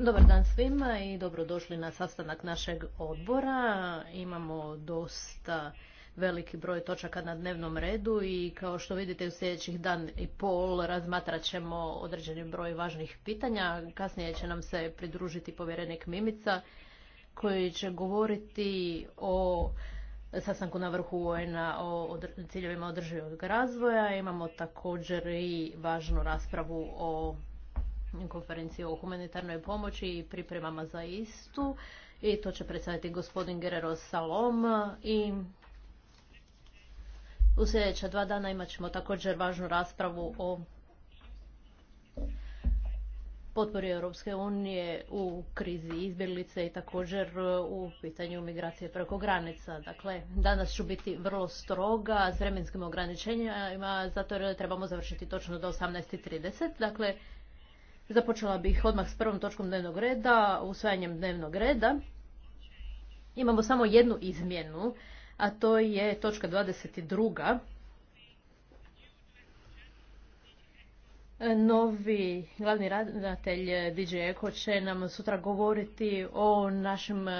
Dobar dan svima i dobrodošli na sastanak našeg odbora. Imamo dosta veliki broj točaka na dnevnom redu i kao što vidite u sljedećih dan i pol razmatrat ćemo određeni broj važnih pitanja. Kasnije će nam se pridružiti povjerenik Mimica koji će govoriti o sastanku na vrhu UN-a o ciljevima održivog razvoja. Imamo također i važnu raspravu o konferenciji o humanitarnoj pomoći i pripremama za istu. I to će predstaviti gospodin Guerrero Salom i u sljedeća dva dana imat ćemo također važnu raspravu o potpori Europske unije u krizi izbjeglice i također e, u pitanju migracije preko granica. Dakle, danas ću biti vrlo stroga s vremenskim ograničenjima, zato jer trebamo završiti točno do 18.30. Dakle, započela bih odmah s prvom točkom dnevnog reda, usvajanjem dnevnog reda. Imamo samo jednu izmjenu, a to je točka 22 Novi glavni ravnatelj DJ Eko će nam sutra govoriti o našim e,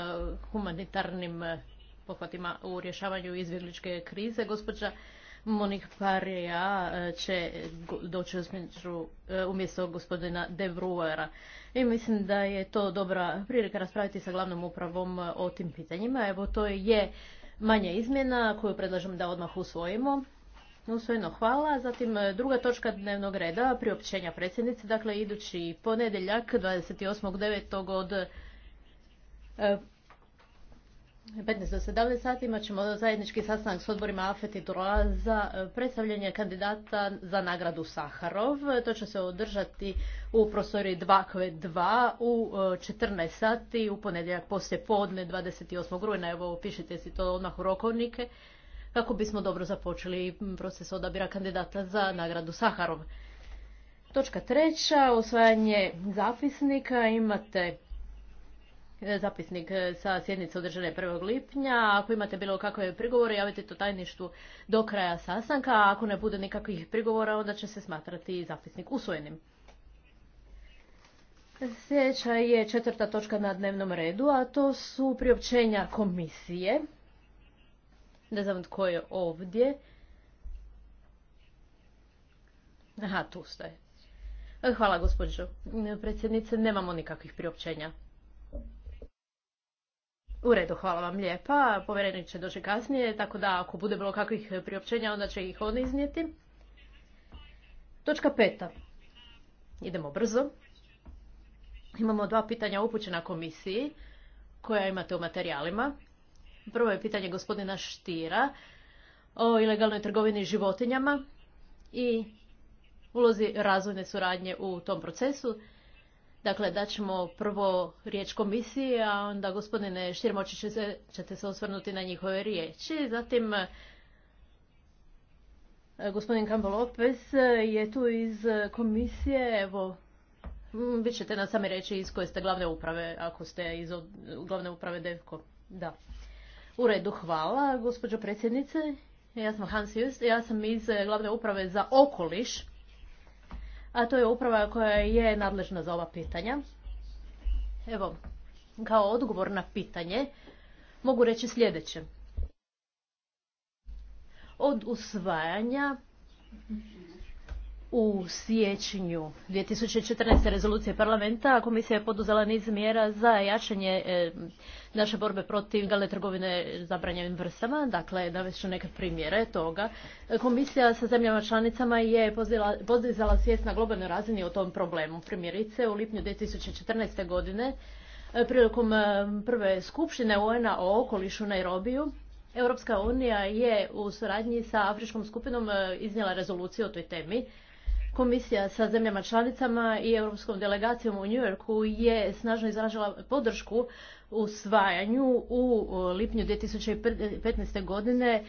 humanitarnim e, pohvatima u rješavanju izbjegličke krize. Gospođa Monik Parija e, će doći umjesto gospodina De Bruera. I mislim da je to dobra prilika raspraviti sa glavnom upravom o tim pitanjima. Evo to je manja izmjena koju predlažem da odmah usvojimo. Usvojeno hvala. Zatim e, druga točka dnevnog reda, priopćenja predsjednice. Dakle, idući ponedjeljak 28.9. od 15 e, do 17 sati imat ćemo zajednički sastanak s odborima AFET i DROA za e, predstavljanje kandidata za nagradu Saharov. To će se održati u prostori 2 u 14 sati u ponedjeljak poslije podne 28. rujna. Evo, pišite si to odmah u rokovnike kako bismo dobro započeli proces odabira kandidata za nagradu Saharov. Točka treća, osvajanje zapisnika. Imate e, zapisnik sa sjednice održane 1. lipnja. Ako imate bilo kakve prigovore, javite to tajništvu do kraja sastanka. A ako ne bude nikakvih prigovora, onda će se smatrati zapisnik usvojenim. Sljedeća je četvrta točka na dnevnom redu, a to su priopćenja komisije. Ne znam tko je ovdje. Aha, tu ste. E, hvala, gospođo predsjednice. Nemamo nikakvih priopćenja. U redu, hvala vam lijepa. Povjerenik će doći kasnije, tako da ako bude bilo kakvih priopćenja, onda će ih on iznijeti. Točka peta. Idemo brzo. Imamo dva pitanja upućena komisiji koja imate u materijalima. Prvo je pitanje gospodina Štira o ilegalnoj trgovini životinjama i ulozi razvojne suradnje u tom procesu. Dakle, daćemo prvo riječ komisiji, a onda gospodine Štir, moći ćete, ćete se osvrnuti na njihove riječi. Zatim, gospodin Kambo Lopez je tu iz komisije, evo, vi ćete na sami reći iz koje ste glavne uprave, ako ste iz glavne uprave DEVKO. Da. U redu, hvala, gospođo predsjednice. Ja sam Hans Just, ja sam iz glavne uprave za okoliš, a to je uprava koja je nadležna za ova pitanja. Evo, kao odgovor na pitanje mogu reći sljedeće. Od usvajanja u siječnju 2014. rezolucije parlamenta komisija je poduzela niz mjera za jačanje e, naše borbe protiv gale trgovine zabranjenim vrstama. Dakle, navest ću neke primjere toga. Komisija sa zemljama članicama je podizala svijest na globalnoj razini o tom problemu. Primjerice, u lipnju 2014. godine e, prilikom e, prve skupštine UN-a o okolišu Nairobiju Europska unija je u suradnji sa Afričkom skupinom iznijela rezoluciju o toj temi Komisija sa zemljama članicama i europskom delegacijom u New Yorku je snažno izražala podršku usvajanju u lipnju 2015. godine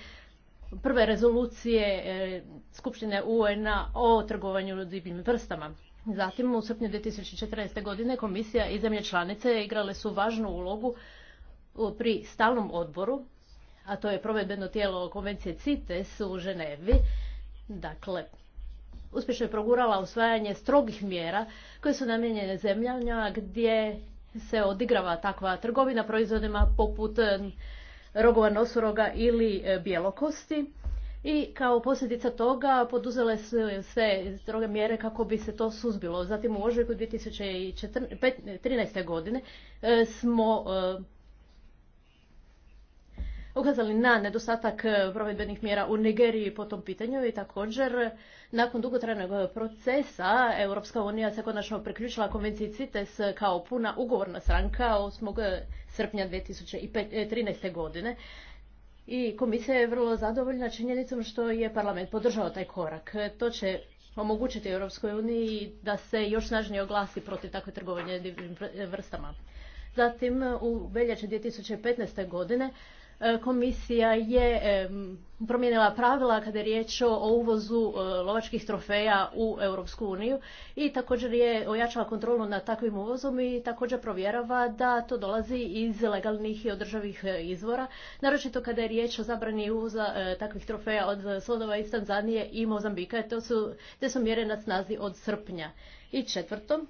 prve rezolucije e, Skupštine UN-a o trgovanju divljim vrstama. Zatim, u srpnju 2014. godine komisija i zemlje članice igrale su važnu ulogu pri stalnom odboru, a to je provedbeno tijelo konvencije CITES u Ženevi. Dakle, uspješno je progurala usvajanje strogih mjera koje su namijenjene zemljama gdje se odigrava takva trgovina proizvodima poput e, rogova nosoroga ili e, bjelokosti. I kao posljedica toga poduzele su sve stroge mjere kako bi se to suzbilo. Zatim u ožujku 2013. godine e, smo ukazali na nedostatak provedbenih mjera u Nigeriji po tom pitanju i također nakon dugotrajnog procesa Europska unija se konačno priključila konvenciji CITES kao puna ugovorna stranka 8. srpnja 2013. godine. I komisija je vrlo zadovoljna činjenicom što je parlament podržao taj korak. To će omogućiti Europskoj uniji da se još snažnije oglasi protiv takve trgovanje divljim vrstama. Zatim u veljači 2015. godine E, komisija je promijenila pravila kada je riječ o uvozu e, lovačkih trofeja u Europsku uniju i također je ojačala kontrolu nad takvim uvozom i također provjerava da to dolazi iz legalnih i održavih e, izvora, naročito kada je riječ o zabrani uvoza takvih trofeja od slodova iz Tanzanije i Mozambika, to su, te su mjere na snazi od srpnja. I četvrto,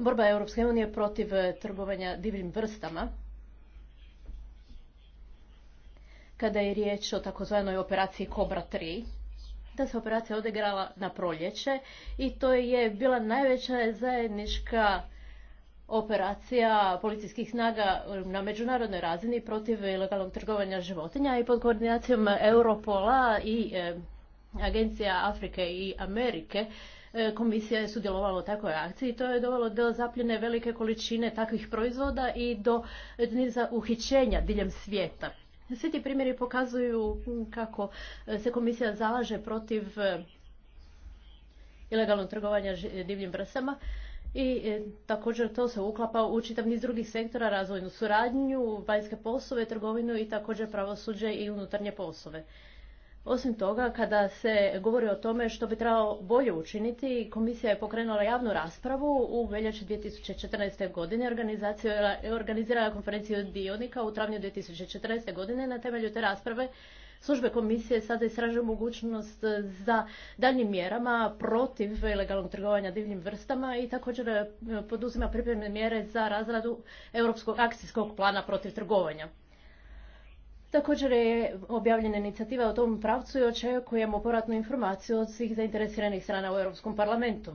borba Europske unije protiv eh, trgovanja divljim vrstama. Kada je riječ o takozvanoj operaciji Cobra 3, ta se operacija odigrala na proljeće i to je bila najveća zajednička operacija policijskih snaga eh, na međunarodnoj razini protiv ilegalnog eh, trgovanja životinja i pod koordinacijom Europola i Agencija Afrike i Amerike E, komisija je sudjelovala u takvoj akciji i to je dovelo do zapljene velike količine takvih proizvoda i do niza uhićenja diljem svijeta. Svi ti primjeri pokazuju kako e, se komisija zalaže protiv e, ilegalnog trgovanja divljim vrstama i također to se uklapa u čitav niz drugih sektora, razvojnu suradnju, vanjske poslove, trgovinu i također pravosuđe i unutarnje poslove. Osim toga, kada se govori o tome što bi trebalo bolje učiniti, komisija je pokrenula javnu raspravu u veljači 2014. godine, organizirala konferenciju dionika u travnju 2014. godine. Na temelju te rasprave službe komisije sada istražuju mogućnost za daljnim mjerama protiv ilegalnog trgovanja divljim vrstama i također eh, poduzima pripremne mjere za razradu Europskog akcijskog plana protiv trgovanja. Također je objavljena inicijativa o tom pravcu i očekujemo povratnu informaciju od svih zainteresiranih strana u Europskom parlamentu.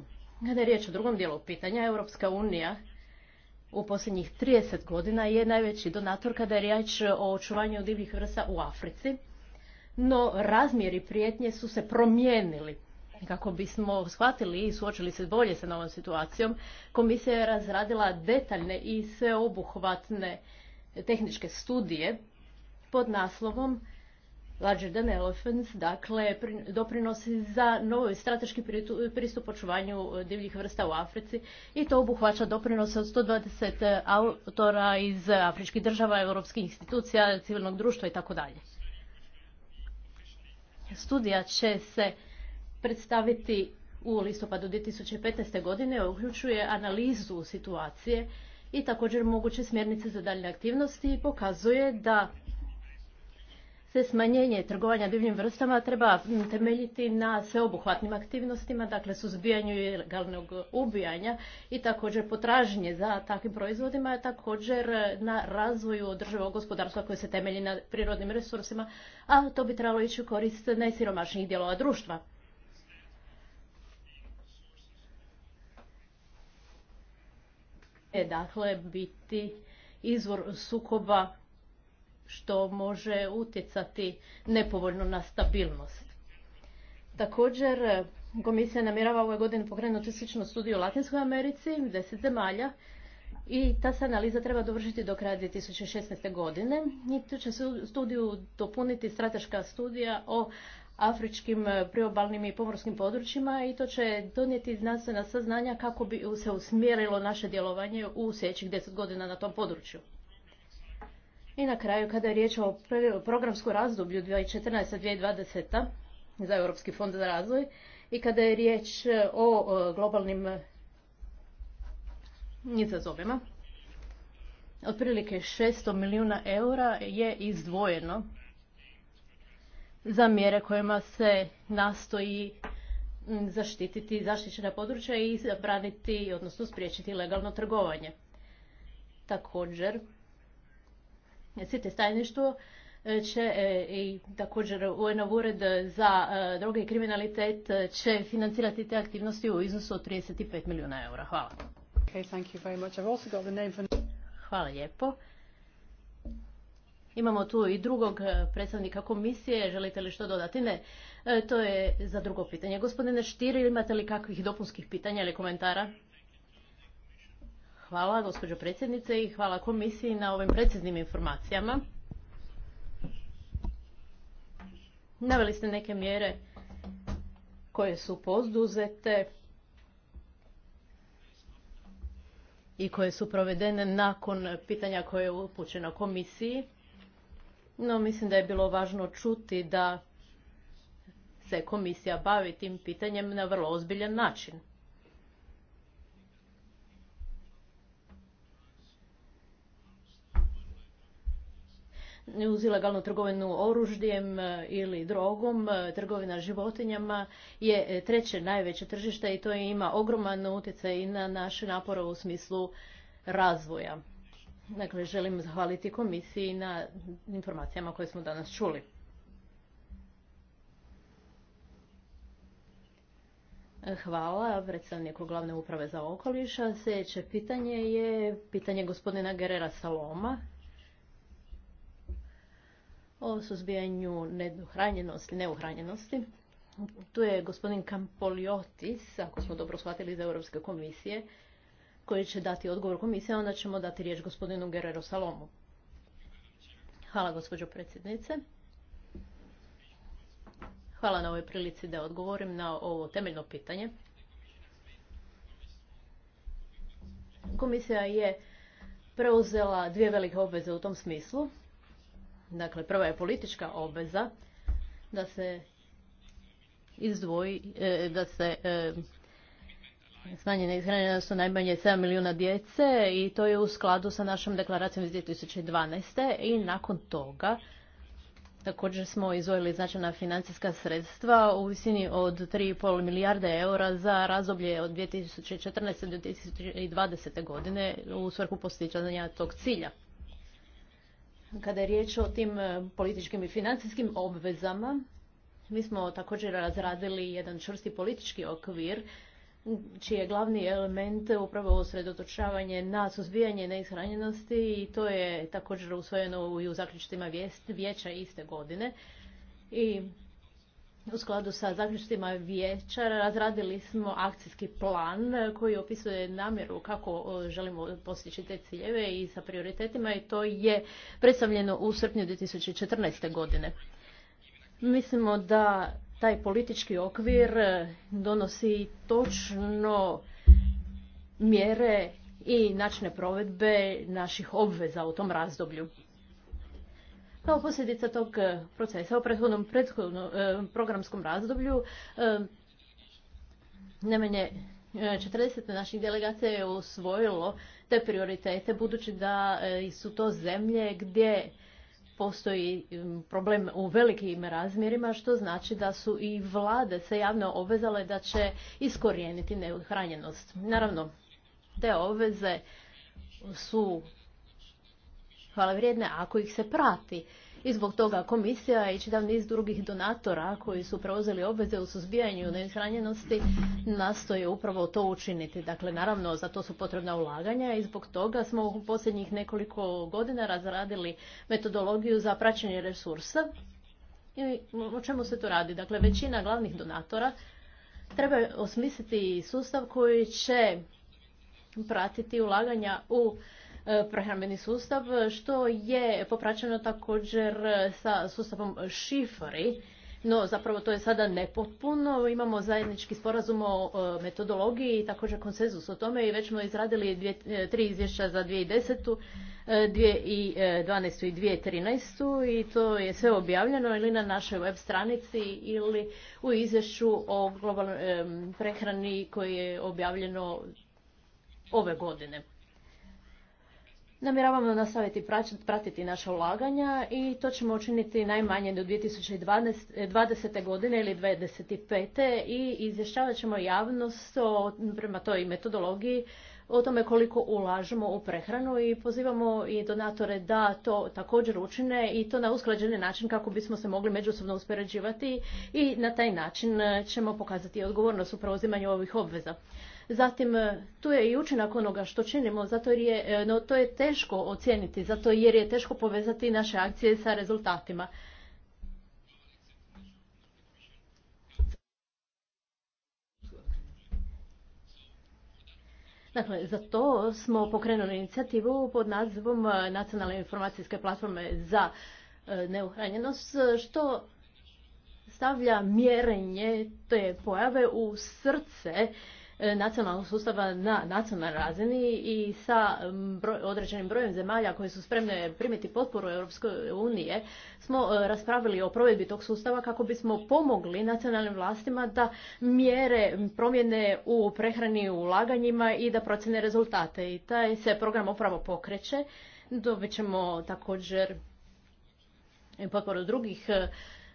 Kada je riječ o drugom dijelu pitanja, Europska unija u posljednjih 30 godina je najveći donator kada je riječ o očuvanju divljih vrsta u Africi, no razmjeri prijetnje su se promijenili. Kako bismo shvatili i suočili se bolje sa novom situacijom, komisija je razradila detaljne i sveobuhvatne tehničke studije pod naslovom Larger than Elephants, dakle doprinosi za novi strateški pristup očuvanju e, divljih vrsta u Africi i to obuhvaća doprinose od 120 e, autora iz afričkih država, europskih institucija, civilnog društva dalje. Studija će se predstaviti u listopadu 2015. godine, uključuje analizu situacije i također moguće smjernice za daljnje aktivnosti i pokazuje da se smanjenje trgovanja divljim vrstama treba temeljiti na sveobuhvatnim aktivnostima, dakle suzbijanju ilegalnog ubijanja i također potražnje za takvim proizvodima, također na razvoju održivog gospodarstva koje se temelji na prirodnim resursima, a to bi trebalo ići u korist najsiromašnijih dijelova društva. E, dakle, biti izvor sukoba što može utjecati nepovoljno na stabilnost. Također, komisija namjerava ove godine pokrenuti sličnu studiju u Latinskoj Americi, 10 zemalja, i ta se analiza treba dovršiti do kraja 2016. godine. I tu će studiju dopuniti strateška studija o afričkim priobalnim i pomorskim područjima i to će donijeti znanstvena saznanja kako bi se usmjerilo naše djelovanje u sljedećih deset godina na tom području. I na kraju, kada je riječ o programsku razdoblju 2014-2020 za Europski fond za razvoj i kada je riječ e, o e, globalnim e, izazovima, otprilike 600 milijuna eura je izdvojeno za mjere kojima se nastoji zaštititi zaštićena područja i zabraniti, odnosno spriječiti legalno trgovanje. Također, CITES tajništvo e, će e, i također un ured za e, droge i kriminalitet će financirati te aktivnosti u iznosu od 35 milijuna eura. Hvala. Hvala lijepo. Imamo tu i drugog predstavnika komisije. Želite li što dodati? Ne. To je za drugo pitanje. Gospodine Štir, imate li kakvih dopunskih pitanja ili komentara? Hvala gospođo predsjednice i hvala komisiji na ovim preciznim informacijama. Naveli ste neke mjere koje su poduzete i koje su provedene nakon pitanja koje je upućeno komisiji. No, mislim da je bilo važno čuti da se komisija bavi tim pitanjem na vrlo ozbiljan način. uz ilegalnu trgovinu oružjem e, ili drogom, e, trgovina životinjama je e, treće najveće tržište i to ima ogroman utjecaj i na naše napore u smislu razvoja. Dakle, želim zahvaliti komisiji na informacijama koje smo danas čuli. Hvala predstavniku glavne uprave za okoliša. Sljedeće pitanje je pitanje gospodina Gerera Saloma o suzbijanju nedohranjenosti, neuhranjenosti. Tu je gospodin Kampoliotis, ako smo dobro shvatili iz Europske komisije, koji će dati odgovor komisije, onda ćemo dati riječ gospodinu Gerero Salomu. Hvala, gospođo predsjednice. Hvala na ovoj prilici da odgovorim na ovo temeljno pitanje. Komisija je preuzela dvije velike obveze u tom smislu. Dakle, prva je politička obveza da se izdvoji, e, da se e, smanjene ishranjenost su najmanje 7 milijuna djece i to je u skladu sa našom deklaracijom iz 2012. i nakon toga Također smo izvojili značajna financijska sredstva u visini od 3,5 milijarde eura za razdoblje od 2014. do 2020. godine u svrhu postičanja tog cilja. Kada je riječ o tim e, političkim i financijskim obvezama, mi smo također razradili jedan čvrsti politički okvir čiji je glavni element upravo usredotočavanje na suzbijanje neishranjenosti i to je također usvojeno i u zaključitima vijeća iste godine. I u skladu sa zaključcima vijeća razradili smo akcijski plan koji opisuje namjeru kako želimo postići te ciljeve i sa prioritetima i to je predstavljeno u srpnju 2014. godine. Mislimo da taj politički okvir donosi točno mjere i načine provedbe naših obveza u tom razdoblju. Kao posljedica tog e, procesa u prethodnom e, programskom razdoblju e, najmanje 40 naših delegacija je usvojilo te prioritete budući da su to zemlje gdje postoji problem u velikim razmjerima, što znači da su i vlade se javno obvezale da će iskorijeniti neuhranjenost. Naravno, te obveze su Hvala vrijedne ako ih se prati. I zbog toga komisija i čitav niz drugih donatora koji su preuzeli obveze u suzbijanju nehranjenosti nastoje upravo to učiniti. Dakle, naravno, za to su potrebna ulaganja i zbog toga smo u posljednjih nekoliko godina razradili metodologiju za praćenje resursa. I o čemu se to radi? Dakle, većina glavnih donatora treba osmisliti sustav koji će pratiti ulaganja u E, prehrambeni sustav, što je popraćeno također sa sustavom ŠIFARI, No, zapravo to je sada nepotpuno. Imamo zajednički sporazum o e, metodologiji i također konsenzus o tome i već smo izradili e, tri izvješća za 2010. 2012. i 2013. i to je sve objavljeno ili na našoj web stranici ili u izvješću o globalnoj prehrani koje je objavljeno ove godine. Namjeravamo nastaviti pratiti naša ulaganja i to ćemo učiniti najmanje do 2020. godine ili 2025. i izvješćavat ćemo javnost prema toj metodologiji o tome koliko ulažemo u prehranu i pozivamo i donatore da to također učine i to na usklađeni način kako bismo se mogli međusobno uspoređivati i na taj način ćemo pokazati odgovornost u preuzimanju ovih obveza. Zatim, e, tu je i učinak onoga što činimo, zato jer je, e, no, to je teško ocijeniti, zato jer je teško povezati naše akcije sa rezultatima. Dakle, za to smo pokrenuli inicijativu pod nazivom e, Nacionalne informacijske platforme za neuhranjenost, što stavlja mjerenje te pojave u srce E, nacionalnog sustava na nacionalnoj razini i sa određenim brojem zemalja koje su spremne primiti potporu Europskoj unije smo e, raspravili o provedbi tog sustava kako bismo pomogli nacionalnim vlastima da mjere promjene u prehrani u ulaganjima i da procjene rezultate. I taj se program upravo pokreće. Dobit ćemo također potporu drugih e,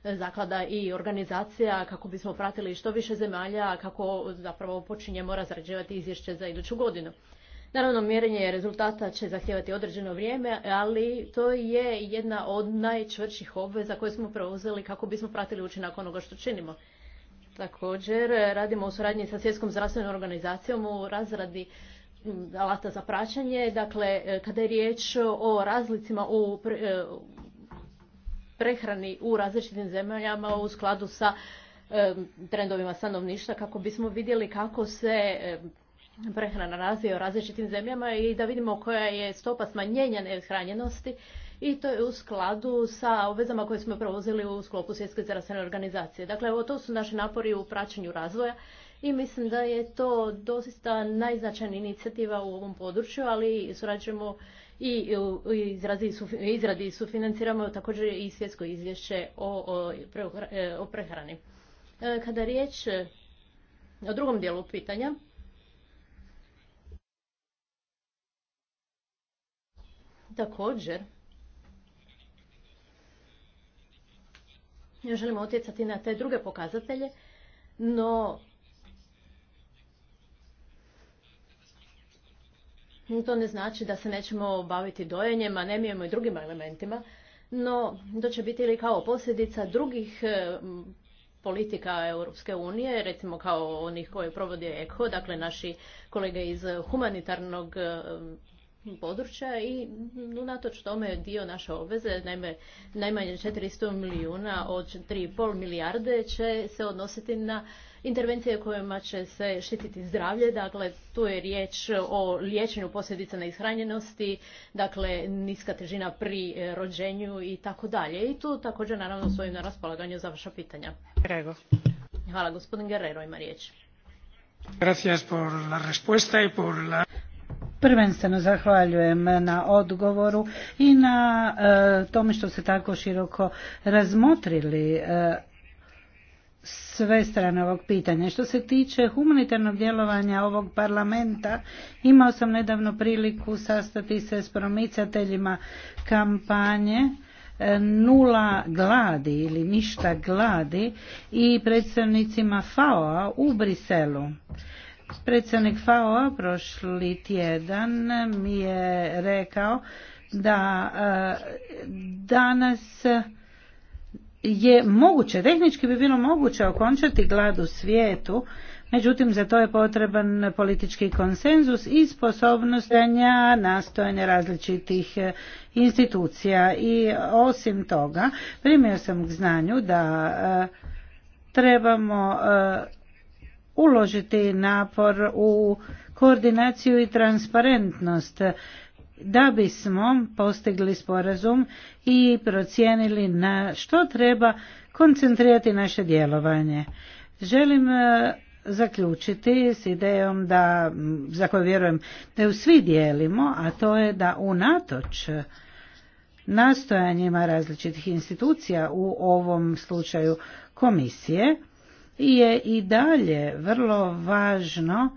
E, zaklada i organizacija kako bismo pratili što više zemalja kako zapravo počinjemo razrađivati izvješće za iduću godinu. Naravno, mjerenje rezultata će zahtijevati određeno vrijeme, ali to je jedna od najčvrših obveza koje smo preuzeli kako bismo pratili učinak onoga što činimo. Također, radimo u suradnji sa Svjetskom zdravstvenom organizacijom u razradi alata za praćanje. Dakle, e, kada je riječ o razlicima u e, prehrani u različitim zemljama u skladu sa trendovima stanovništva kako bismo vidjeli kako se prehrana razvija u različitim zemljama i da vidimo koja je stopa smanjenja nehranjenosti i to je u skladu sa obvezama koje smo provozili u sklopu Svjetske zdravstvene organizacije. Dakle, ovo to su naši napori u praćenju razvoja i mislim da je to dosta najznačajna inicijativa u ovom području, ali surađujemo i u izradi sufinanciramo također i svjetsko izvješće o, o e, prehrani. E, kada riječ e, o drugom dijelu pitanja, također želimo utjecati na te druge pokazatelje, no To ne znači da se nećemo baviti dojenjem, nemijemo i drugim elementima, no to će biti ili kao posljedica drugih e, politika Europske unije, recimo kao onih koje provodi ECHO, dakle naši kolege iz humanitarnog e, područja i unatoč tome dio naše obveze, naime najmanje 400 milijuna od 3,5 milijarde će se odnositi na intervencije kojima će se štititi zdravlje. Dakle, tu je riječ o liječenju posljedica neishranjenosti, dakle, niska težina pri e, rođenju i tako dalje. I tu također, naravno, svojim na raspolaganju za vaša pitanja. Hvala, gospodin Guerrero ima riječ. Gracias por la respuesta por la... Prvenstveno zahvaljujem na odgovoru i na e, tome što ste tako široko razmotrili e, sve strane ovog pitanja. Što se tiče humanitarnog djelovanja ovog parlamenta, imao sam nedavno priliku sastati se s promicateljima kampanje e, nula gladi ili ništa gladi i predstavnicima FAO-a u Briselu. Predstavnik FAO-a prošli tjedan mi je rekao da e, danas je moguće, tehnički bi bilo moguće okončati glad u svijetu, međutim za to je potreban politički konsenzus i sposobnost nastojanja različitih e, institucija i osim toga primio sam k znanju da e, trebamo e, uložiti napor u koordinaciju i transparentnost da bismo postigli sporazum i procijenili na što treba koncentrirati naše djelovanje. Želim e, zaključiti s idejom da, za koju vjerujem da ju svi dijelimo, a to je da unatoč nastojanjima različitih institucija u ovom slučaju komisije je i dalje vrlo važno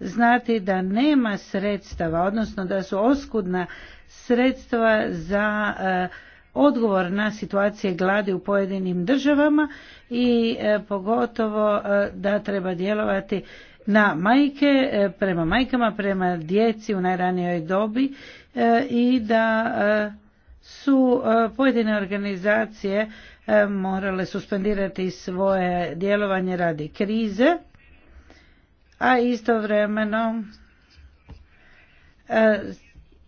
znati da nema sredstava, odnosno da su oskudna sredstva za e, odgovor na situacije gladi u pojedinim državama i e, pogotovo e, da treba djelovati na majke, prema majkama, prema djeci u najranijoj dobi i da su pojedine organizacije morale suspendirati svoje djelovanje radi krize a istovremeno e,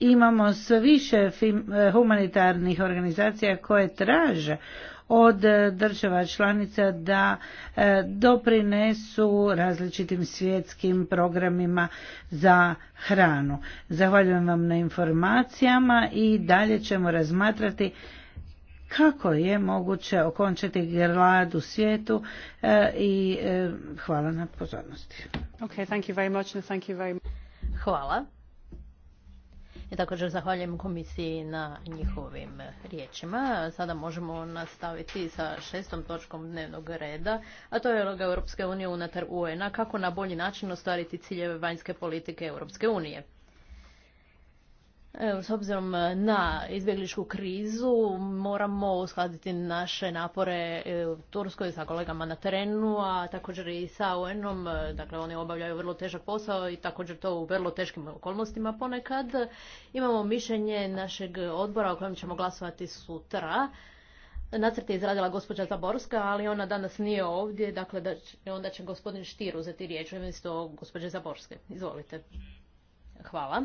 imamo sve više e, humanitarnih organizacija koje traže od država članica da e, doprinesu različitim svjetskim programima za hranu. Zahvaljujem vam na informacijama i dalje ćemo razmatrati kako je moguće okončati glad u svijetu e, i e, hvala na pozornosti. Okay, thank you very much and thank you very much. Hvala. I također zahvaljujem komisiji na njihovim riječima. Sada možemo nastaviti sa šestom točkom dnevnog reda, a to je uloga Europske unije unatar UN-a kako na bolji način ostvariti ciljeve vanjske politike Europske unije. S obzirom e, na izbjegličku krizu moramo uskladiti naše napore e, u Turskoj sa kolegama na terenu, a također i sa UN-om. E, dakle, oni obavljaju vrlo težak posao i također to u vrlo teškim okolnostima ponekad. Imamo mišljenje našeg odbora o kojem ćemo glasovati sutra. Nacrt je izradila gospođa Zaborska, ali ona danas nije ovdje, dakle da onda će gospodin Štir uzeti riječ umjesto gospođe Zaborske. Izvolite. Hvala.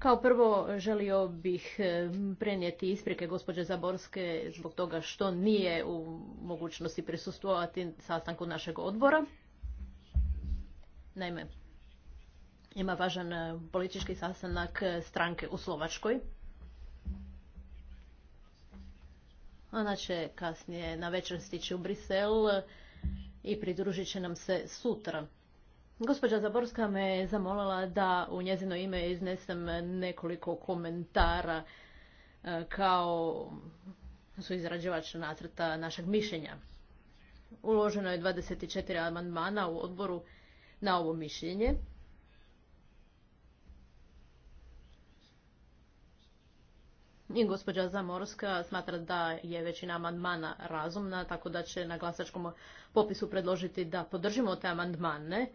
Kao prvo želio bih e, prenijeti isprike gospođe Zaborske zbog toga što nije u mogućnosti prisustvovati sastanku našeg odbora. Naime, ima važan e, politički sastanak e, stranke u Slovačkoj. Ona će kasnije na večer stići u Brisel i pridružit će nam se sutra. Gospođa Zaborska me zamolila da u njezino ime iznesem nekoliko komentara e, kao su izrađivač nacrta našeg mišljenja. Uloženo je 24 amandmana u odboru na ovo mišljenje. I gospođa Zamorska smatra da je većina amandmana razumna, tako da će na glasačkom popisu predložiti da podržimo te amandmane.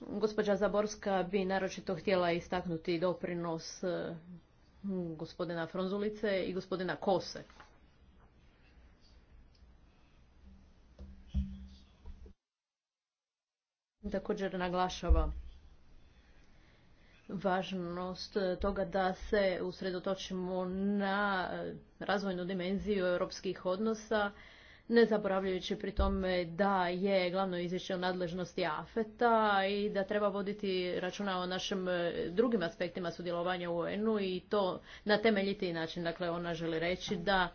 Gospođa Zaborska bi naročito htjela istaknuti doprinos e, gospodina Fronzulice i gospodina Kose. Također naglašava važnost toga da se usredotočimo na e, razvojnu dimenziju europskih odnosa ne zaboravljajući pri tome da je glavno izvješće o nadležnosti AFETA i da treba voditi računa o našim e, drugim aspektima sudjelovanja u UN-u i to na temeljiti način. Dakle, ona želi reći da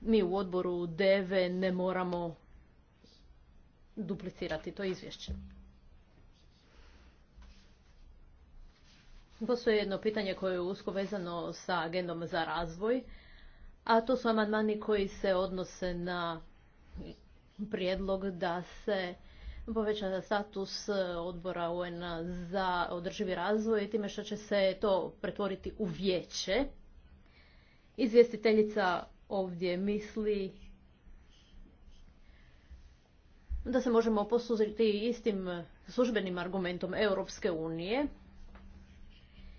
mi u odboru DEVE ne moramo duplicirati to izvješće. Postoje jedno pitanje koje je usko vezano sa agendom za razvoj a to su amandmani koji se odnose na prijedlog da se poveća status odbora un za održivi razvoj i time što će se to pretvoriti u vijeće. Izvjestiteljica ovdje misli da se možemo posuziti istim službenim argumentom Europske unije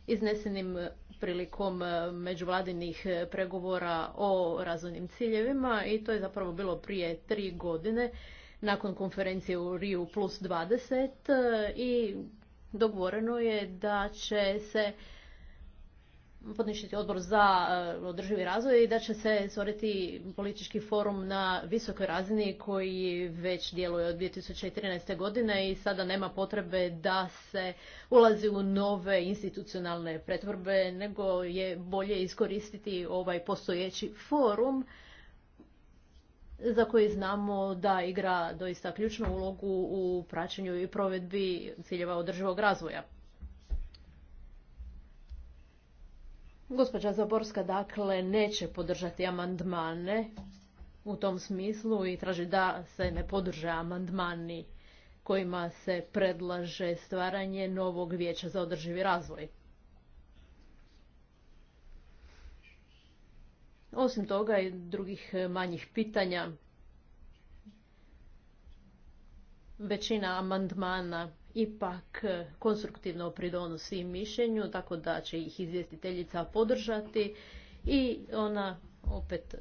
iznesenim prilikom e, međuvladinih e, pregovora o razvojnim ciljevima i to je zapravo bilo prije tri godine nakon konferencije u Riju plus 20 e, i dogovoreno je da će se podnišiti odbor za e, održivi razvoj i da će se stvoriti politički forum na visokoj razini koji već djeluje od 2013. godine i sada nema potrebe da se ulazi u nove institucionalne pretvorbe, nego je bolje iskoristiti ovaj postojeći forum za koji znamo da igra doista ključnu ulogu u praćenju i provedbi ciljeva održivog razvoja. Gospođa Zaborska dakle neće podržati amandmane u tom smislu i traži da se ne podrže amandmani kojima se predlaže stvaranje novog vijeća za održivi razvoj. Osim toga i drugih manjih pitanja, većina amandmana ipak konstruktivno pridonosi mišljenju, tako da će ih izvjestiteljica podržati i ona opet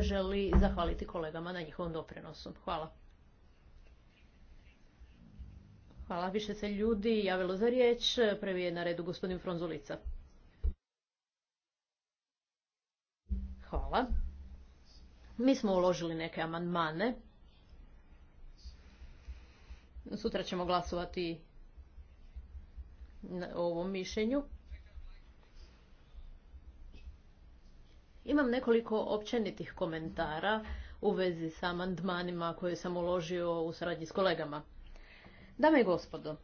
želi zahvaliti kolegama na njihovom doprinosu. Hvala. Hvala. Više se ljudi javilo za riječ. Prvi je na redu gospodin Fronzulica. Hvala. Mi smo uložili neke amandmane Sutra ćemo glasovati na ovom mišljenju. Imam nekoliko općenitih komentara u vezi sa amandmanima koje sam uložio u suradnji s kolegama. Dame i gospodo,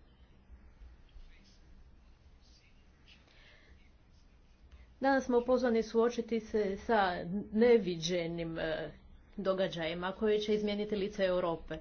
danas smo pozvani suočiti se sa neviđenim e, događajima koje će izmijeniti lice Europe.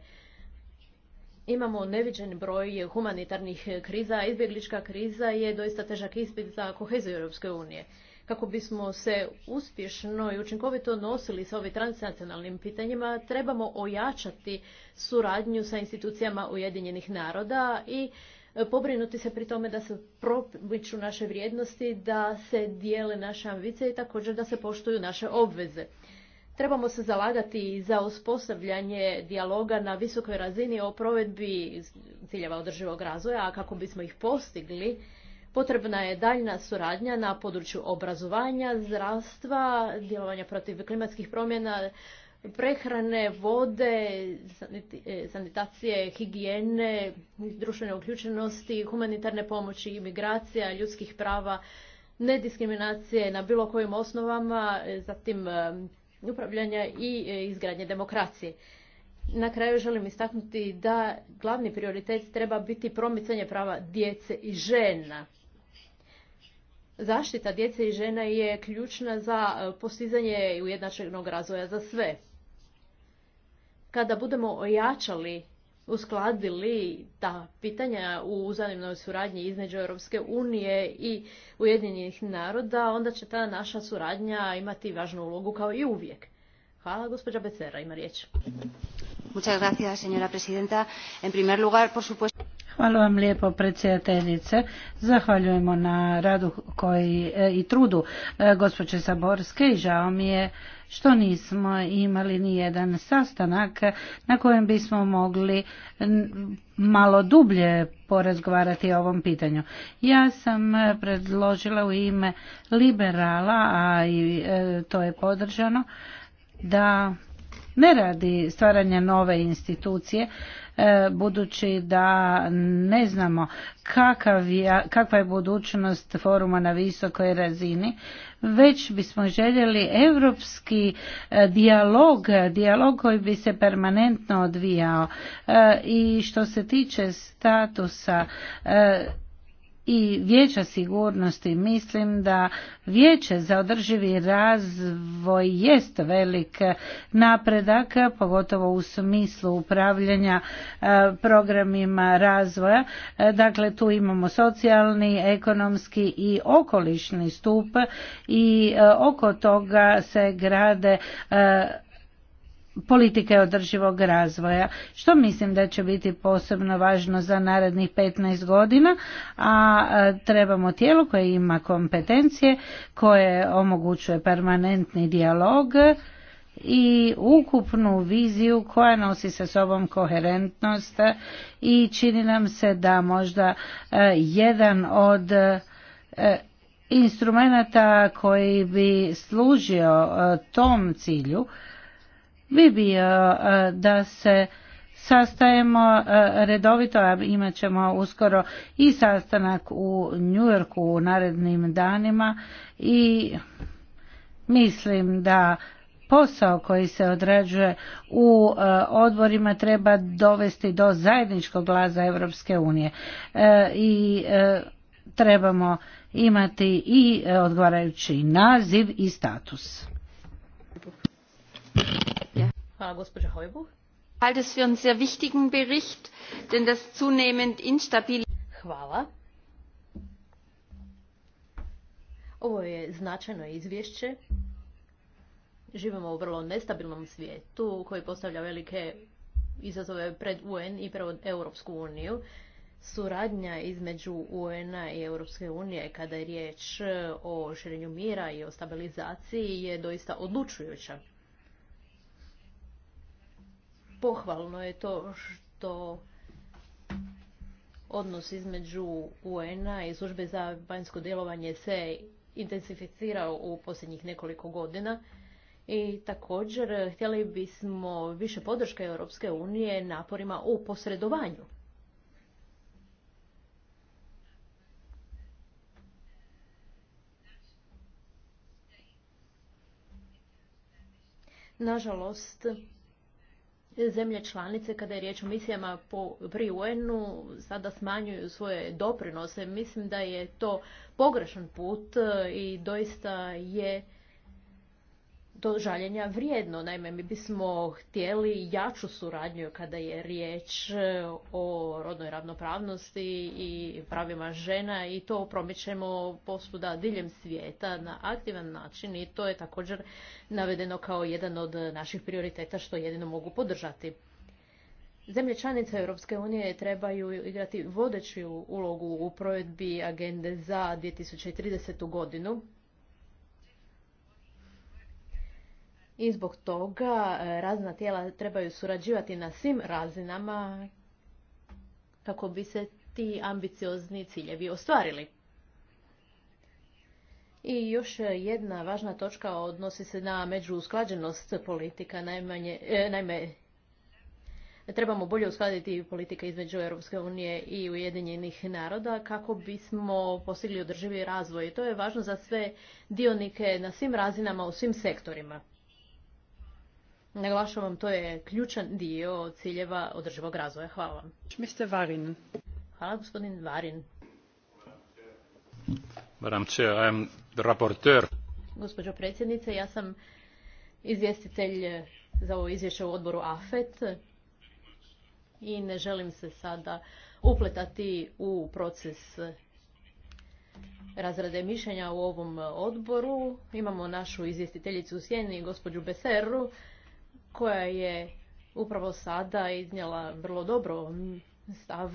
Imamo neviđen broj humanitarnih kriza. Izbjeglička kriza je doista težak ispit za koheziju Europske unije. Kako bismo se uspješno i učinkovito nosili sa ovim transnacionalnim pitanjima, trebamo ojačati suradnju sa institucijama Ujedinjenih naroda i e, pobrinuti se pri tome da se promiču naše vrijednosti, da se dijele naše ambicije i također da se poštuju naše obveze. Trebamo se zalagati za uspostavljanje dijaloga na visokoj razini o provedbi ciljeva održivog razvoja, a kako bismo ih postigli, potrebna je daljna suradnja na području obrazovanja, zdravstva, djelovanja protiv klimatskih promjena, prehrane, vode, e, sanitacije, higijene, društvene uključenosti, humanitarne pomoći, imigracija, ljudskih prava, nediskriminacije na bilo kojim osnovama, e, zatim upravljanja i e, izgradnje demokracije. Na kraju želim istaknuti da glavni prioritet treba biti promicanje prava djece i žena. Zaštita djece i žena je ključna za e, postizanje ujednačenog razvoja za sve. Kada budemo ojačali uskladili ta pitanja u uzajamnoj suradnji između Europske unije i Ujedinjenih naroda, onda će ta naša suradnja imati važnu ulogu kao i uvijek. Hvala, gospođa Becera ima riječ. Hvala vam lijepo predsjedateljice. Zahvaljujemo na radu koji, e, i trudu e, gospođe Saborske i žao mi je što nismo imali ni jedan sastanak na kojem bismo mogli malo dublje porazgovarati o ovom pitanju. Ja sam predložila u ime liberala, a i e, to je podržano, da ne radi stvaranja nove institucije, e, budući da ne znamo kakva je budućnost foruma na visokoj razini, već bismo željeli europski e, dijalog, dijalog koji bi se permanentno odvijao. E, I što se tiče statusa e, i vijeća sigurnosti mislim da vijeće za održivi razvoj jest velik napredak pogotovo u smislu upravljanja e, programima razvoja e, dakle tu imamo socijalni ekonomski i okolišni stup i e, oko toga se grade politike održivog razvoja, što mislim da će biti posebno važno za narednih 15 godina, a e, trebamo tijelo koje ima kompetencije, koje omogućuje permanentni dijalog i ukupnu viziju koja nosi sa sobom koherentnost i čini nam se da možda e, jedan od e, instrumenta koji bi služio tom cilju bi e, da se sastajemo e, redovito, a imat ćemo uskoro i sastanak u Njujorku u narednim danima i mislim da posao koji se odrađuje u e, odborima treba dovesti do zajedničkog glaza Europske unije i trebamo imati i odgovarajući naziv i status. Hvala, gospođa Hojbuh. für einen sehr wichtigen Bericht, denn das zunehmend instabile... Hvala. Ovo je značajno izvješće. Živimo u vrlo nestabilnom svijetu koji postavlja velike izazove pred UN i pred Europsku uniju. Suradnja između UN-a i Europske unije kada je riječ o širenju mira i o stabilizaciji je doista odlučujuća pohvalno je to što odnos između UN-a i službe za vanjsko djelovanje se intensificirao u posljednjih nekoliko godina. I također htjeli bismo više podrške Europske unije naporima u posredovanju. Nažalost, zemlje članice kada je riječ o misijama po, pri UN-u sada smanjuju svoje doprinose. Mislim da je to pogrešan put e, i doista je do žaljenja vrijedno. Naime, mi bismo htjeli jaču suradnju kada je riječ e, o rodnoj ravnopravnosti i pravima žena i to promičemo posuda diljem svijeta na aktivan način i to je također navedeno kao jedan od naših prioriteta što jedino mogu podržati. Zemlje članice Europske unije trebaju igrati vodeću ulogu u provedbi agende za 2030. godinu I zbog toga e, razna tijela trebaju surađivati na svim razinama kako bi se ti ambiciozni ciljevi ostvarili. I još jedna važna točka odnosi se na međuusklađenost politika. Najmanje, e, naime, trebamo bolje uskladiti politike između Europske unije i Ujedinjenih naroda kako bismo postigli održivi razvoj. I to je važno za sve dionike na svim razinama, u svim sektorima. Naglašavam, to je ključan dio ciljeva održivog razvoja. Hvala vam. Mr. Varin. Hvala, gospodin Varin. Madam Chair, I am the rapporteur. Gospođo predsjednice, ja sam izvjestitelj za ovo izvješće u odboru AFET i ne želim se sada upletati u proces razrade mišljenja u ovom odboru. Imamo našu izvjestiteljicu u Sjeni, gospođu Beseru, koja je upravo sada iznijela vrlo dobro stav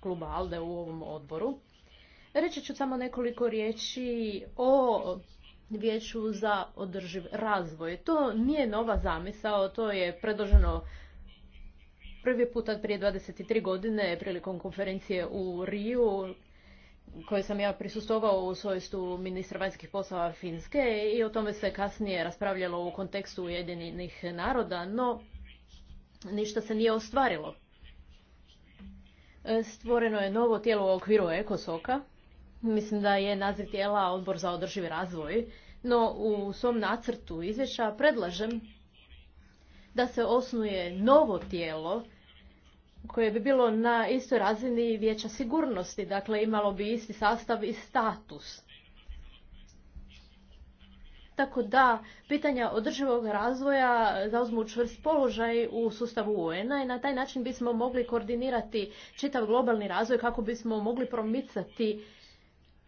kluba ALDE u ovom odboru. Reći ću samo nekoliko riječi o vijeću za održiv razvoj. To nije nova zamisao, to je predloženo prvi put prije 23 godine prilikom konferencije u Riju koje sam ja prisustovao u svojstvu ministra vanjskih poslova Finske i o tome se kasnije raspravljalo u kontekstu Ujedinjenih naroda, no ništa se nije ostvarilo. E, stvoreno je novo tijelo u okviru Ekosoka, mislim da je naziv tijela Odbor za održivi razvoj, no u svom nacrtu izvješća predlažem da se osnuje novo tijelo koje bi bilo na istoj razini vijeća sigurnosti, dakle imalo bi isti sastav i status. Tako da, pitanja održivog razvoja zauzmu čvrst položaj u sustavu UN-a i na taj način bismo mogli koordinirati čitav globalni razvoj kako bismo mogli promicati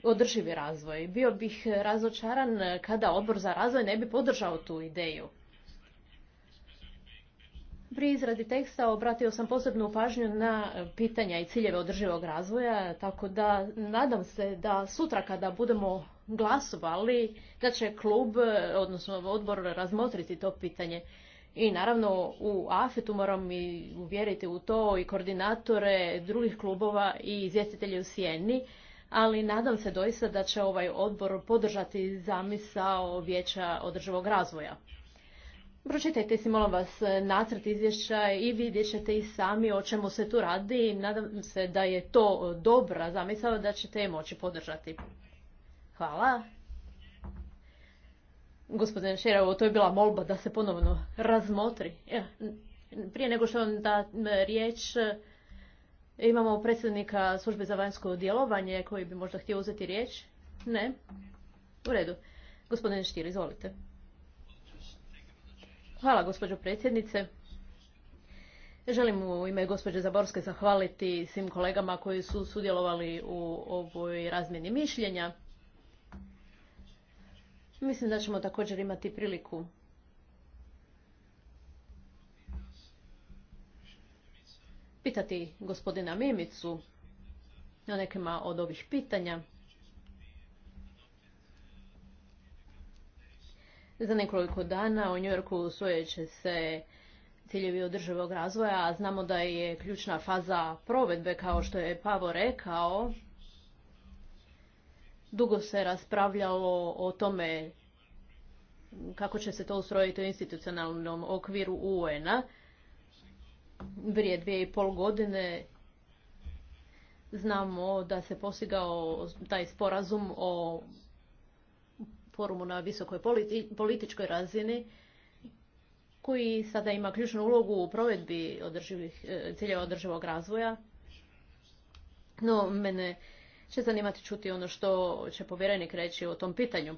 održivi razvoj. Bio bih razočaran kada odbor za razvoj ne bi podržao tu ideju. Pri izradi teksta obratio sam posebnu pažnju na pitanja i ciljeve održivog razvoja, tako da nadam se da sutra kada budemo glasovali, da će klub, odnosno odbor, razmotriti to pitanje. I naravno u AFET-u moram i uvjeriti u to i koordinatore drugih klubova i izvjestitelje u Sjeni, ali nadam se doista da će ovaj odbor podržati zamisao vijeća održivog razvoja. Pročitajte si molim vas nacrt izvješća i vidjet ćete i sami o čemu se tu radi nadam se da je to dobra zamisao da ćete je moći podržati. Hvala. Gospodine ovo to je bila molba da se ponovno razmotri. E, prije nego što vam da riječ, imamo predsjednika službe za vanjsko djelovanje koji bi možda htio uzeti riječ. Ne? U redu. Gospodine Štir, izvolite. Hvala, gospođo predsjednice. Želim u ime gospođe Zaborske zahvaliti svim kolegama koji su sudjelovali u ovoj razmjeni mišljenja. Mislim da ćemo također imati priliku pitati gospodina Mimicu na nekima od ovih pitanja. Za nekoliko dana u Njujorku usvojit će se ciljevi održivog razvoja, a znamo da je ključna faza provedbe, kao što je Pavo rekao. Dugo se raspravljalo o tome kako će se to ustrojiti u institucionalnom okviru UN-a. Prije dvije i pol godine znamo da se postigao taj sporazum o forumu na visokoj političkoj razini koji sada ima ključnu ulogu u provedbi održivih, e, ciljeva održivog razvoja. No, mene će zanimati čuti ono što će povjerenik reći o tom pitanju.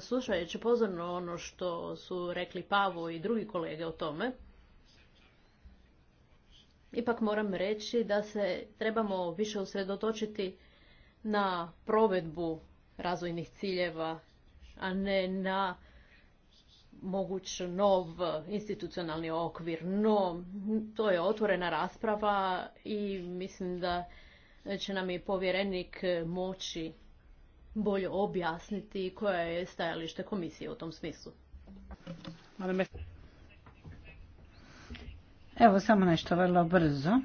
Slušajući pozorno ono što su rekli Pavo i drugi kolege o tome, ipak moram reći da se trebamo više usredotočiti na provedbu razvojnih ciljeva, a ne na moguć nov institucionalni okvir. No, to je otvorena rasprava i mislim da će nam i povjerenik moći bolje objasniti koje je stajalište komisije u tom smislu. Evo samo nešto vrlo brzo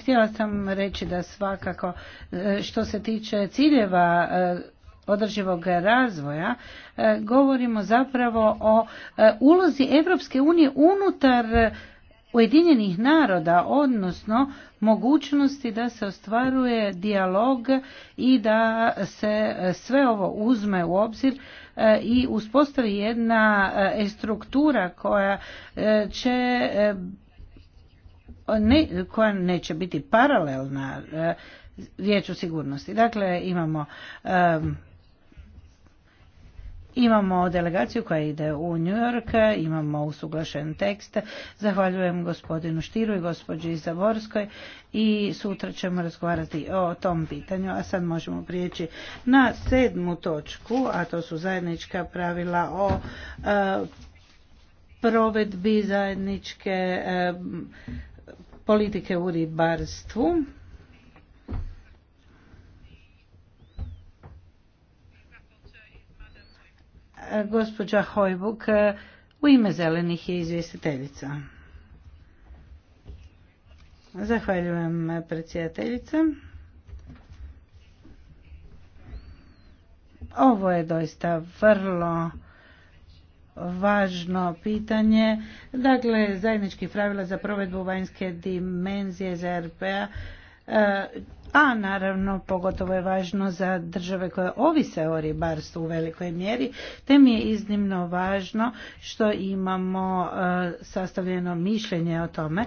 htjela sam reći da svakako e, što se tiče ciljeva e, održivog razvoja e, govorimo zapravo o ulozi Europske unije unutar Ujedinjenih naroda, odnosno mogućnosti da se ostvaruje dijalog i da se sve ovo uzme u obzir i uspostavi jedna struktura koja će ne, koja neće biti paralelna e, vijeću sigurnosti. Dakle, imamo Imamo delegaciju koja ide u New York, imamo usuglašen tekst. Zahvaljujem gospodinu Štiru i gospođi Zavorskoj i sutra ćemo razgovarati o tom pitanju, a sad možemo prijeći na sedmu točku, a to su zajednička pravila o e, provedbi zajedničke politike u ribarstvu. Gospođa Hojbuk u ime zelenih je izvjestiteljica. Zahvaljujem predsjedateljice. Ovo je doista vrlo važno pitanje. Dakle, zajednički pravila za provedbu vanjske dimenzije za a e, a naravno pogotovo je važno za države koje ovise o ribarstvu u velikoj mjeri, te mi je iznimno važno što imamo e, sastavljeno mišljenje o tome.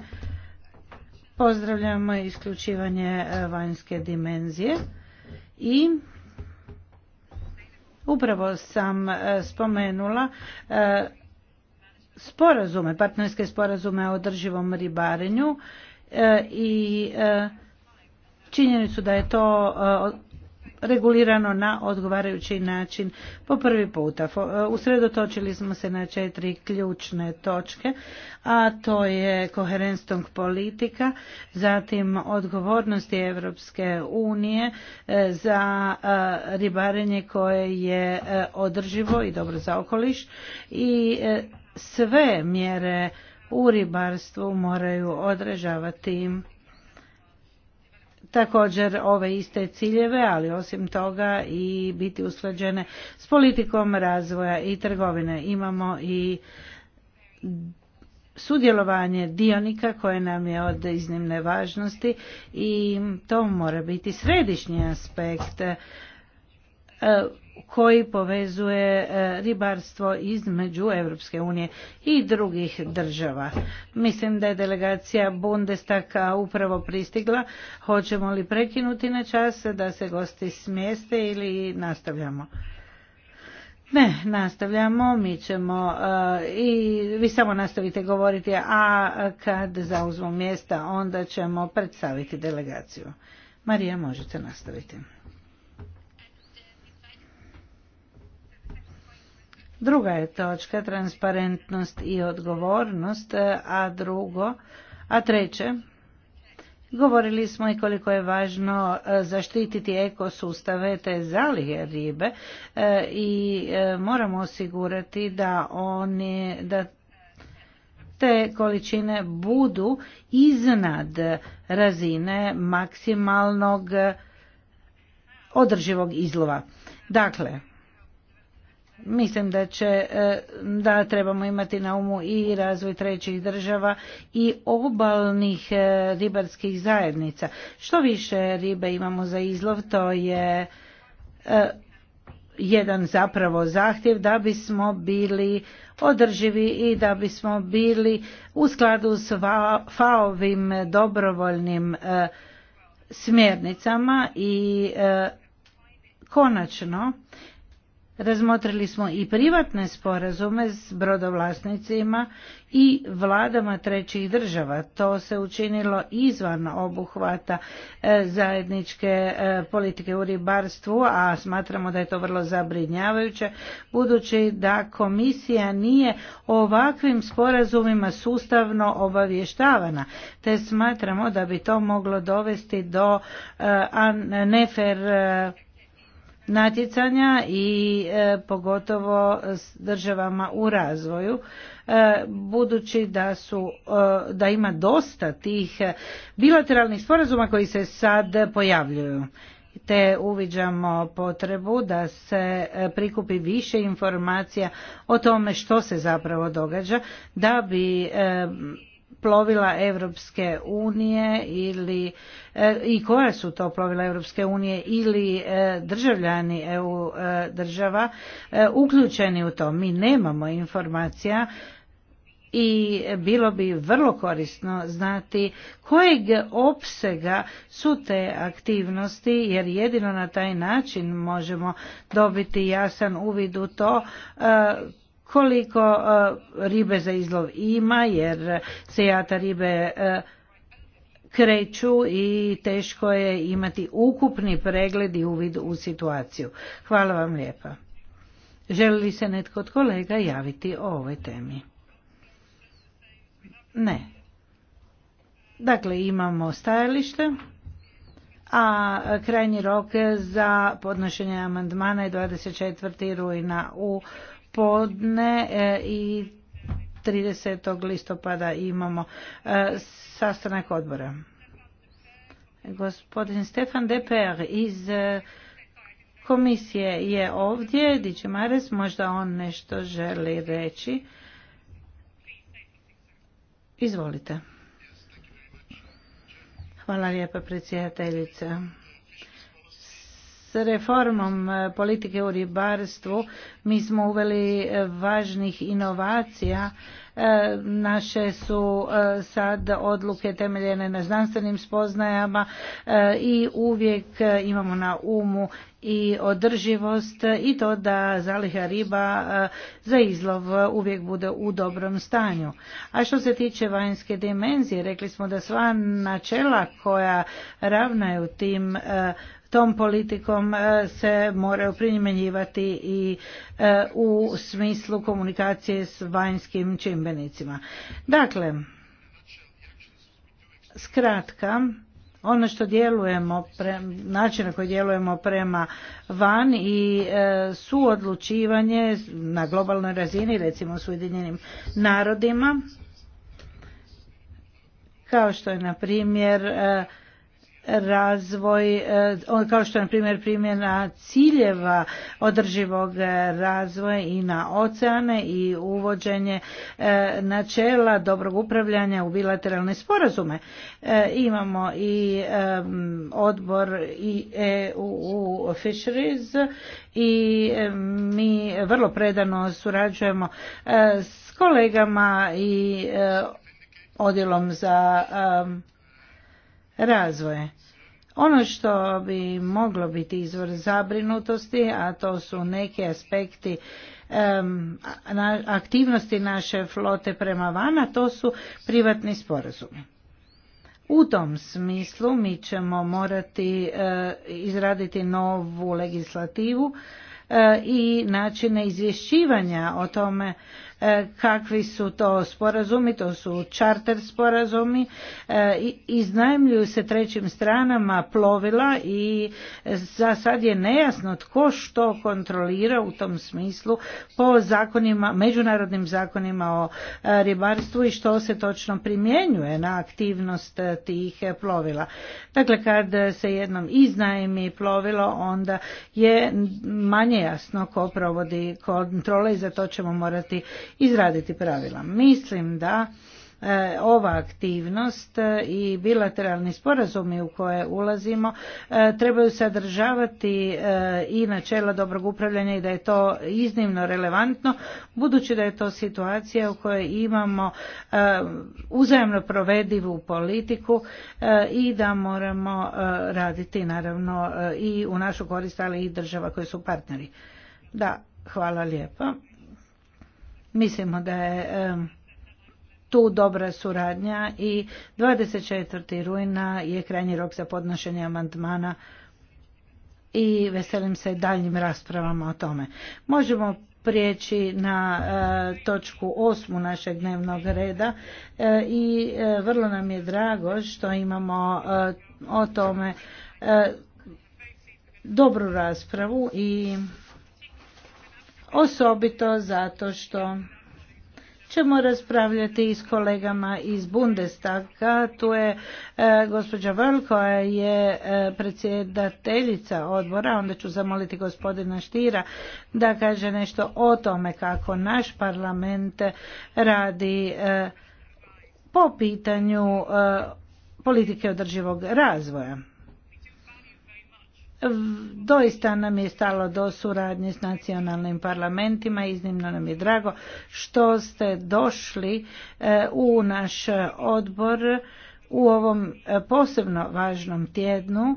Pozdravljamo isključivanje e, vanjske dimenzije i Upravo sam e, spomenula e, sporazume, partnerske sporazume o održivom ribarenju e, i činjenicu da je to regulirano na odgovarajući način po prvi puta. E, usredotočili smo se na četiri ključne točke, a to je koherenstvog politika, zatim odgovornosti Europske unije e, za e, ribarenje koje je održivo i dobro za okoliš i sve mjere u ribarstvu moraju odražavati također ove iste ciljeve, ali osim toga i biti usklađene s politikom razvoja i trgovine. Imamo i sudjelovanje dionika koje nam je od iznimne važnosti i to mora biti središnji aspekt e, koji povezuje e, ribarstvo između Europske unije i drugih država. Mislim da je delegacija Bundestaka upravo pristigla. Hoćemo li prekinuti na čas da se gosti smjeste ili nastavljamo? Ne, nastavljamo, mi ćemo e, i vi samo nastavite govoriti, a kad zauzmu mjesta onda ćemo predstaviti delegaciju. Marija, možete nastaviti. Druga je točka transparentnost i odgovornost, e, a drugo, a treće, Govorili smo i koliko je važno e, zaštititi ekosustave te zalihe ribe e, i moramo osigurati da oni da te količine budu iznad razine maksimalnog održivog izlova. Dakle, Mislim da će, e, da trebamo imati na umu i razvoj trećih država i obalnih e, ribarskih zajednica. Što više ribe imamo za izlov, to je e, jedan zapravo zahtjev da bismo bili održivi i da bismo bili u skladu s faovim dobrovoljnim smjernicama i konačno Razmotrili smo i privatne sporazume s brodovlasnicima i vladama trećih država. To se učinilo izvan obuhvata e, zajedničke e, politike u ribarstvu, a smatramo da je to vrlo zabrinjavajuće, budući da komisija nije ovakvim sporazumima sustavno obavještavana, te smatramo da bi to moglo dovesti do e, nefer natjecanja i e, pogotovo s državama u razvoju e, budući da su e, da ima dosta tih bilateralnih sporazuma koji se sad pojavljuju te uviđamo potrebu da se prikupi više informacija o tome što se zapravo događa da bi plovila Europske unije ili e, i koja su to plovila Europske unije ili e, državljani EU e, država uključeni u to. Mi nemamo informacija i bilo bi vrlo korisno znati kojeg opsega su te aktivnosti jer jedino na taj način možemo dobiti jasan uvid u to koliko e, ribe za izlov ima jer se jata ribe e, kreću i teško je imati ukupni pregled i uvid u situaciju. Hvala vam lijepa. Želi li se netko od kolega javiti o ovoj temi? Ne. Dakle, imamo stajalište, a krajnji rok za podnošenje amandmana je 24. rujna u podne e, i 30. listopada imamo e, sastanak odbora. Gospodin Stefan Deper iz e, komisije je ovdje. Diče Mares, možda on nešto želi reći. Izvolite. Hvala lijepa predsjedateljice reformom e, politike u ribarstvu mi smo uveli e, važnih inovacija. E, naše su sad odluke temeljene na znanstvenim spoznajama i uvijek imamo na umu i održivost i to da zaliha riba za izlov uvijek bude u dobrom stanju. A što se tiče vanjske dimenzije, rekli smo da sva načela koja ravnaju tim tom politikom e, se moraju primjenjivati i e, u smislu komunikacije s vanjskim čimbenicima. Dakle, skratka, ono što djelujemo, način na koji djelujemo prema van i e, suodlučivanje na globalnoj razini, recimo s Ujedinjenim narodima, kao što je na primjer razvoj, e, kao što je na primjer primjena ciljeva održivog razvoja i na oceane i uvođenje e, načela dobrog upravljanja u bilateralne sporazume. E, imamo i odbor i EU Fisheries i mi vrlo predano surađujemo s kolegama i odjelom za razvoje. Ono što bi moglo biti izvor zabrinutosti, a to su neki aspekti aktivnosti naše flote prema a to su privatni sporazumi. U tom smislu mi ćemo morati e, izraditi novu legislativu e, i načine izvješćivanja o tome E, kakvi su to sporazumi, to su čarter sporazumi, e, iznajmljuju se trećim stranama plovila i za sad je nejasno tko što kontrolira u tom smislu po zakonima, međunarodnim zakonima o e, ribarstvu i što se točno primjenjuje na aktivnost tih plovila. Dakle, kad se jednom iznajmi plovilo, onda je manje jasno ko provodi kontrole i za to ćemo morati izraditi pravila. Mislim da e, ova aktivnost e, i bilateralni sporazumi u koje ulazimo e, trebaju sadržavati i načela dobrog upravljanja i da je to iznimno relevantno budući da je to situacija u kojoj imamo uzajemno provedivu politiku i da moramo raditi naravno i u našu korist ali i država koje su partneri. Da, hvala lijepa. Mislimo da je tu dobra suradnja i 24. rujna je krajnji rok za podnošenje amandmana i veselim se daljnjim raspravama o tome. Možemo prijeći na eh, točku osmu našeg dnevnog reda eh, i eh, vrlo nam je drago što imamo o tome dobru raspravu i osobito zato što ćemo raspravljati s kolegama iz Bundestaga. Tu je e, gospođa Vrl koja je e, predsjedateljica odbora, onda ću zamoliti gospodina Štira da kaže nešto o tome kako naš parlament radi e, po pitanju e, politike održivog razvoja. Doista nam je stalo do suradnje s nacionalnim parlamentima, iznimno nam je drago što ste došli e, u naš odbor u ovom e, posebno važnom tjednu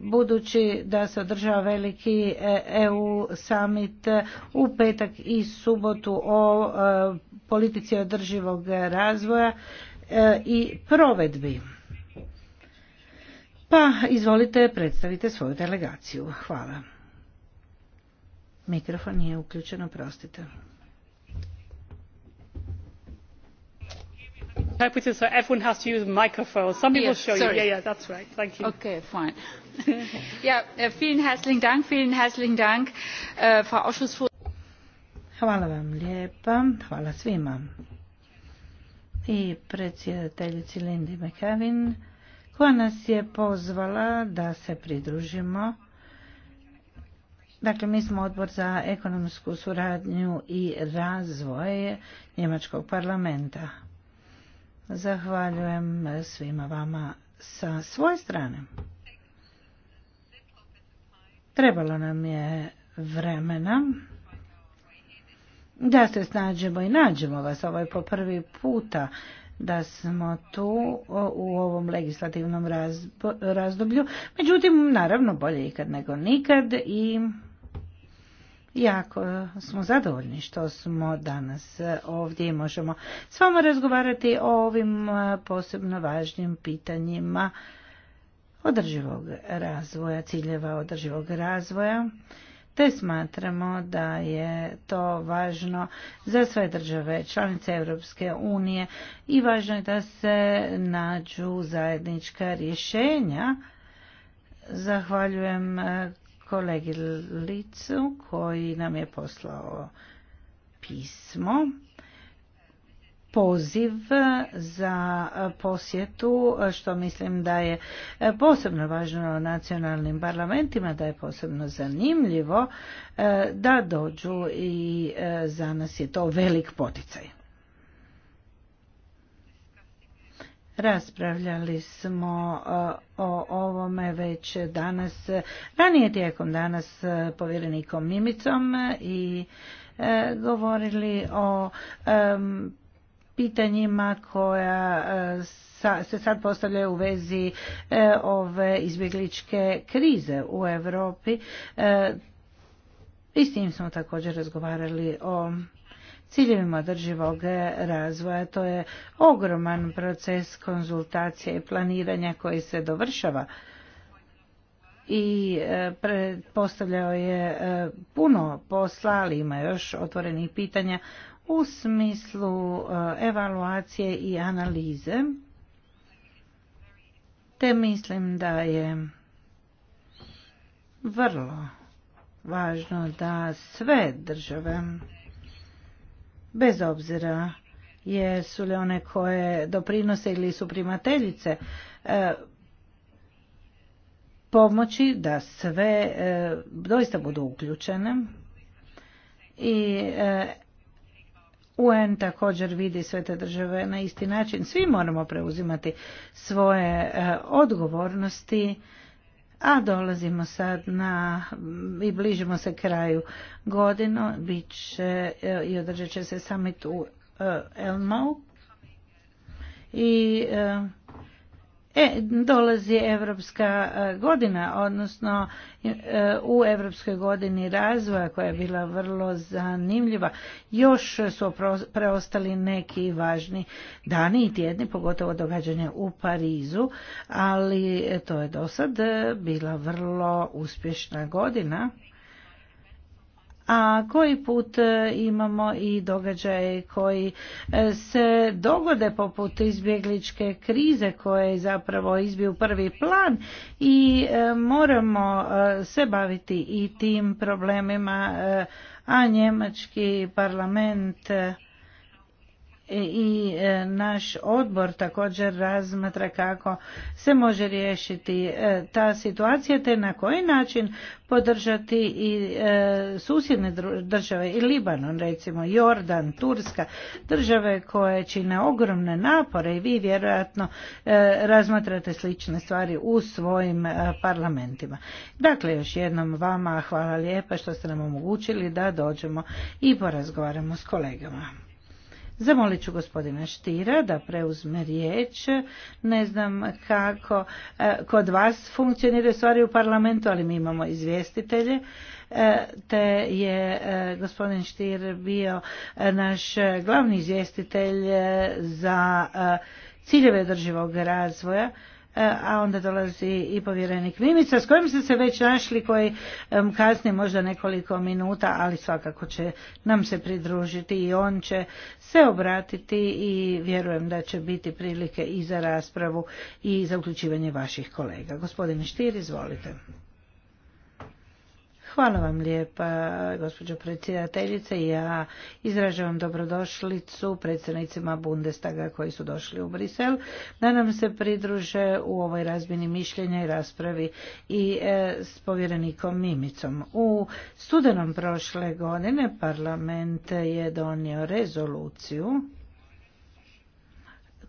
budući da se održava veliki EU e summit u petak i subotu o politici održivog razvoja i provedbi. Pa izvolite, predstavite svoju delegaciju. Hvala. Mikrofon nije uključen, oprostite. interpreters so everyone has to use a microphone. Some people yes, show sorry. you. Yeah, yeah, that's right. Thank you. Okay, fine. ja, eh, vielen herzlichen Dank, vielen herzlichen Dank, äh, Frau Ausschussvorsitzende. Hvala vam lijepa, hvala svima. I predsjedateljici Lindy McKevin koja nas je pozvala da se pridružimo. Dakle, mi smo odbor za ekonomsku suradnju i razvoj Njemačkog parlamenta. Zahvaljujem svima vama sa svoje strane. Trebalo nam je vremena da se snađemo i nađemo vas. Ovo po prvi puta da smo tu u ovom legislativnom razdoblju. Međutim, naravno, bolje ikad nego nikad i jako smo zadovoljni što smo danas ovdje i možemo s vama razgovarati o ovim posebno važnim pitanjima održivog razvoja, ciljeva održivog razvoja te smatramo da je to važno za sve države članice Europske unije i važno je da se nađu zajednička rješenja. Zahvaljujem e, kolegi Licu koji nam je poslao pismo poziv za posjetu, što mislim da je posebno važno nacionalnim parlamentima, da je posebno zanimljivo e, da dođu i e, za nas je to velik poticaj. Raspravljali smo e, o ovome već danas, ranije tijekom danas povjerenikom Mimicom i govorili o pitanjima koja e, se sad postavlja u vezi e, ove izbjegličke krize u Europi. E, I s tim smo također razgovarali o ciljevima održivog razvoja. To je ogroman proces konzultacije i planiranja koji se dovršava i postavljao je puno posla, ali ima još otvorenih pitanja u smislu e, evaluacije i analize. Te mislim da je vrlo važno da sve države, bez obzira jesu li one koje doprinose ili su primateljice, e, pomoći da sve e, doista budu uključene i UN također vidi sve te države na isti način. Svi moramo preuzimati svoje e, odgovornosti, a dolazimo sad na i bližimo se kraju godinu. Biće e, i održat će se summit u e, Elmau i e, dolazi Evropska e, godina, odnosno e, u Evropskoj godini razvoja koja je bila vrlo zanimljiva. Još su preostali neki važni dani i tjedni, pogotovo događanje u Parizu, ali e, to je do sad bila vrlo uspješna godina a koji put e, imamo i događaje koji e, se dogode poput izbjegličke krize koje zapravo izbio prvi plan i e, moramo se baviti i tim problemima a njemački parlament i e, naš odbor također razmatra kako se može riješiti e, ta situacija te na koji način podržati i e, susjedne države i Libanon recimo Jordan, Turska države koje čine ogromne napore i vi vjerojatno razmatrate slične stvari u svojim parlamentima. Dakle još jednom vama hvala lijepa što ste nam omogućili da dođemo i porazgovaramo s kolegama. Zamolit ću gospodina Štira da preuzme riječ. Ne znam kako e, kod vas funkcionira stvari u parlamentu, ali mi imamo izvjestitelje. E, te je e, gospodin Štir bio naš glavni izvjestitelj za ciljeve drživog razvoja E, a onda dolazi i povjerenik Mimica s kojim ste se već našli koji kasni možda nekoliko minuta, ali svakako će nam se pridružiti i on će se obratiti i vjerujem da će biti prilike i za raspravu i za uključivanje vaših kolega. Gospodine Štir, izvolite. Hvala vam lijepa, gospođo predsjedateljice. Ja izražavam dobrodošlicu predsjednicima Bundestaga koji su došli u Brisel. Da nam se pridruže u ovoj razmini mišljenja i raspravi i e, s povjerenikom Mimicom. U studenom prošle godine parlament je donio rezoluciju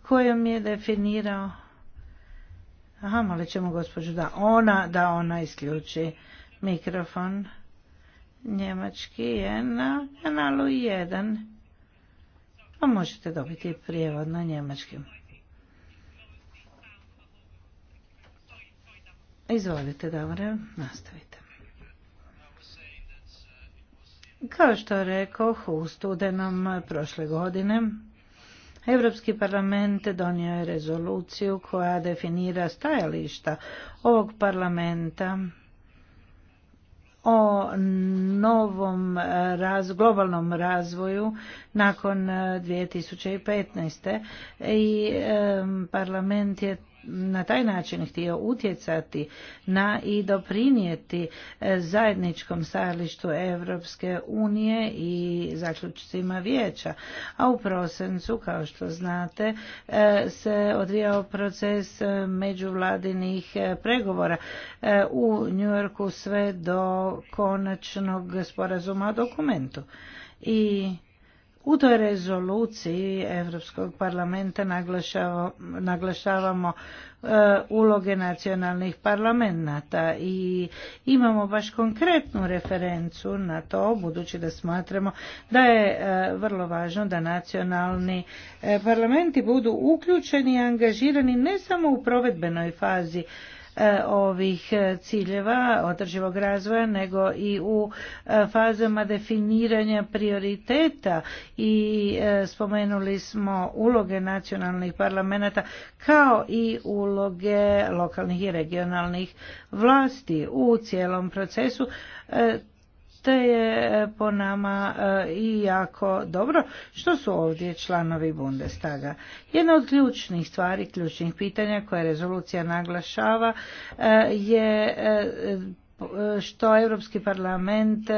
kojom je definirao Aha, molit ćemo gospođu da ona, da ona isključi mikrofon. Njemački je na kanalu 1, a možete dobiti prijevod na njemački. Izvolite, dobro, nastavite. Kao što rekao u studenom prošle godine, Europski parlament donio je rezoluciju koja definira stajališta ovog parlamenta o novom raz, globalnom razvoju nakon 2015. Eh, i parlament je na taj način htio utjecati na i doprinijeti e, zajedničkom stajalištu Europske unije i zaključcima vijeća. A u prosincu, kao što znate, e, se odvijao proces e, međuvladinih pregovora u yorku sve do konačnog sporazuma o dokumentu. I u toj rezoluciji Europskog parlamenta naglašavamo e, uloge nacionalnih parlamenta i imamo baš konkretnu referencu na to, budući da smatramo da je e, vrlo važno da nacionalni e, parlamenti budu uključeni i angažirani ne samo u provedbenoj fazi E, ovih e, ciljeva održivog razvoja nego i u e, fazama definiranja prioriteta i spomenuli smo uloge nacionalnih parlamenta kao i uloge lokalnih i regionalnih vlasti u cijelom procesu što je e, po nama e, i jako dobro što su ovdje članovi Bundestaga. Jedna od ključnih stvari, ključnih pitanja koje rezolucija naglašava e, je što Europski parlament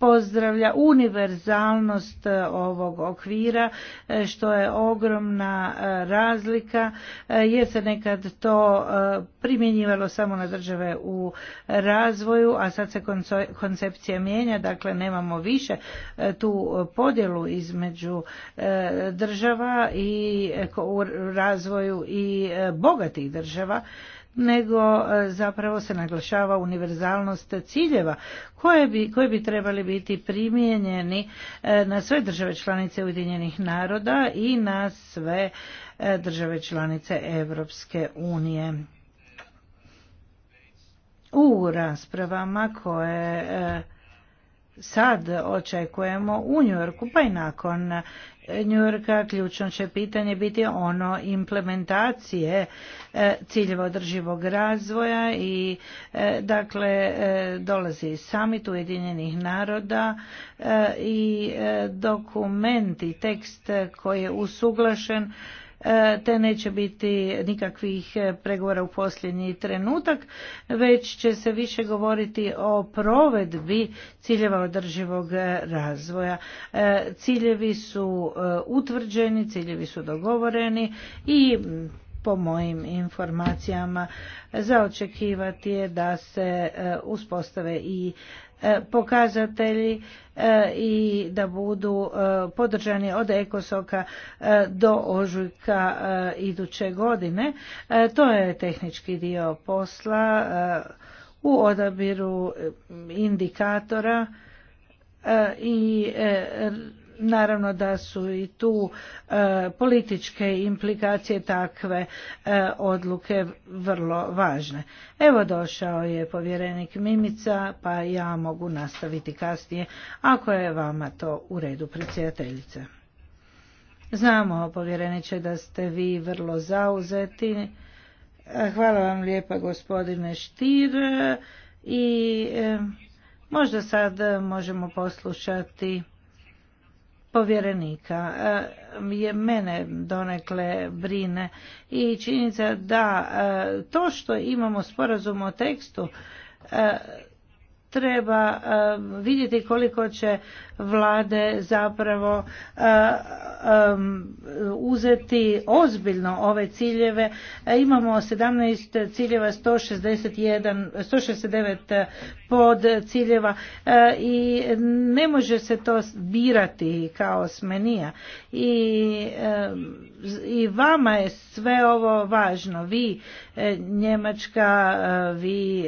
pozdravlja univerzalnost e, ovog okvira e, što je ogromna e, razlika jer se nekad to primjenjivalo samo na države u razvoju a sad se koncepcija mijenja dakle nemamo više tu podjelu između država i u razvoju i bogatih država nego e, zapravo se naglašava univerzalnost ciljeva koje bi, koji bi trebali biti primijenjeni e, na sve države članice Ujedinjenih naroda i na sve e, države članice Europske unije. U raspravama koje sad očekujemo u Njurku, pa i nakon Njurka ključno će pitanje biti ono implementacije e, ciljeva održivog razvoja i e, dakle e, dolazi samit Ujedinjenih naroda i dokument i tekst koji je usuglašen E, te neće biti nikakvih e, pregovora u posljednji trenutak, već će se više govoriti o provedbi ciljeva održivog e, razvoja. Ciljevi su utvrđeni, ciljevi su dogovoreni i po mojim informacijama zaočekivati je da se uspostave i E, pokazatelji e, i da budu e, podržani od Ekosoka do ožujka iduće godine. To je tehnički dio posla u odabiru indikatora i naravno da su i tu e, političke implikacije takve e, odluke vrlo važne. Evo došao je povjerenik Mimica, pa ja mogu nastaviti kasnije ako je vama to u redu predsjedateljice. Znamo, povjereniče, da ste vi vrlo zauzeti. E, hvala vam lijepa, gospodine Štir. I možda sad možemo poslušati povjerenika e, je mene donekle brine i činjenica da e, to što imamo sporazum o tekstu e, treba vidjeti koliko će vlade zapravo e, uzeti ozbiljno ove ciljeve. E, imamo 17 ciljeva, 161, 169 pod ciljeva e, i ne može se to birati kao smenija. I, i vama je sve ovo važno. Vi, Njemačka, vi,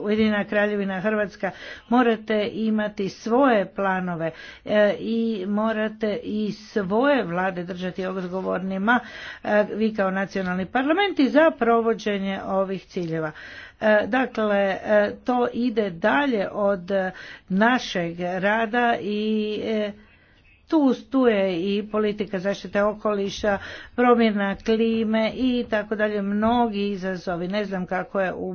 Ujedina Kraljevina Hrvatska, morate imati svoje planove E, i morate i svoje vlade držati odgovornima e, vi kao nacionalni parlamenti za provođenje ovih ciljeva. E, dakle, to ide dalje od našeg rada i tu, tu je i politika zaštite okoliša, promjena klime i tako dalje, mnogi izazovi. Ne znam kako je u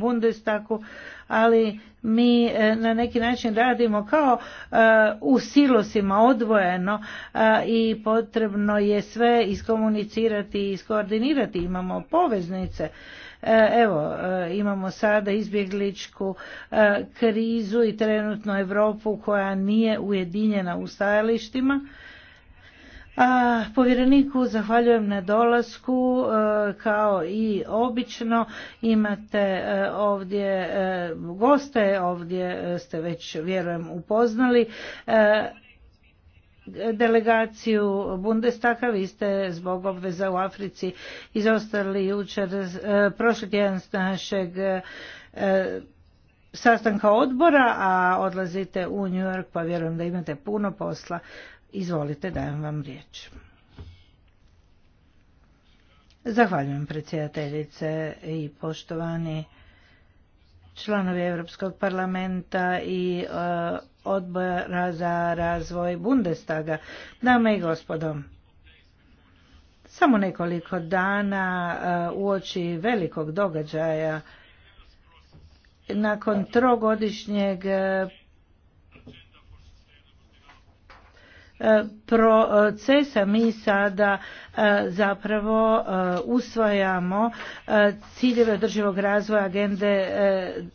Bundestagu, ali mi e, na neki način radimo kao e, u silosima odvojeno e, i potrebno je sve iskomunicirati i iskoordinirati. Imamo poveznice E, evo, e, imamo sada izbjegličku e, krizu i trenutno Europu koja nije ujedinjena u stajalištima. A povjereniku zahvaljujem na dolasku kao i obično imate ovdje goste, ovdje ste već vjerujem upoznali delegaciju Bundestaka, vi ste zbog obveza u Africi izostali jučer, eh, prošli tjedan s našeg eh, sastanka odbora, a odlazite u New York, pa vjerujem da imate puno posla. Izvolite, dajem vam riječ. Zahvaljujem predsjedateljice i poštovani članovi Europskog parlamenta i e, odbora za razvoj Bundestaga. Dame i gospodo, samo nekoliko dana e, uoči velikog događaja nakon trogodišnjeg procesa mi sada e, zapravo e, usvajamo e, ciljeve održivog razvoja agende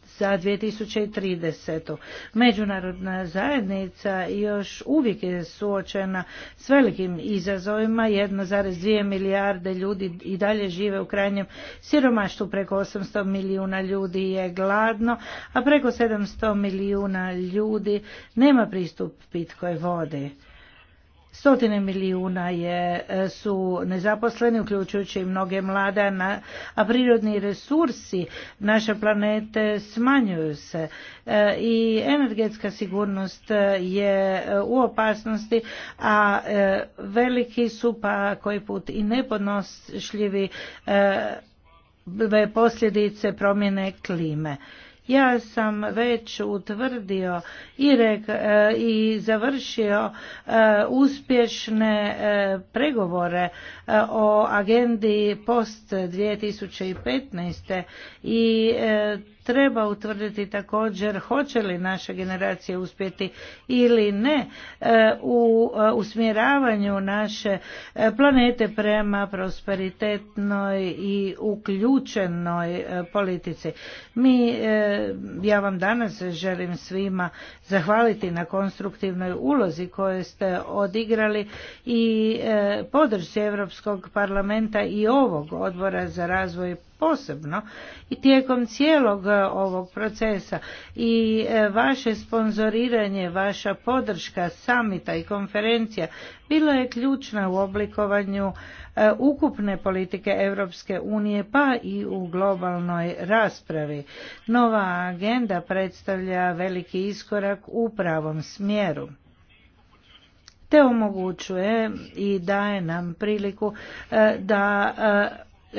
za 2030. Međunarodna zajednica još uvijek je suočena s velikim izazovima. 1,2 milijarde ljudi i dalje žive u krajnjem siromaštu. Preko 800 milijuna ljudi je gladno, a preko 700 milijuna ljudi nema pristup pitkoj vodi. Stotine milijuna je, e, su nezaposleni, uključujući i mnoge mlade, a prirodni resursi naše planete smanjuju se. E, I energetska sigurnost e, je u opasnosti, a veliki su pa koji put i nepodnošljivi posljedice promjene klime. Ja sam već utvrdio i, e, i završio e, uspješne e, pregovore o agendi post 2015. i treba utvrditi također hoće li naša generacija uspjeti ili ne e, u e, usmjeravanju naše e, planete prema prosperitetnoj i uključenoj politici. Mi, ja vam danas želim svima zahvaliti na konstruktivnoj ulozi koju ste odigrali i podršci Europskog parlamenta i ovog odbora za razvoj posebno i tijekom cijelog e, ovog procesa i e, vaše sponzoriranje, vaša podrška samita i konferencija bila je ključna u oblikovanju e, ukupne politike Europske unije pa i u globalnoj raspravi. Nova agenda predstavlja veliki iskorak u pravom smjeru te omogućuje i daje nam priliku da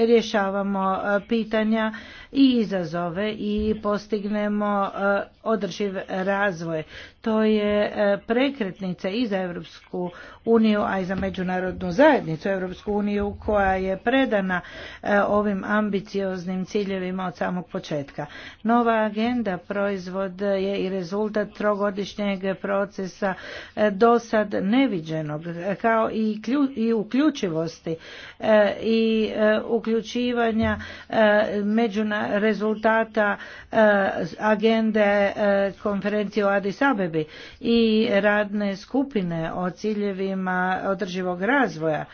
rješavamo e, pitanja i izazove i postignemo e, održiv razvoj. To je e, prekretnica i za Europsku uniju, a i za međunarodnu zajednicu Europsku uniju koja je predana e, ovim ambicioznim ciljevima od samog početka. Nova agenda proizvod je i rezultat trogodišnjeg procesa dosad neviđenog, kao i, i uključivosti i uključivanja međunarodnih rezultata e, agende e, konferencije o Adis Abebi i radne skupine o ciljevima održivog razvoja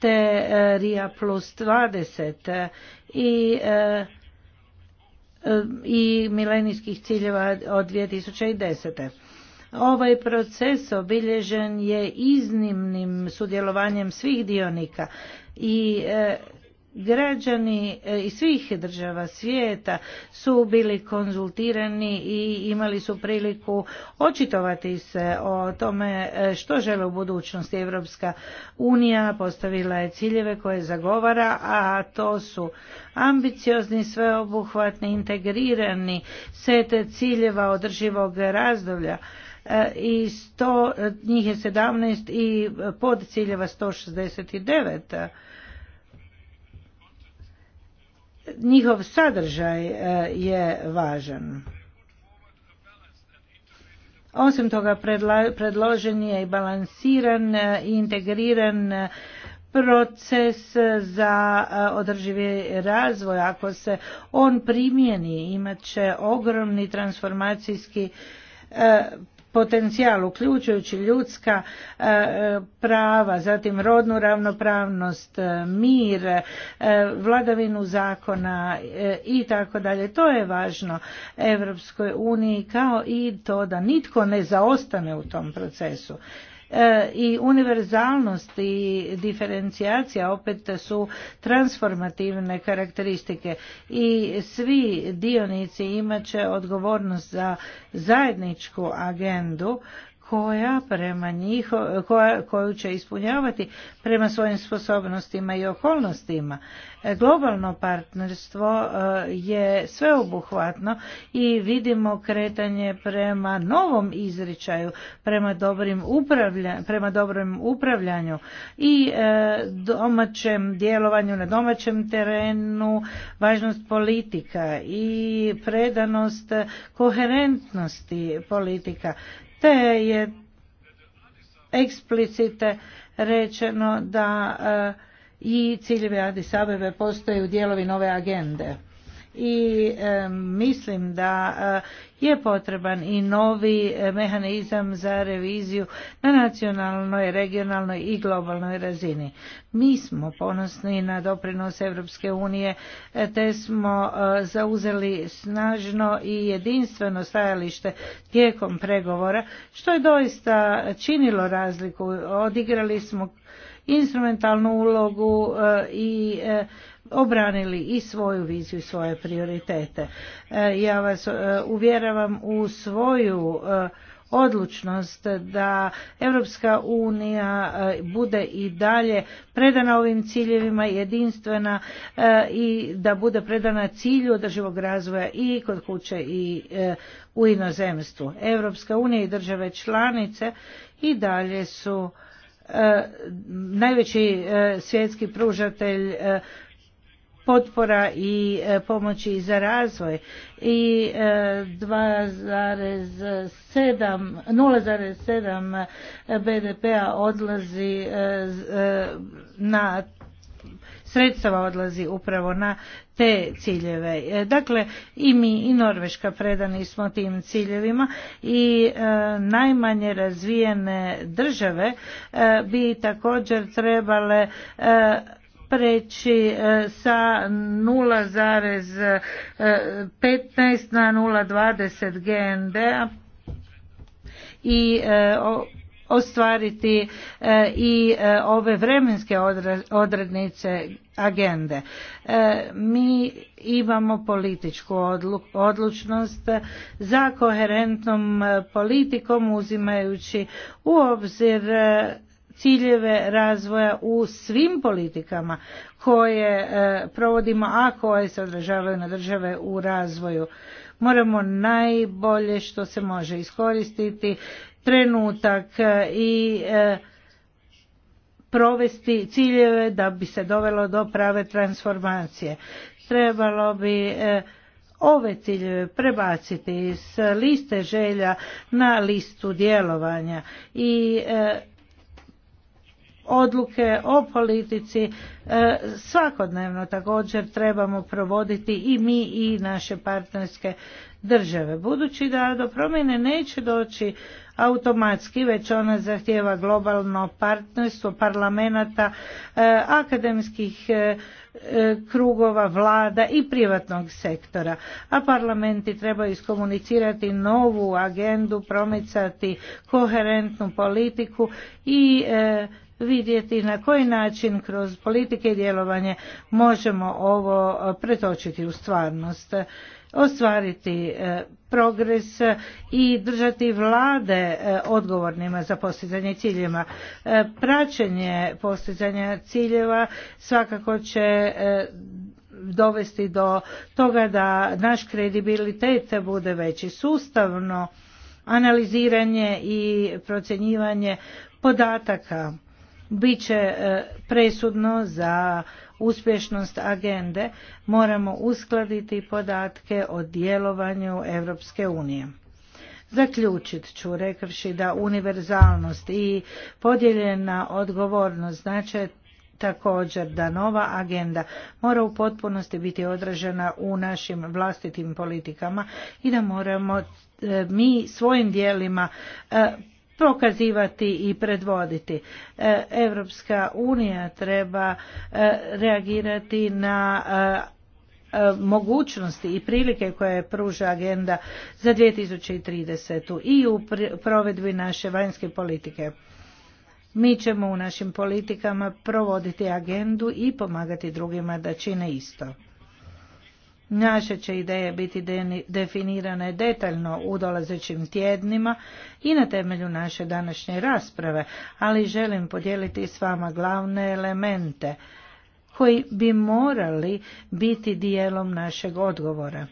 te e, RIA plus 20 i i milenijskih ciljeva od 2010. Ovaj proces obilježen je iznimnim sudjelovanjem svih dionika i građani e, iz svih država svijeta su bili konzultirani i imali su priliku očitovati se o tome e, što žele u budućnosti Europska unija postavila je ciljeve koje zagovara a to su ambiciozni sveobuhvatni integrirani set ciljeva održivog razdoblja e, i 100, njih je 17 i pod ciljeva 169 njihov sadržaj e, je važan. Osim toga predložen je i balansiran e, i integriran e, proces za održivi razvoj. Ako se on primjeni imat će ogromni transformacijski potencijal uključujući ljudska e, prava, zatim rodnu ravnopravnost, e, mir, e, vladavinu zakona i tako dalje. To je važno Europskoj uniji kao i to da nitko ne zaostane u tom procesu. E, i univerzalnost i diferencijacija opet su transformativne karakteristike i svi dionici imat će odgovornost za zajedničku agendu koja prema njih, koju će ispunjavati prema svojim sposobnostima i okolnostima. E, globalno partnerstvo e, je sveobuhvatno i vidimo kretanje prema novom izričaju, prema, prema dobrom upravljanju i e, domaćem djelovanju na domaćem terenu, važnost politika i predanost koherentnosti politika te je eksplicite rečeno da e, i ciljevi Addis postoje u dijelovi nove agende i mislim da eh, je potreban i novi eh, mehanizam za reviziju na nacionalnoj, regionalnoj i globalnoj razini. Mi smo ponosni na doprinos Europske unije eh, te smo zauzeli snažno i jedinstveno stajalište tijekom pregovora što je doista činilo razliku. Odigrali smo instrumentalnu ulogu i obranili i svoju viziju i svoje prioritete. E, ja vas e, uvjeravam u svoju e, odlučnost da Europska unija bude i dalje predana ovim ciljevima jedinstvena i da bude predana cilju održivog razvoja i kod kuće i u inozemstvu. Europska unija i države članice i dalje su najveći svjetski pružatelj potpora i e, pomoći za razvoj i 0,7 e, e, BDP-a odlazi na sredstava odlazi upravo na te ciljeve. Dakle, i mi i Norveška predani smo tim ciljevima i najmanje razvijene države bi također trebale preći e, sa 0,15 e, na 0,20 gnd i e, ostvariti i ove vremenske odrednice agende. Mi imamo političku odlučnost za koherentnom politikom uzimajući u obzir ciljeve razvoja u svim politikama koje e, provodimo, a koje se odražavaju na države u razvoju. Moramo najbolje što se može iskoristiti trenutak e, i e, provesti ciljeve da bi se dovelo do prave transformacije. Trebalo bi ove ciljeve prebaciti s liste želja na listu djelovanja i odluke o politici e, svakodnevno također trebamo provoditi i mi i naše partnerske države. Budući da do promjene neće doći automatski, već ona zahtjeva globalno partnerstvo parlamenta, e, akademskih e, krugova, vlada i privatnog sektora. A parlamenti trebaju iskomunicirati novu agendu, promicati koherentnu politiku i vidjeti na koji način kroz politike i djelovanje možemo ovo pretočiti u stvarnost ostvariti e, progres i držati vlade e, odgovornima za postizanje ciljeva. E, praćenje postizanja ciljeva svakako će dovesti do toga da naš kredibilitet bude veći sustavno analiziranje i procjenjivanje podataka bit će e, presudno za uspješnost agende. Moramo uskladiti podatke o djelovanju Europske unije. Zaključit ću rekavši da univerzalnost i podijeljena odgovornost znače također da nova agenda mora u potpunosti biti odražena u našim vlastitim politikama i da moramo e, mi svojim dijelima e, prokazivati i predvoditi. Europska unija treba e, reagirati na e, e, mogućnosti i prilike koje pruža agenda za 2030. i u provedbi naše vanjske politike. Mi ćemo u našim politikama provoditi agendu i pomagati drugima da čine isto. Naše će ideje biti definirane detaljno u dolazećim tjednima i na temelju naše današnje rasprave, ali želim podijeliti s vama glavne elemente koji bi morali biti dijelom našeg odgovora.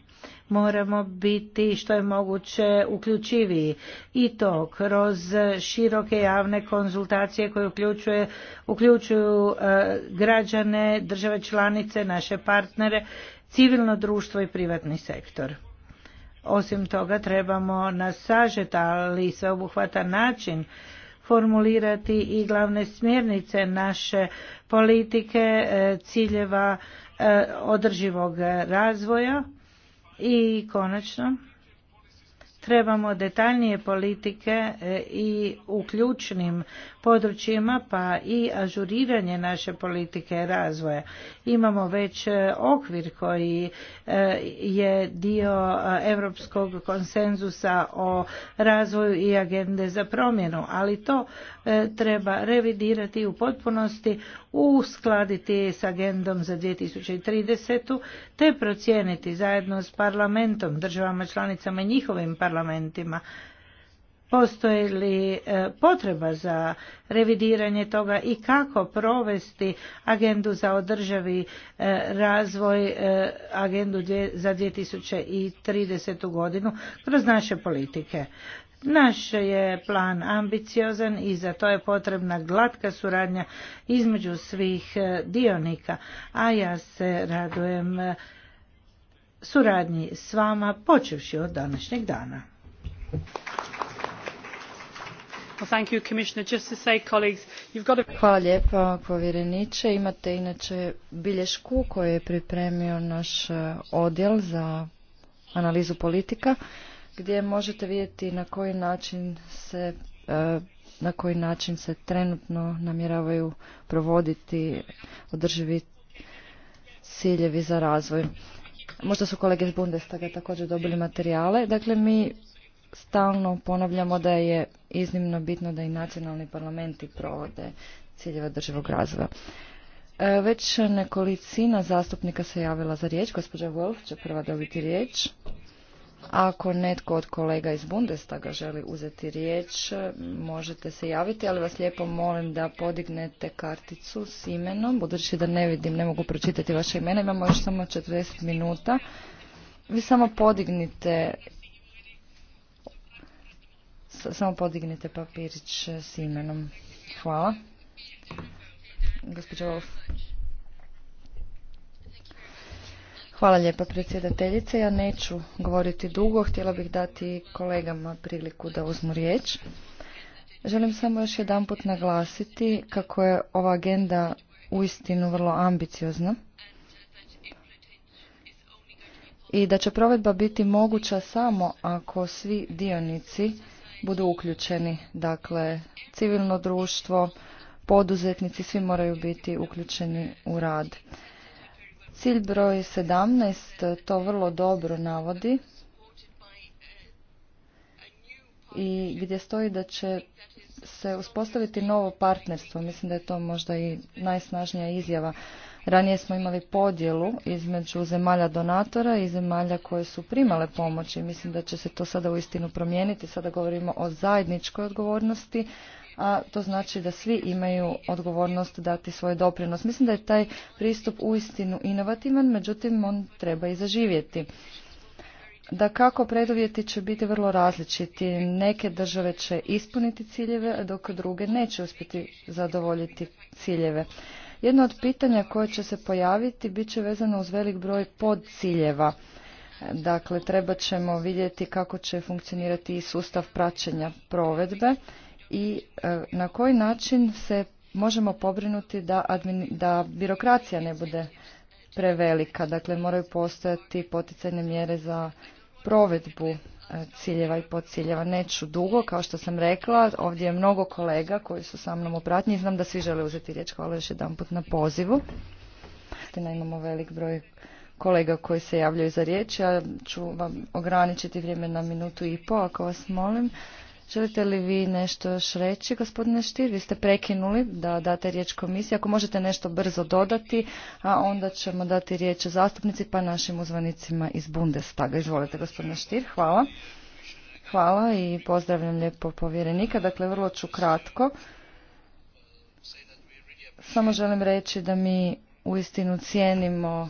Moramo biti što je moguće uključiviji i to kroz široke javne konzultacije koje uključuje, uključuju e, građane, države članice, naše partnere civilno društvo i privatni sektor. Osim toga trebamo na sažet, ali sveobuhvatan način formulirati i glavne smjernice naše politike, e, ciljeva e, održivog razvoja i konačno trebamo detaljnije politike e, i u ključnim područjima pa i ažuriranje naše politike razvoja. Imamo već e, okvir koji e, je dio europskog konsenzusa o razvoju i agende za promjenu, ali to treba revidirati u potpunosti uskladiti s agendom za 2030. te procijeniti zajedno s parlamentom, državama članicama i njihovim parlamentima postoji li e, potreba za revidiranje toga i kako provesti agendu za održavi e, razvoj e, agendu za 2030. godinu kroz naše politike. Naš je plan ambiciozan i za to je potrebna glatka suradnja između svih e, dionika, a ja se radujem e, suradnji s vama počevši od današnjeg dana. Hvala lijepo povjereniče. Imate inače bilješku koju je pripremio naš e, odjel za analizu politika gdje možete vidjeti na koji način se e, na koji način se trenutno namjeravaju provoditi održivi ciljevi za razvoj. Možda su kolege iz Bundestaga također dobili materijale. Dakle, mi stalno ponavljamo da je iznimno bitno da i nacionalni parlamenti provode ciljeve održivog razvoja. E, već nekolicina zastupnika se javila za riječ. Gospođa Wolf će prva dobiti riječ. Ako netko od kolega iz Bundestaga želi uzeti riječ, možete se javiti, ali vas lijepo molim da podignete karticu s imenom, budući da ne vidim, ne mogu pročitati vaše imena, imamo još samo 40 minuta. Vi samo podignite samo podignite papirić s imenom. Hvala. Hvala lijepa predsjedateljice. Ja neću govoriti dugo, htjela bih dati kolegama priliku da uzmu riječ. Želim samo još jedanput naglasiti kako je ova agenda uistinu vrlo ambiciozna i da će provedba biti moguća samo ako svi dionici budu uključeni. Dakle, civilno društvo, poduzetnici, svi moraju biti uključeni u rad. Cilj broj 17 to vrlo dobro navodi i gdje stoji da će se uspostaviti novo partnerstvo. Mislim da je to možda i najsnažnija izjava. Ranije smo imali podjelu između zemalja donatora i zemalja koje su primale pomoć i mislim da će se to sada uistinu promijeniti. Sada govorimo o zajedničkoj odgovornosti, a to znači da svi imaju odgovornost dati svoj doprinos. Mislim da je taj pristup uistinu inovativan, međutim on treba i zaživjeti. Da kako preduvjeti će biti vrlo različiti. Neke države će ispuniti ciljeve, dok druge neće uspjeti zadovoljiti ciljeve. Jedno od pitanja koje će se pojaviti bit će vezano uz velik broj podciljeva. Dakle, treba ćemo vidjeti kako će funkcionirati i sustav praćenja provedbe i e, na koji način se možemo pobrinuti da, da birokracija ne bude prevelika. Dakle, moraju postojati poticajne mjere za provedbu e, ciljeva i podciljeva. Neću dugo, kao što sam rekla, ovdje je mnogo kolega koji su sa mnom u i znam da svi žele uzeti riječ. Hvala još jedan put na pozivu. Imamo velik broj kolega koji se javljaju za riječ. Ja ću vam ograničiti vrijeme na minutu i po, ako vas molim. Želite li vi nešto još reći, gospodine Štir? Vi ste prekinuli da date riječ komisiji. Ako možete nešto brzo dodati, a onda ćemo dati riječ zastupnici pa našim uzvanicima iz Bundestaga. Izvolite, gospodine Štir. Hvala. Hvala i pozdravljam lijepo povjerenika. Dakle, vrlo ću kratko. Samo želim reći da mi uistinu cijenimo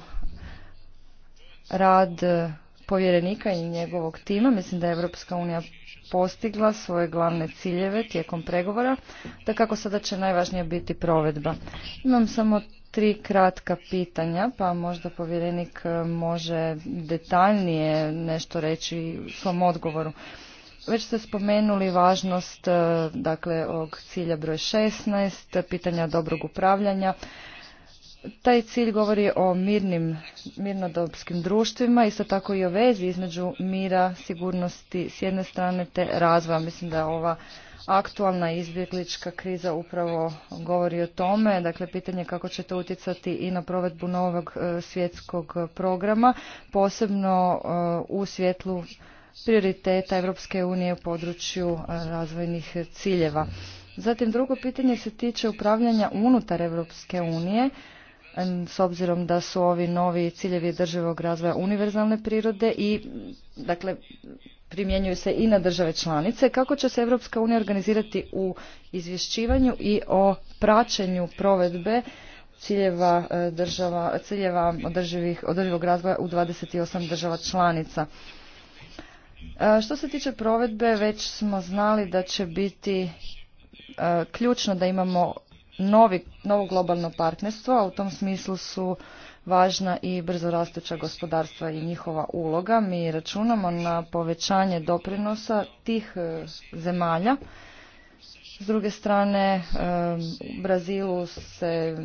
rad povjerenika i njegovog tima. Mislim da je Evropska unija postigla svoje glavne ciljeve tijekom pregovora, da kako sada će najvažnija biti provedba. Imam samo tri kratka pitanja, pa možda povjerenik e, može detaljnije nešto reći u svom odgovoru. Već ste spomenuli važnost e, dakle, ovog cilja broj 16, pitanja dobrog upravljanja taj cilj govori o mirnim, mirnodopskim društvima, isto tako i o vezi između mira, sigurnosti s jedne strane te razvoja. Mislim da ova aktualna izbjeglička kriza upravo govori o tome. Dakle, pitanje kako će to utjecati i na provedbu novog e, svjetskog programa, posebno e, u svjetlu prioriteta Europske unije u području e, razvojnih ciljeva. Zatim drugo pitanje se tiče upravljanja unutar Europske unije s obzirom da su ovi novi ciljevi državog razvoja univerzalne prirode i dakle primjenjuju se i na države članice. Kako će se Europska unija organizirati u izvješćivanju i o praćenju provedbe ciljeva e, država, ciljeva održivog razvoja u 28 država članica. E, što se tiče provedbe, već smo znali da će biti e, ključno da imamo novi, novo globalno partnerstvo, a u tom smislu su važna i brzo rastuća gospodarstva i njihova uloga. Mi računamo na povećanje doprinosa tih e, zemalja. S druge strane, e, u Brazilu se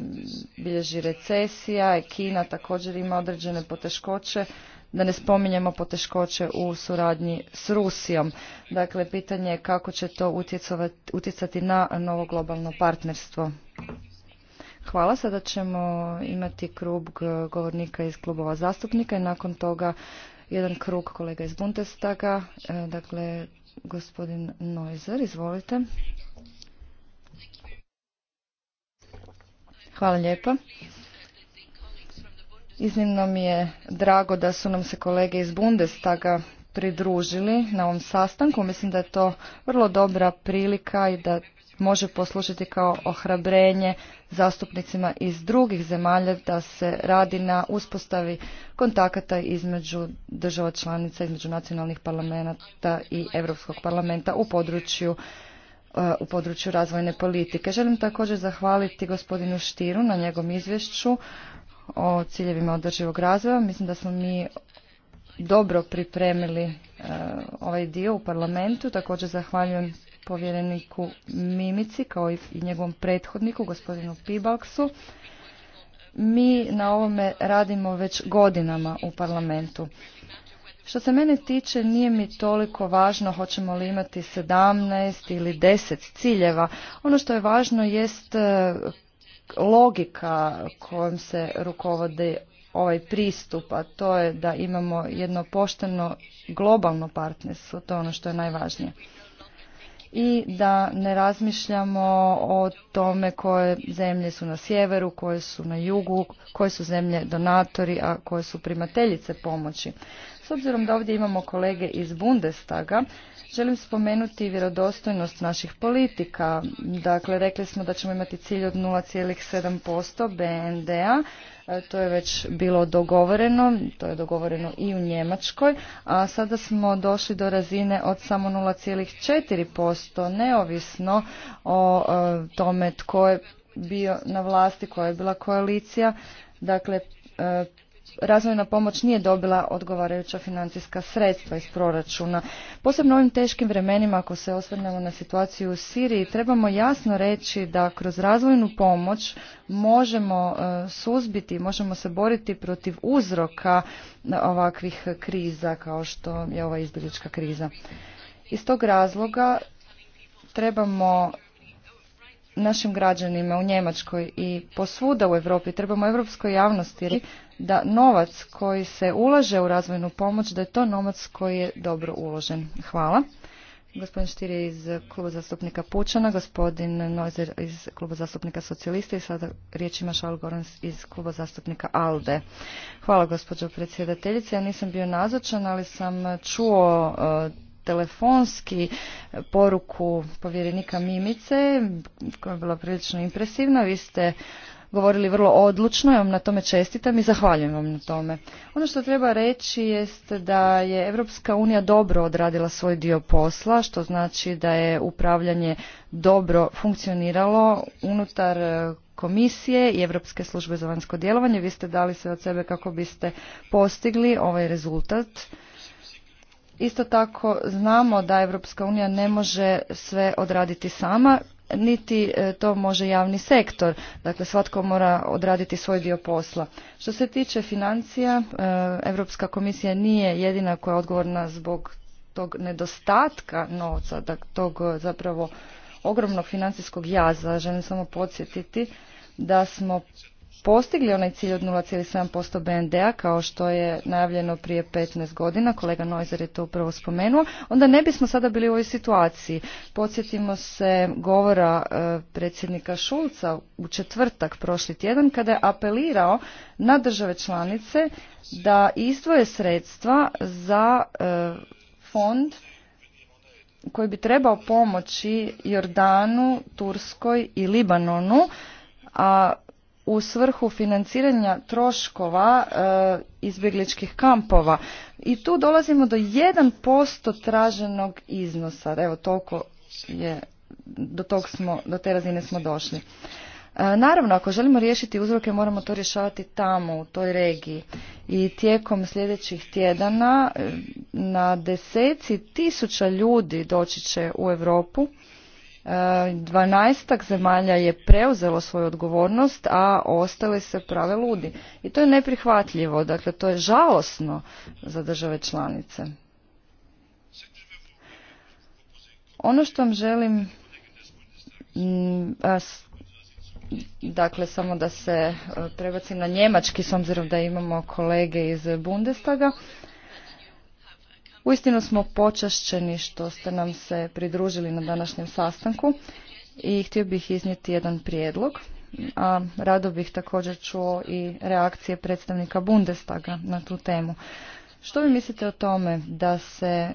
bilježi recesija, Kina također ima određene poteškoće da ne spominjemo poteškoće u suradnji s Rusijom. Dakle, pitanje je kako će to utjecati na novo globalno partnerstvo. Hvala. Sada ćemo imati krug e, govornika iz klubova zastupnika i nakon toga jedan krug kolega iz Bundestaga. E, dakle, gospodin Neuser, izvolite. Hvala lijepa. Iznimno mi je drago da su nam se kolege iz Bundestaga pridružili na ovom sastanku. Mislim da je to vrlo dobra prilika i da može poslušati kao ohrabrenje zastupnicima iz drugih zemalja da se radi na uspostavi kontakata između država članica, između nacionalnih parlamenta i Europskog parlamenta u području eh, u području razvojne politike. Želim također zahvaliti gospodinu Štiru na njegovom izvješću o ciljevima održivog razvoja. Mislim da smo mi dobro pripremili e, ovaj dio u parlamentu. Također zahvaljujem povjereniku Mimici kao i njegovom prethodniku, gospodinu Pibalksu. Mi na ovome radimo već godinama u parlamentu. Što se mene tiče, nije mi toliko važno hoćemo li imati 17 ili 10 ciljeva. Ono što je važno jest e, logika kojom se rukovode ovaj pristup, a to je da imamo jedno pošteno globalno partnerstvo, to je ono što je najvažnije. I da ne razmišljamo o tome koje zemlje su na sjeveru, koje su na jugu, koje su zemlje donatori, a koje su primateljice pomoći. S obzirom da ovdje imamo kolege iz Bundestaga, želim spomenuti vjerodostojnost naših politika. Dakle, rekli smo da ćemo imati cilj od 0,7% BND-a. E, to je već bilo dogovoreno, to je dogovoreno i u Njemačkoj, a sada smo došli do razine od samo 0,4%, neovisno o e, tome tko je bio na vlasti, koja je bila koalicija. Dakle, e, razvojna pomoć nije dobila odgovarajuća financijska sredstva iz proračuna. Posebno ovim teškim vremenima, ako se osvrnemo na situaciju u Siriji, trebamo jasno reći da kroz razvojnu pomoć možemo e, suzbiti, možemo se boriti protiv uzroka e, ovakvih kriza kao što je ova izbjeglička kriza. Iz tog razloga trebamo našim građanima u Njemačkoj i posvuda u Europi trebamo europskoj javnosti da novac koji se ulaže u razvojnu pomoć da je to novac koji je dobro uložen. Hvala. Gospodin Štir je iz kluba zastupnika Pučana, gospodin Nozer iz kluba zastupnika Socijalista i sada riječ ima Šal Gorans iz kluba zastupnika ALDE. Hvala gospođo predsjedateljice, ja nisam bio nazočan, ali sam čuo e, telefonski poruku povjerenika Mimice koja je bila prilično impresivna. Vi ste govorili vrlo odlučno, ja vam na tome čestitam i zahvaljujem vam na tome. Ono što treba reći jest da je Europska unija dobro odradila svoj dio posla, što znači da je upravljanje dobro funkcioniralo unutar e, komisije i Europske službe za vanjsko djelovanje. Vi ste dali sve od sebe kako biste postigli ovaj rezultat Isto tako znamo da Europska unija ne može sve odraditi sama, niti e, to može javni sektor. Dakle, svatko mora odraditi svoj dio posla. Što se tiče financija, Europska komisija nije jedina koja je odgovorna zbog tog nedostatka novca, tog e, zapravo ogromnog financijskog jaza. Želim samo podsjetiti da smo postigli onaj cilj od 0,7% BND-a kao što je najavljeno prije 15 godina, kolega Noizer je to upravo spomenuo, onda ne bismo sada bili u ovoj situaciji. Podsjetimo se govora e, predsjednika Šulca u četvrtak prošli tjedan kada je apelirao na države članice da izdvoje sredstva za e, fond koji bi trebao pomoći Jordanu, Turskoj i Libanonu, a u svrhu financiranja troškova e, izbjegličkih kampova. I tu dolazimo do 1% traženog iznosa. Evo, toliko je, do, smo, do te razine smo došli. E, naravno, ako želimo riješiti uzroke, moramo to rješavati tamo, u toj regiji. I tijekom sljedećih tjedana e, na deseci tisuća ljudi doći će u Europu Dvanaestak zemalja je preuzelo svoju odgovornost, a ostali se prave ludi. I to je neprihvatljivo, dakle to je žalosno za države članice. Ono što vam želim, mm, dakle samo da se e, prebacim na njemački, s obzirom da imamo kolege iz Bundestaga, Uistinu smo počašćeni što ste nam se pridružili na današnjem sastanku i htio bih iznijeti jedan prijedlog, a rado bih također čuo i reakcije predstavnika Bundestaga na tu temu. Što vi mislite o tome da se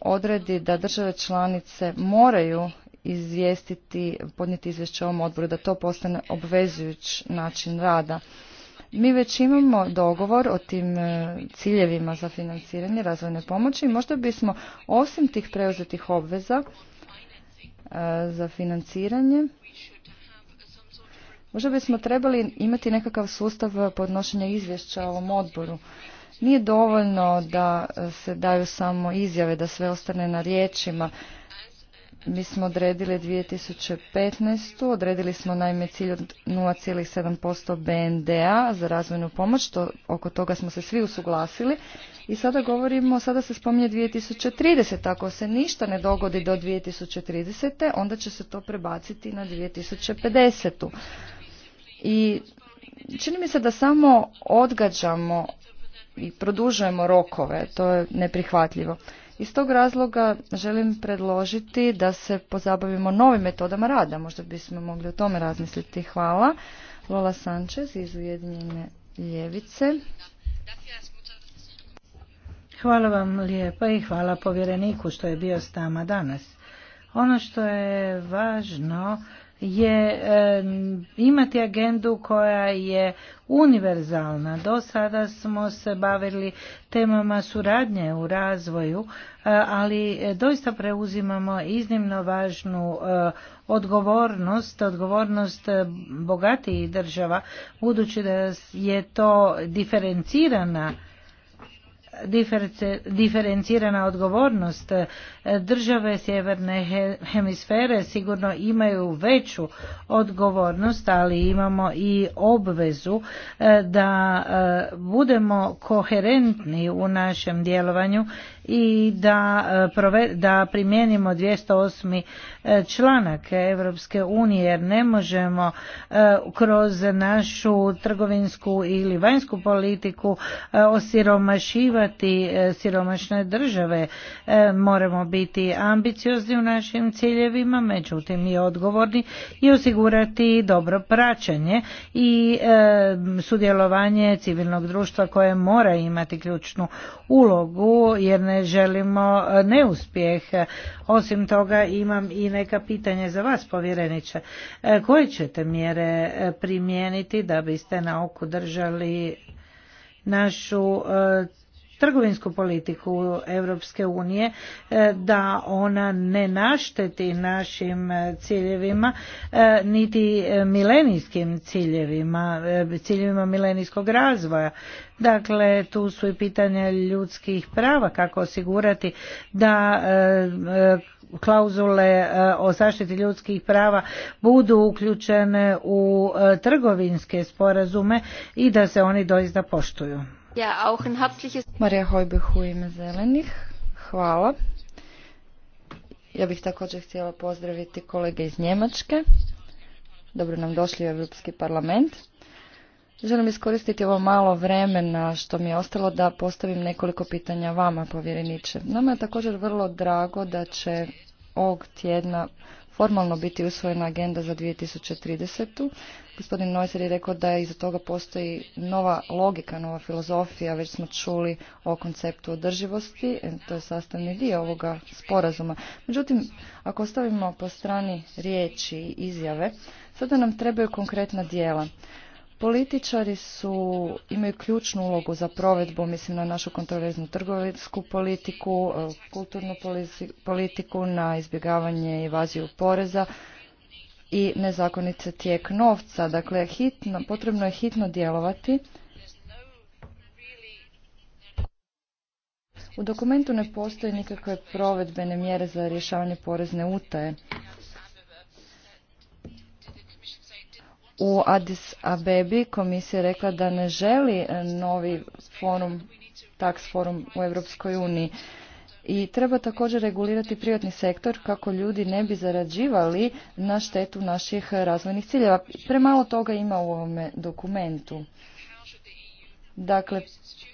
odredi da države članice moraju izvijestiti, podnijeti izvješće ovom odboru, da to postane obvezujuć način rada? Mi već imamo dogovor o tim e, ciljevima za financiranje razvojne pomoći i možda bismo osim tih preuzetih obveza e, za financiranje možda bismo trebali imati nekakav sustav podnošenja izvješća ovom odboru. Nije dovoljno da e, se daju samo izjave, da sve ostane na riječima mi smo odredili 2015. Odredili smo naime cilj od 0,7% BND-a za razvojnu pomoć, oko toga smo se svi usuglasili. I sada govorimo, sada se spominje 2030. Ako se ništa ne dogodi do 2030. onda će se to prebaciti na 2050. I čini mi se da samo odgađamo i produžujemo rokove, to je neprihvatljivo. Iz tog razloga želim predložiti da se pozabavimo novim metodama rada. Možda bismo mogli o tome razmisliti. Hvala. Lola Sanchez iz Ujedinjene ljevice. Hvala vam lijepa i hvala povjereniku što je bio s nama danas. Ono što je važno je imati agendu koja je univerzalna. Do sada smo se bavili temama suradnje u razvoju, eh, ali doista preuzimamo iznimno važnu eh, odgovornost, odgovornost eh, bogatijih država, budući da je to diferencirana diferencirana odgovornost države sjeverne hemisfere sigurno imaju veću odgovornost ali imamo i obvezu e, da e, budemo koherentni u našem djelovanju i da, e, da primijenimo 208. E, članak Europske unije jer ne možemo e, kroz našu trgovinsku ili vanjsku politiku osiromašivati siromašne države. Moramo biti ambiciozni u našim ciljevima, međutim i odgovorni i osigurati dobro praćenje i sudjelovanje civilnog društva koje mora imati ključnu ulogu jer ne želimo e, neuspjeh. Osim toga imam i neka pitanja za vas povjereniče. E, koje ćete mjere e, primijeniti da biste na oku držali našu trgovinsku politiku Europske unije e, da ona ne našteti našim ciljevima e, niti milenijskim ciljevima, e, ciljevima milenijskog razvoja. Dakle, tu su i pitanja ljudskih prava, kako osigurati da klauzule o zaštiti ljudskih prava budu uključene u trgovinske sporazume i da se oni doista poštuju. Ja, auch ein herzliches... Marija Hojbeh u ime Zelenih. Hvala. Ja bih također htjela pozdraviti kolege iz Njemačke. Dobro nam došli u Europski parlament. Želim iskoristiti ovo malo vremena što mi je ostalo da postavim nekoliko pitanja vama, povjereniče. Nama je također vrlo drago da će ovog tjedna formalno biti usvojena agenda za 2030. Gospodin Noiser je rekao da iza toga postoji nova logika, nova filozofija, već smo čuli o konceptu održivosti, e, to je sastavni dio ovoga sporazuma. Međutim, ako ostavimo po strani riječi i izjave, sada nam trebaju konkretna dijela. Političari su, imaju ključnu ulogu za provedbu, mislim na našu kontroverznu trgovinsku politiku, e, kulturnu politiku, na izbjegavanje i vaziju poreza, i nezakonice tijek novca. Dakle, hitno, potrebno je hitno djelovati. U dokumentu ne postoje nikakve provedbene mjere za rješavanje porezne utaje. U Addis Abebi komisija je rekla da ne želi novi forum, tax forum u Europskoj uniji i treba također regulirati privatni sektor kako ljudi ne bi zarađivali na štetu naših razvojnih ciljeva. Premalo toga ima u ovome dokumentu. Dakle,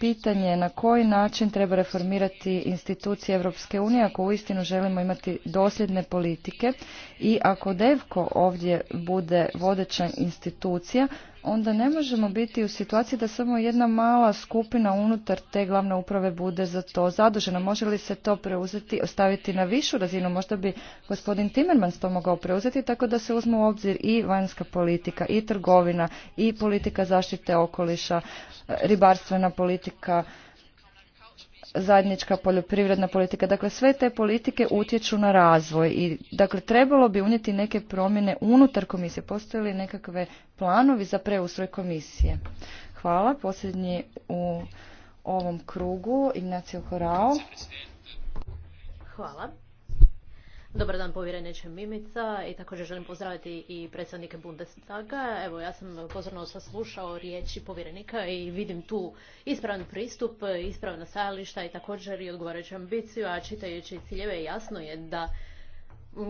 pitanje je na koji način treba reformirati institucije Europske unije ako uistinu želimo imati dosljedne politike i ako Devko ovdje bude vodeća institucija, onda ne možemo biti u situaciji da samo jedna mala skupina unutar te glavne uprave bude za to zadužena. Može li se to preuzeti, ostaviti na višu razinu? Možda bi gospodin Timmermans to mogao preuzeti tako da se uzme u obzir i vanjska politika, i trgovina, i politika zaštite okoliša, ribarstvena politika, zajednička poljoprivredna politika. Dakle, sve te politike utječu na razvoj i dakle, trebalo bi unijeti neke promjene unutar komisije. Postoje li nekakve planovi za preustroj komisije? Hvala. Posljednji u ovom krugu, Ignacio Korao. Hvala. Dobar dan povjereniče Mimica i također želim pozdraviti i predsjednike Bundestaga. Evo ja sam pozorno saslušao riječi povjerenika i vidim tu ispravan pristup, ispravna stajališta i također i odgovarajuću ambiciju, a čitajući ciljeve jasno je da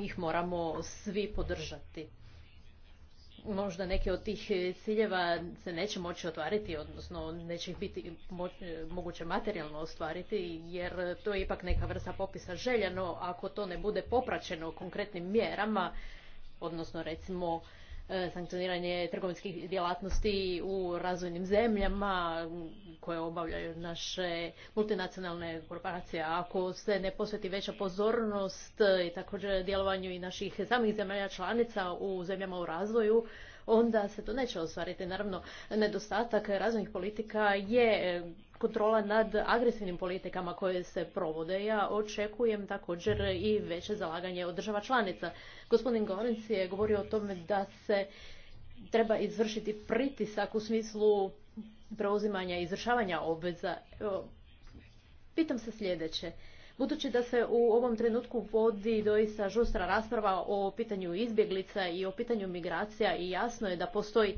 ih moramo svi podržati možda neke od tih e, ciljeva se neće moći otvariti, odnosno neće ih biti e, moguće materijalno ostvariti, jer to je ipak neka vrsta popisa no ako to ne bude popraćeno konkretnim mjerama, odnosno recimo E, sankcioniranje trgovinskih djelatnosti u razvojnim zemljama koje obavljaju naše multinacionalne korporacije. Ako se ne posveti veća pozornost i također djelovanju i naših samih zemalja članica u zemljama u razvoju, onda se to neće ostvariti. Naravno, nedostatak razvojnih politika je kontrola nad agresivnim politikama koje se provode. Ja očekujem također i veće zalaganje od država članica. Gospodin Gorenc je govorio o tome da se treba izvršiti pritisak u smislu preuzimanja i izvršavanja obveza. Pitam se sljedeće. Budući da se u ovom trenutku vodi doista žustra rasprava o pitanju izbjeglica i o pitanju migracija i jasno je da postoji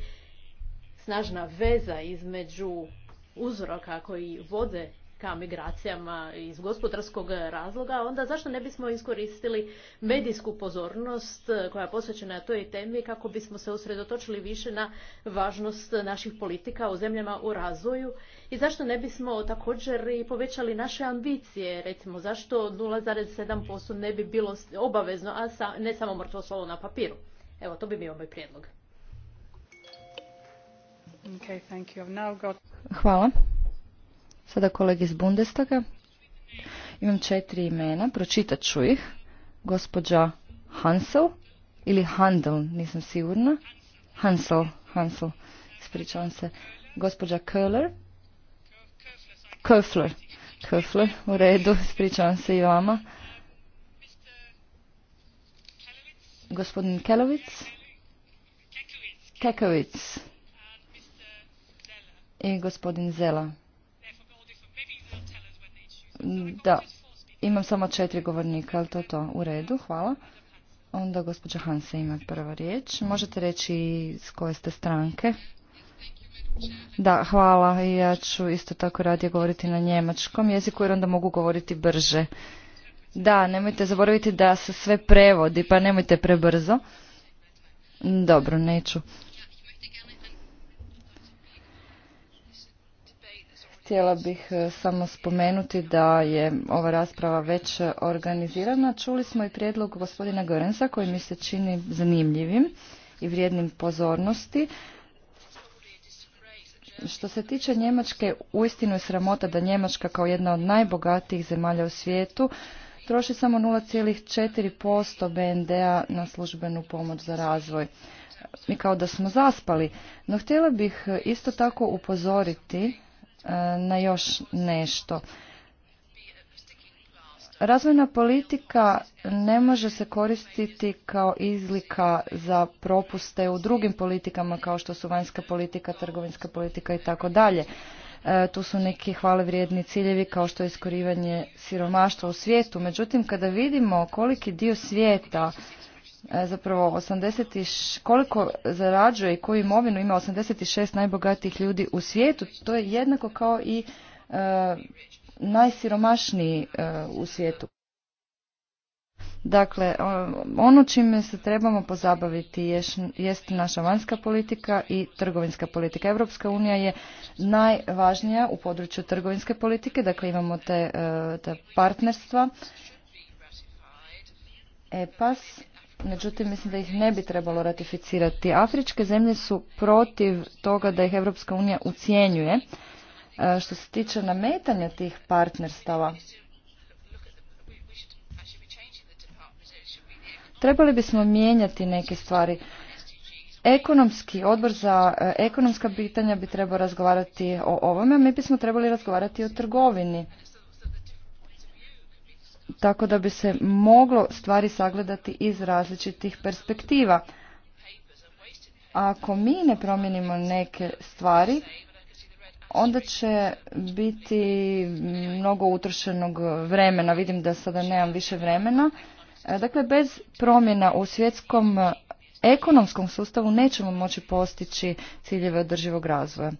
snažna veza između uzroka koji vode ka migracijama iz gospodarskog razloga, onda zašto ne bismo iskoristili medijsku pozornost koja je posvećena toj temi kako bismo se usredotočili više na važnost naših politika u zemljama u razvoju i zašto ne bismo također i povećali naše ambicije, recimo zašto 0,7% ne bi bilo obavezno, a ne samo mrtvo slovo na papiru. Evo, to bi bio moj prijedlog. Hvala. Sada kolege iz Bundestaga. Imam četiri imena, pročitat ću ih. Gospođa Hansel ili Handel, nisam sigurna. Hansel, Hansel, ispričavam se. Gospođa Köhler. Köfler. Köfler, u redu, ispričavam se i vama. Gospodin Kelovic. Kekovic i gospodin Zela. Da, imam samo četiri govornika, ali to je to. U redu, hvala. Onda gospođa Hansa ima prva riječ. Možete reći s koje ste stranke? Da, hvala. Ja ću isto tako radije govoriti na njemačkom jeziku jer onda mogu govoriti brže. Da, nemojte zaboraviti da se sve prevodi, pa nemojte prebrzo. Dobro, neću. Htjela bih e, samo spomenuti da je ova rasprava već organizirana. Čuli smo i prijedlog gospodina Gorenza, koji mi se čini zanimljivim i vrijednim pozornosti. Što se tiče Njemačke, uistinu je sramota da Njemačka kao jedna od najbogatijih zemalja u svijetu troši samo 0,4% BND-a na službenu pomoć za razvoj. Mi kao da smo zaspali, no htjela bih e, isto tako upozoriti E, na još nešto. Razvojna politika ne može se koristiti kao izlika za propuste u drugim politikama kao što su vanjska politika, trgovinska politika i tako dalje. E, tu su neki hvale vrijedni ciljevi kao što je iskorivanje siromaštva u svijetu. Međutim, kada vidimo koliki dio svijeta E, zapravo 80, koliko zarađuje i koju imovinu ima 86 najbogatijih ljudi u svijetu, to je jednako kao i e, najsiromašniji e, u svijetu. Dakle, ono čime se trebamo pozabaviti jest naša vanjska politika i trgovinska politika. Europska unija je najvažnija u području trgovinske politike, dakle imamo te, te partnerstva, EPAS, međutim mislim da ih ne bi trebalo ratificirati. Afričke zemlje su protiv toga da ih Europska unija ucijenjuje e, što se tiče nametanja tih partnerstava. Trebali bismo mijenjati neke stvari. Ekonomski odbor za e, ekonomska pitanja bi trebao razgovarati o ovome, a mi bismo trebali razgovarati o trgovini tako da bi se moglo stvari sagledati iz različitih perspektiva. Ako mi ne promijenimo neke stvari, onda će biti mnogo utrošenog vremena. Vidim da sada nemam više vremena. E, dakle, bez promjena u svjetskom ekonomskom sustavu nećemo moći postići ciljeve održivog razvoja.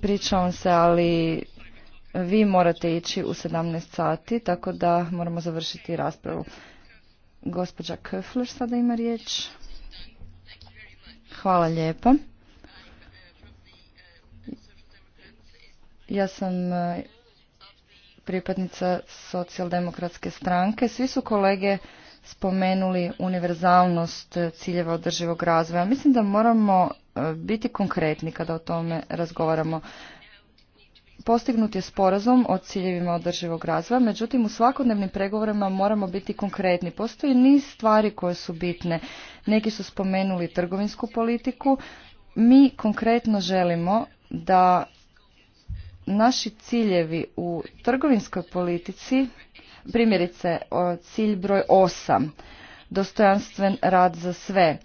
Pričavam se, ali vi morate ići u 17 sati, tako da moramo završiti raspravu. Gospođa Köfler sada ima riječ. Hvala lijepo. Ja sam e, pripadnica socijaldemokratske stranke. Svi su kolege spomenuli univerzalnost ciljeva održivog razvoja. Mislim da moramo e, biti konkretni kada o tome razgovaramo postignut je sporazum o ciljevima održivog razvoja, međutim u svakodnevnim pregovorima moramo biti konkretni. Postoji niz stvari koje su bitne. Neki su spomenuli trgovinsku politiku. Mi konkretno želimo da naši ciljevi u trgovinskoj politici, primjerice cilj broj 8, dostojanstven rad za sve,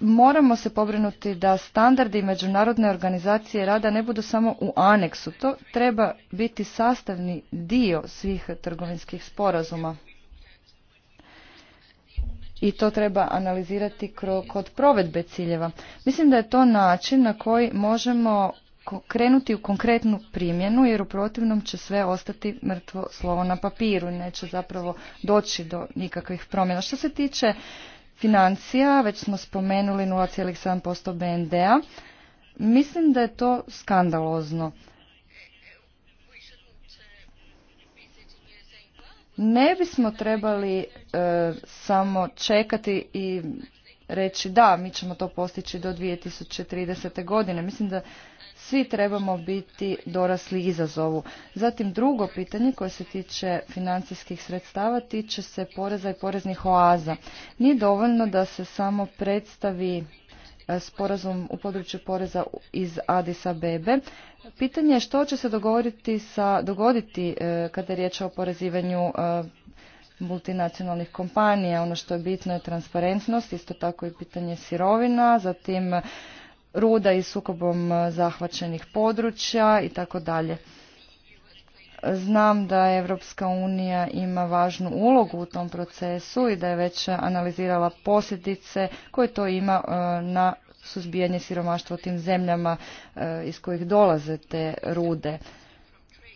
moramo se pobrinuti da standardi međunarodne organizacije rada ne budu samo u aneksu. To treba biti sastavni dio svih trgovinskih sporazuma. I to treba analizirati kod provedbe ciljeva. Mislim da je to način na koji možemo krenuti u konkretnu primjenu jer u protivnom će sve ostati mrtvo slovo na papiru i neće zapravo doći do nikakvih promjena. Što se tiče financija, već smo spomenuli 0,7% BND-a. Mislim da je to skandalozno. Ne bismo trebali e, samo čekati i reći da, mi ćemo to postići do 2030. godine. Mislim da svi trebamo biti dorasli izazovu. Zatim drugo pitanje koje se tiče financijskih sredstava tiče se poreza i poreznih oaza. Nije dovoljno da se samo predstavi e, sporazum u području poreza iz Adisa Bebe. Pitanje je što će se dogoditi sa, dogoditi e, kada je riječ o porezivanju e, multinacionalnih kompanija. Ono što je bitno je transparentnost, isto tako i pitanje sirovina, zatim ruda i sukobom e, zahvaćenih područja i tako dalje. Znam da Evropska unija ima važnu ulogu u tom procesu i da je već analizirala posljedice koje to ima e, na suzbijanje siromaštva u tim zemljama e, iz kojih dolaze te rude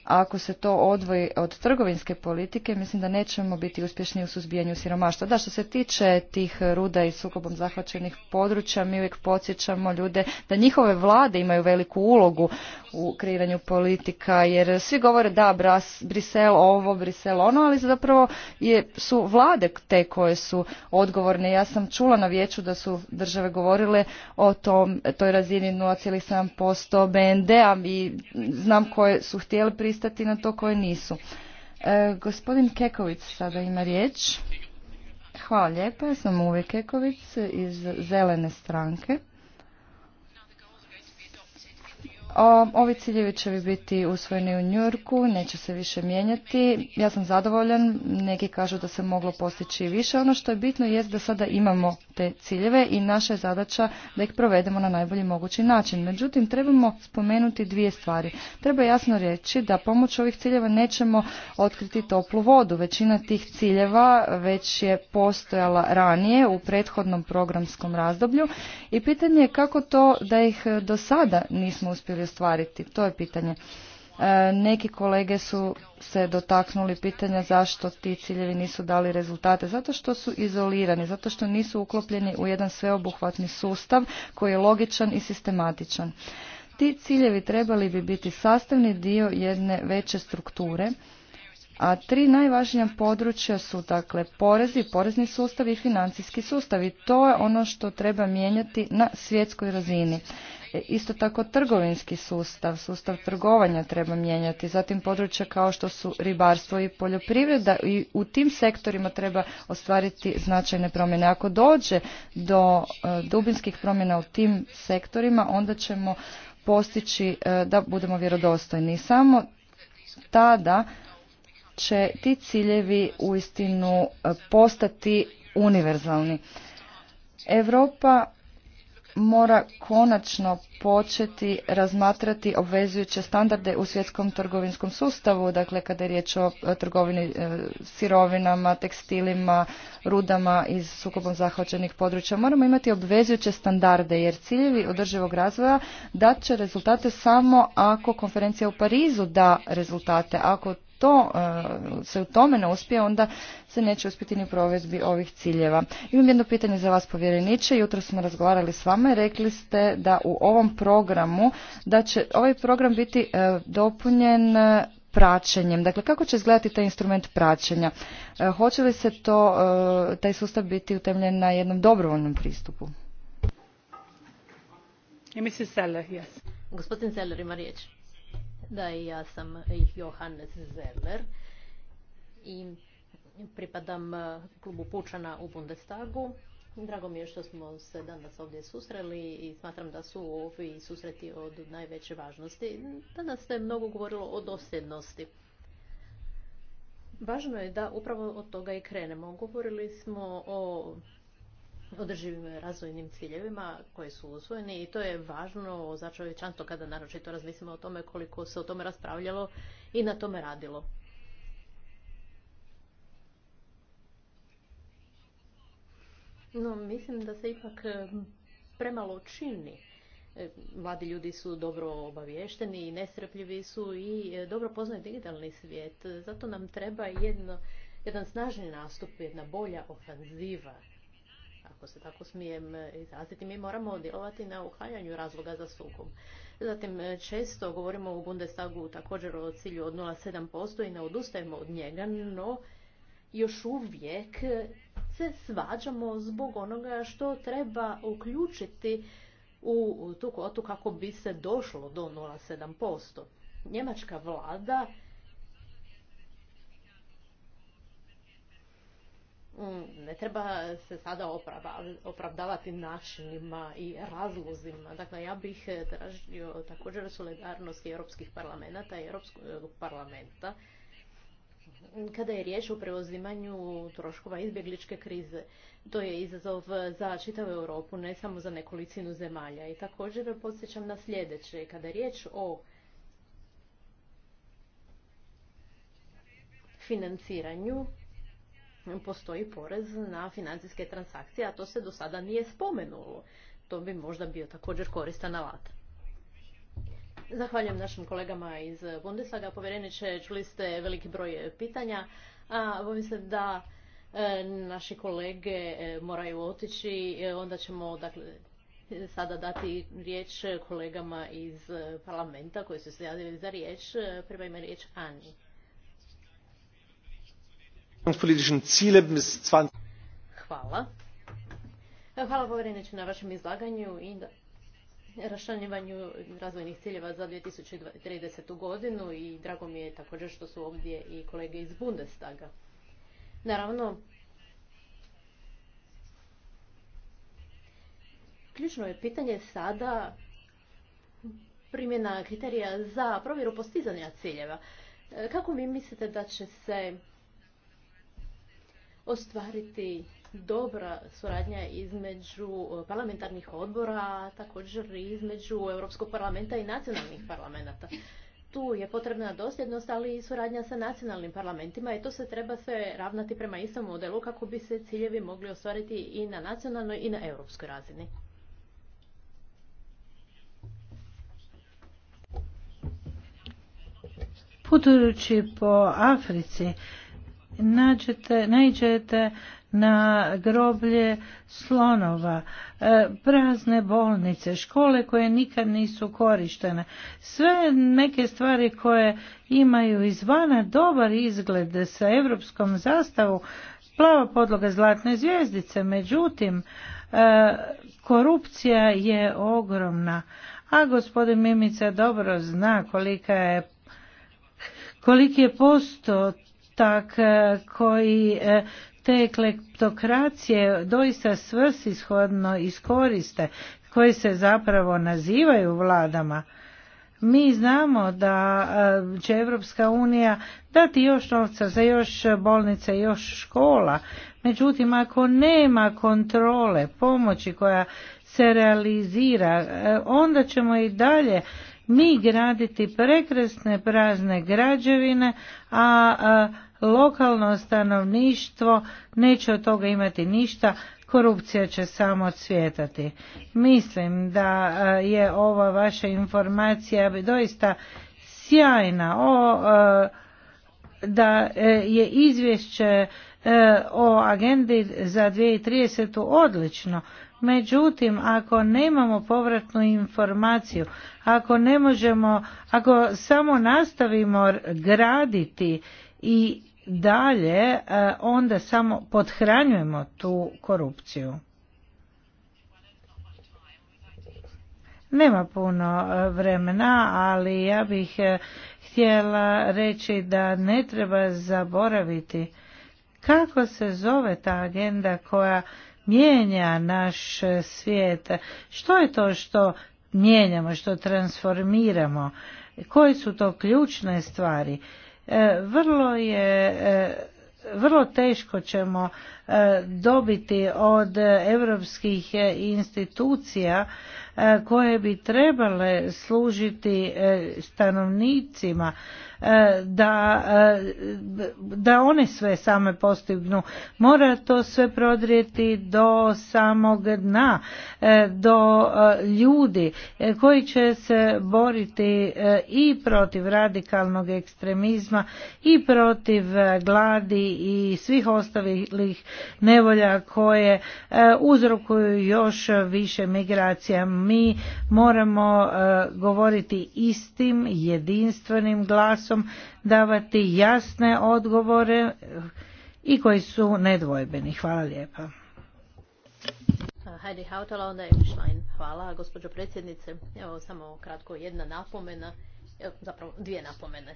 ako se to odvoji od trgovinske politike, mislim da nećemo biti uspješni u suzbijanju siromaštva. Da, što se tiče tih ruda i sukobom zahvaćenih područja, mi uvijek podsjećamo ljude da njihove vlade imaju veliku ulogu u kreiranju politika, jer svi govore da Brisel ovo, Brisel ono, ali zapravo je, su vlade te koje su odgovorne. Ja sam čula na vijeću da su države govorile o tom, toj razini 0,7% BND-a i znam koje su htjeli pristati na to koje nisu. E, gospodin Keković sada ima riječ. Hvala lijepa, ja sam Uve Keković iz Zelene stranke. Ovi ciljevi će biti usvojeni u Njurku, neće se više mijenjati. Ja sam zadovoljan, neki kažu da se moglo postići i više. Ono što je bitno jest da sada imamo te ciljeve i naša je zadaća da ih provedemo na najbolji mogući način. Međutim, trebamo spomenuti dvije stvari. Treba jasno reći da pomoć ovih ciljeva nećemo otkriti toplu vodu. Većina tih ciljeva već je postojala ranije u prethodnom programskom razdoblju i pitanje je kako to da ih do sada nismo uspjeli ostvariti? To je pitanje. E, neki kolege su se dotaknuli pitanja zašto ti ciljevi nisu dali rezultate. Zato što su izolirani, zato što nisu uklopljeni u jedan sveobuhvatni sustav koji je logičan i sistematičan. Ti ciljevi trebali bi biti sastavni dio jedne veće strukture, a tri najvažnija područja su dakle porezi, porezni sustav i financijski sustav to je ono što treba mijenjati na svjetskoj razini. E, isto tako trgovinski sustav, sustav trgovanja treba mijenjati, zatim područja kao što su ribarstvo i poljoprivreda i u tim sektorima treba ostvariti značajne promjene. Ako dođe do e, dubinskih promjena u tim sektorima, onda ćemo postići e, da budemo vjerodostojni. Samo tada će ti ciljevi uistinu postati univerzalni. Europa mora konačno početi razmatrati obvezujuće standarde u svjetskom trgovinskom sustavu, dakle kada je riječ o e, trgovini e, sirovinama, tekstilima, rudama iz sukobom zahvaćenih područja. Moramo imati obvezujuće standarde jer ciljevi održivog razvoja dat će rezultate samo ako konferencija u Parizu da rezultate, ako to e, se u tome ne uspije, onda se neće uspjeti ni u ovih ciljeva. Imam jedno pitanje za vas povjereniče. Jutro smo razgovarali s vama i rekli ste da u ovom programu, da će ovaj program biti e, dopunjen e, praćenjem. Dakle, kako će izgledati taj instrument praćenja? Hoće li se to, taj sustav biti utemljen na jednom dobrovoljnom pristupu? Seller, Gospodin ima riječ. Da, i ja sam Johannes Zeller i pripadam e, klubu Pučana u Bundestagu. Drago mi je što smo se danas ovdje susreli i smatram da su ovi susreti od najveće važnosti. Danas se mnogo govorilo o dosljednosti. Važno je da upravo od toga i krenemo. Govorili smo o održivim razvojnim ciljevima koji su usvojeni i to je važno za čovječanstvo kada naročito razmislimo o tome koliko se o tome raspravljalo i na tome radilo. No, mislim da se ipak e, premalo čini. E, mladi ljudi su dobro obaviješteni i nestrpljivi su i e, dobro poznaju digitalni svijet. Zato nam treba jedan snažni nastup, jedna bolja ofanziva ako se tako smijem e, izraziti, mi moramo djelovati na uklanjanju razloga za sukob. Zatim, e, često govorimo u Bundestagu također o cilju od 0,7% i ne odustajemo od njega, no još uvijek se svađamo zbog onoga što treba uključiti u tu kvotu kako bi se došlo do 0,7%. Njemačka vlada Mm, ne treba se sada opravdavati načinima i razlozima. Dakle, ja bih tražio također solidarnost europskih parlamenta i europskog parlamenta kada je riječ o preuzimanju troškova izbjegličke krize. To je izazov za čitavu Europu, ne samo za nekolicinu zemalja. I također podsjećam na sljedeće. Kada je riječ o financiranju, postoji porez na financijske transakcije, a to se do sada nije spomenulo. To bi možda bio također koristan alat. Zahvaljujem našim kolegama iz Bundestaga. Povjereniče, čuli ste veliki broj pitanja. A, bojim se da e, naši kolege e, moraju otići. E, onda ćemo dakle, sada dati riječ kolegama iz parlamenta koji su se javili za riječ. Prva ima riječ Ani. Hvala. Hvala na vašem izlaganju i raščlanjivanju razvojnih ciljeva za 2030. godinu i drago mi je također što su ovdje i kolege iz Bundestaga. Naravno, ključno je pitanje sada primjena kriterija za provjeru postizanja ciljeva. Kako vi mislite da će se ostvariti dobra suradnja između e, parlamentarnih odbora, također između Europskog parlamenta i nacionalnih parlamenta. Tu je potrebna dosljednost, ali i suradnja sa nacionalnim parlamentima i to se treba sve ravnati prema istom modelu kako bi se ciljevi mogli ostvariti i na nacionalnoj i na europskoj razini. Putujući po Africi, nađete, na groblje slonova, e, prazne bolnice, škole koje nikad nisu korištene. Sve neke stvari koje imaju izvana dobar izgled sa evropskom zastavu, plava podloga zlatne zvijezdice, međutim e, korupcija je ogromna. A gospodin Mimica dobro zna kolika je koliki je posto tak e, koji e, te kleptokracije doista svrsishodno iskoriste koje se zapravo nazivaju vladama mi znamo da e, će Europska unija dati još novca za još bolnice, još škola. Međutim, ako nema kontrole, pomoći koja se realizira, onda ćemo i dalje mi graditi prekrasne prazne građevine, a lokalno stanovništvo neće od toga imati ništa, korupcija će samo cvjetati. Mislim da je ova vaša informacija doista sjajna o da e, je izvješće e, o agendi za 2030. odlično. Međutim, ako nemamo povratnu informaciju, ako ne možemo, ako samo nastavimo graditi i dalje, e, onda samo podhranjujemo tu korupciju. Nema puno e, vremena, ali ja bih e, htjela reći da ne treba zaboraviti kako se zove ta agenda koja mijenja naš svijet. Što je to što mijenjamo, što transformiramo? Koje su to ključne stvari? E, vrlo je e, vrlo teško ćemo e, dobiti od europskih institucija koje bi trebale služiti stanovnicima E, da, e, da one sve same postignu. Mora to sve prodrijeti do samog dna, e, do ljudi koji će se boriti i protiv radikalnog ekstremizma i protiv gladi i svih ostalih nevolja koje uzrokuju još više migracija. Mi moramo govoriti istim, jedinstvenim glasom davati jasne odgovore i koji su nedvojbeni. Hvala lijepa. Heidi Hautala, onda Hvala, gospođo predsjednice. Evo, samo kratko jedna napomena, zapravo dvije napomene.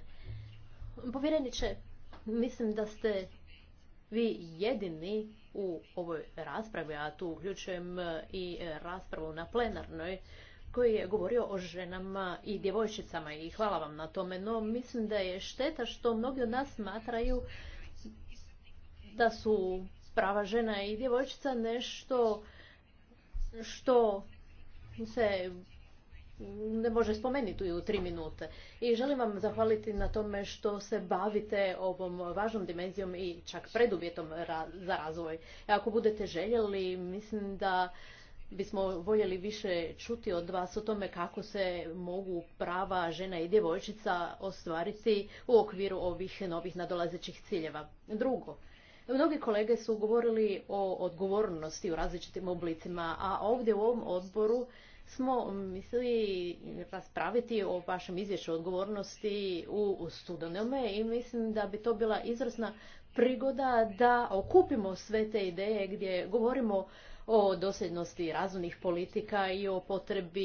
Povjereniče, mislim da ste vi jedini u ovoj raspravi, a tu uključujem i raspravu na plenarnoj, koji je govorio o ženama i djevojčicama i hvala vam na tome, no mislim da je šteta što mnogi od nas smatraju da su prava žena i djevojčica nešto što se ne može spomenuti u tri minute. I želim vam zahvaliti na tome što se bavite ovom važnom dimenzijom i čak preduvjetom za razvoj. Ako budete željeli, mislim da bismo voljeli više čuti od vas o tome kako se mogu prava žena i djevojčica ostvariti u okviru ovih novih nadolazećih ciljeva. Drugo, mnogi kolege su govorili o odgovornosti u različitim oblicima, a ovdje u ovom odboru smo mislili raspraviti o vašem izvješću odgovornosti u studenome i mislim da bi to bila izvrsna prigoda da okupimo sve te ideje gdje govorimo o dosljednosti razumnih politika i o potrebi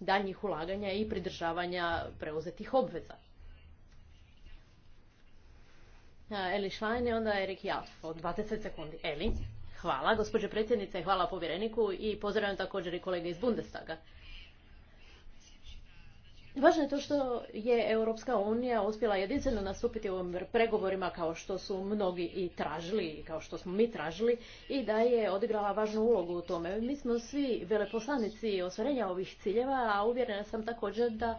daljnjih ulaganja i pridržavanja preuzetih obveza. Eli Schlein onda Erik Jaff od 20 sekundi. Eli, hvala gospođo predsjednice, hvala povjereniku i pozdravljam također i kolege iz Bundestaga. Važno je to što je Europska unija uspjela jedinstveno nastupiti u ovim pregovorima kao što su mnogi i tražili i kao što smo mi tražili i da je odigrala važnu ulogu u tome. Mi smo svi veleposlanici ostvarenja ovih ciljeva, a uvjerena sam također da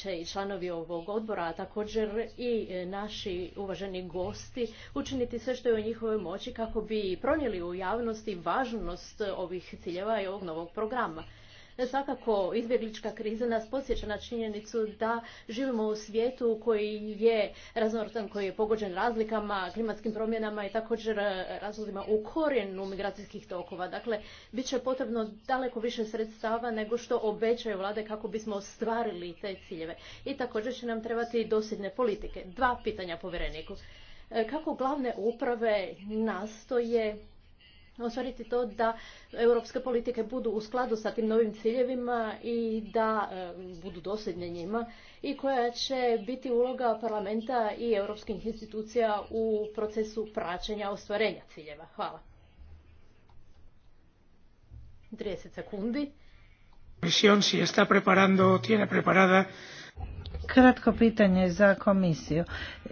će i članovi ovog odbora, a također i naši uvaženi gosti učiniti sve što je u njihovoj moći kako bi pronijeli u javnosti važnost ovih ciljeva i ovog novog programa. Svakako, izbjeglička kriza nas podsjeća na činjenicu da živimo u svijetu koji je raznovrtan, koji je pogođen razlikama, klimatskim promjenama i također e, razlozima u korijenu migracijskih tokova. Dakle, bit će potrebno daleko više sredstava nego što obećaju vlade kako bismo ostvarili te ciljeve. I također će nam trebati dosljedne politike. Dva pitanja povjereniku. E, kako glavne uprave nastoje ostvariti to da europske politike budu u skladu sa tim novim ciljevima i da e, budu dosljedne njima i koja će biti uloga parlamenta i europskih institucija u procesu praćenja ostvarenja ciljeva. Hvala. 30 sekundi. Si preparando, tiene preparada Kratko pitanje za komisiju.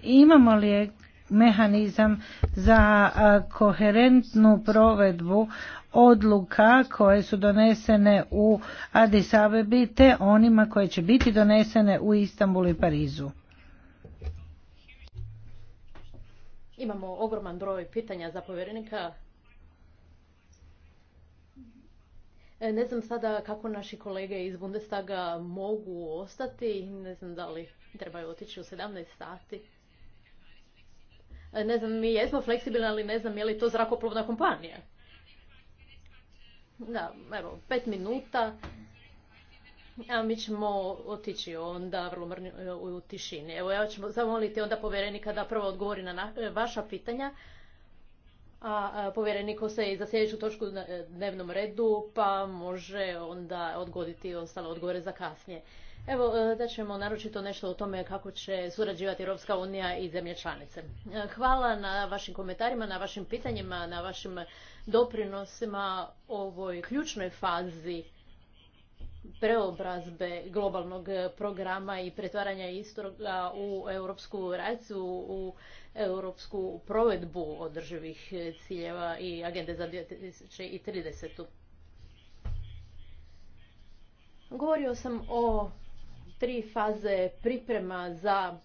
Imamo li mehanizam za koherentnu provedbu odluka koje su donesene u Addis Abebi te onima koje će biti donesene u Istanbulu i Parizu. Imamo ogroman broj pitanja za povjerenika. E, ne znam sada kako naši kolege iz Bundestaga mogu ostati. Ne znam da li trebaju otići u 17 sati. E, ne znam, mi jesmo fleksibilni, ali ne znam je li to zrakoplovna kompanija. Da, evo, pet minuta. A mi ćemo otići onda vrlo e, u tišini. Evo, ja ću zamoliti onda povjerenika da prvo odgovori na, e, vaša pitanja. A, a povjereniku se i za sljedeću točku u dnevnom redu, pa može onda odgoditi ostale odgovore za kasnije. Evo, e, da ćemo naročito nešto o tome kako će surađivati Europska unija i zemlje članice. E, hvala na vašim komentarima, na vašim pitanjima, na vašim doprinosima ovoj ključnoj fazi preobrazbe globalnog programa i pretvaranja istoga u europsku radicu, u europsku provedbu održivih ciljeva i agende za 2030. Govorio sam o tri faze priprema za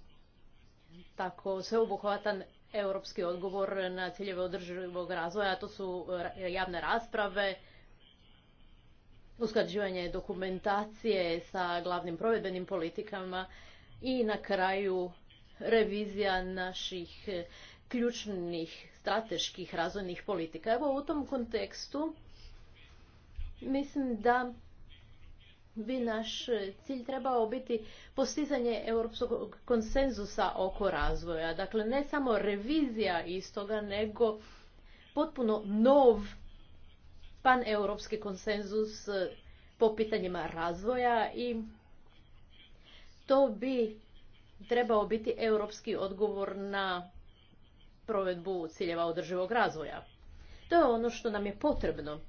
tako sveobuhvatan europski odgovor na ciljeve održivog razvoja, to su javne rasprave, usklađivanje dokumentacije sa glavnim provedbenim politikama i na kraju revizija naših ključnih strateških razvojnih politika. Evo u tom kontekstu mislim da bi naš cilj trebao biti postizanje europskog konsenzusa oko razvoja. Dakle, ne samo revizija istoga, nego potpuno nov paneuropski konsenzus e, po pitanjima razvoja i to bi trebao biti europski odgovor na provedbu ciljeva održivog razvoja. To je ono što nam je potrebno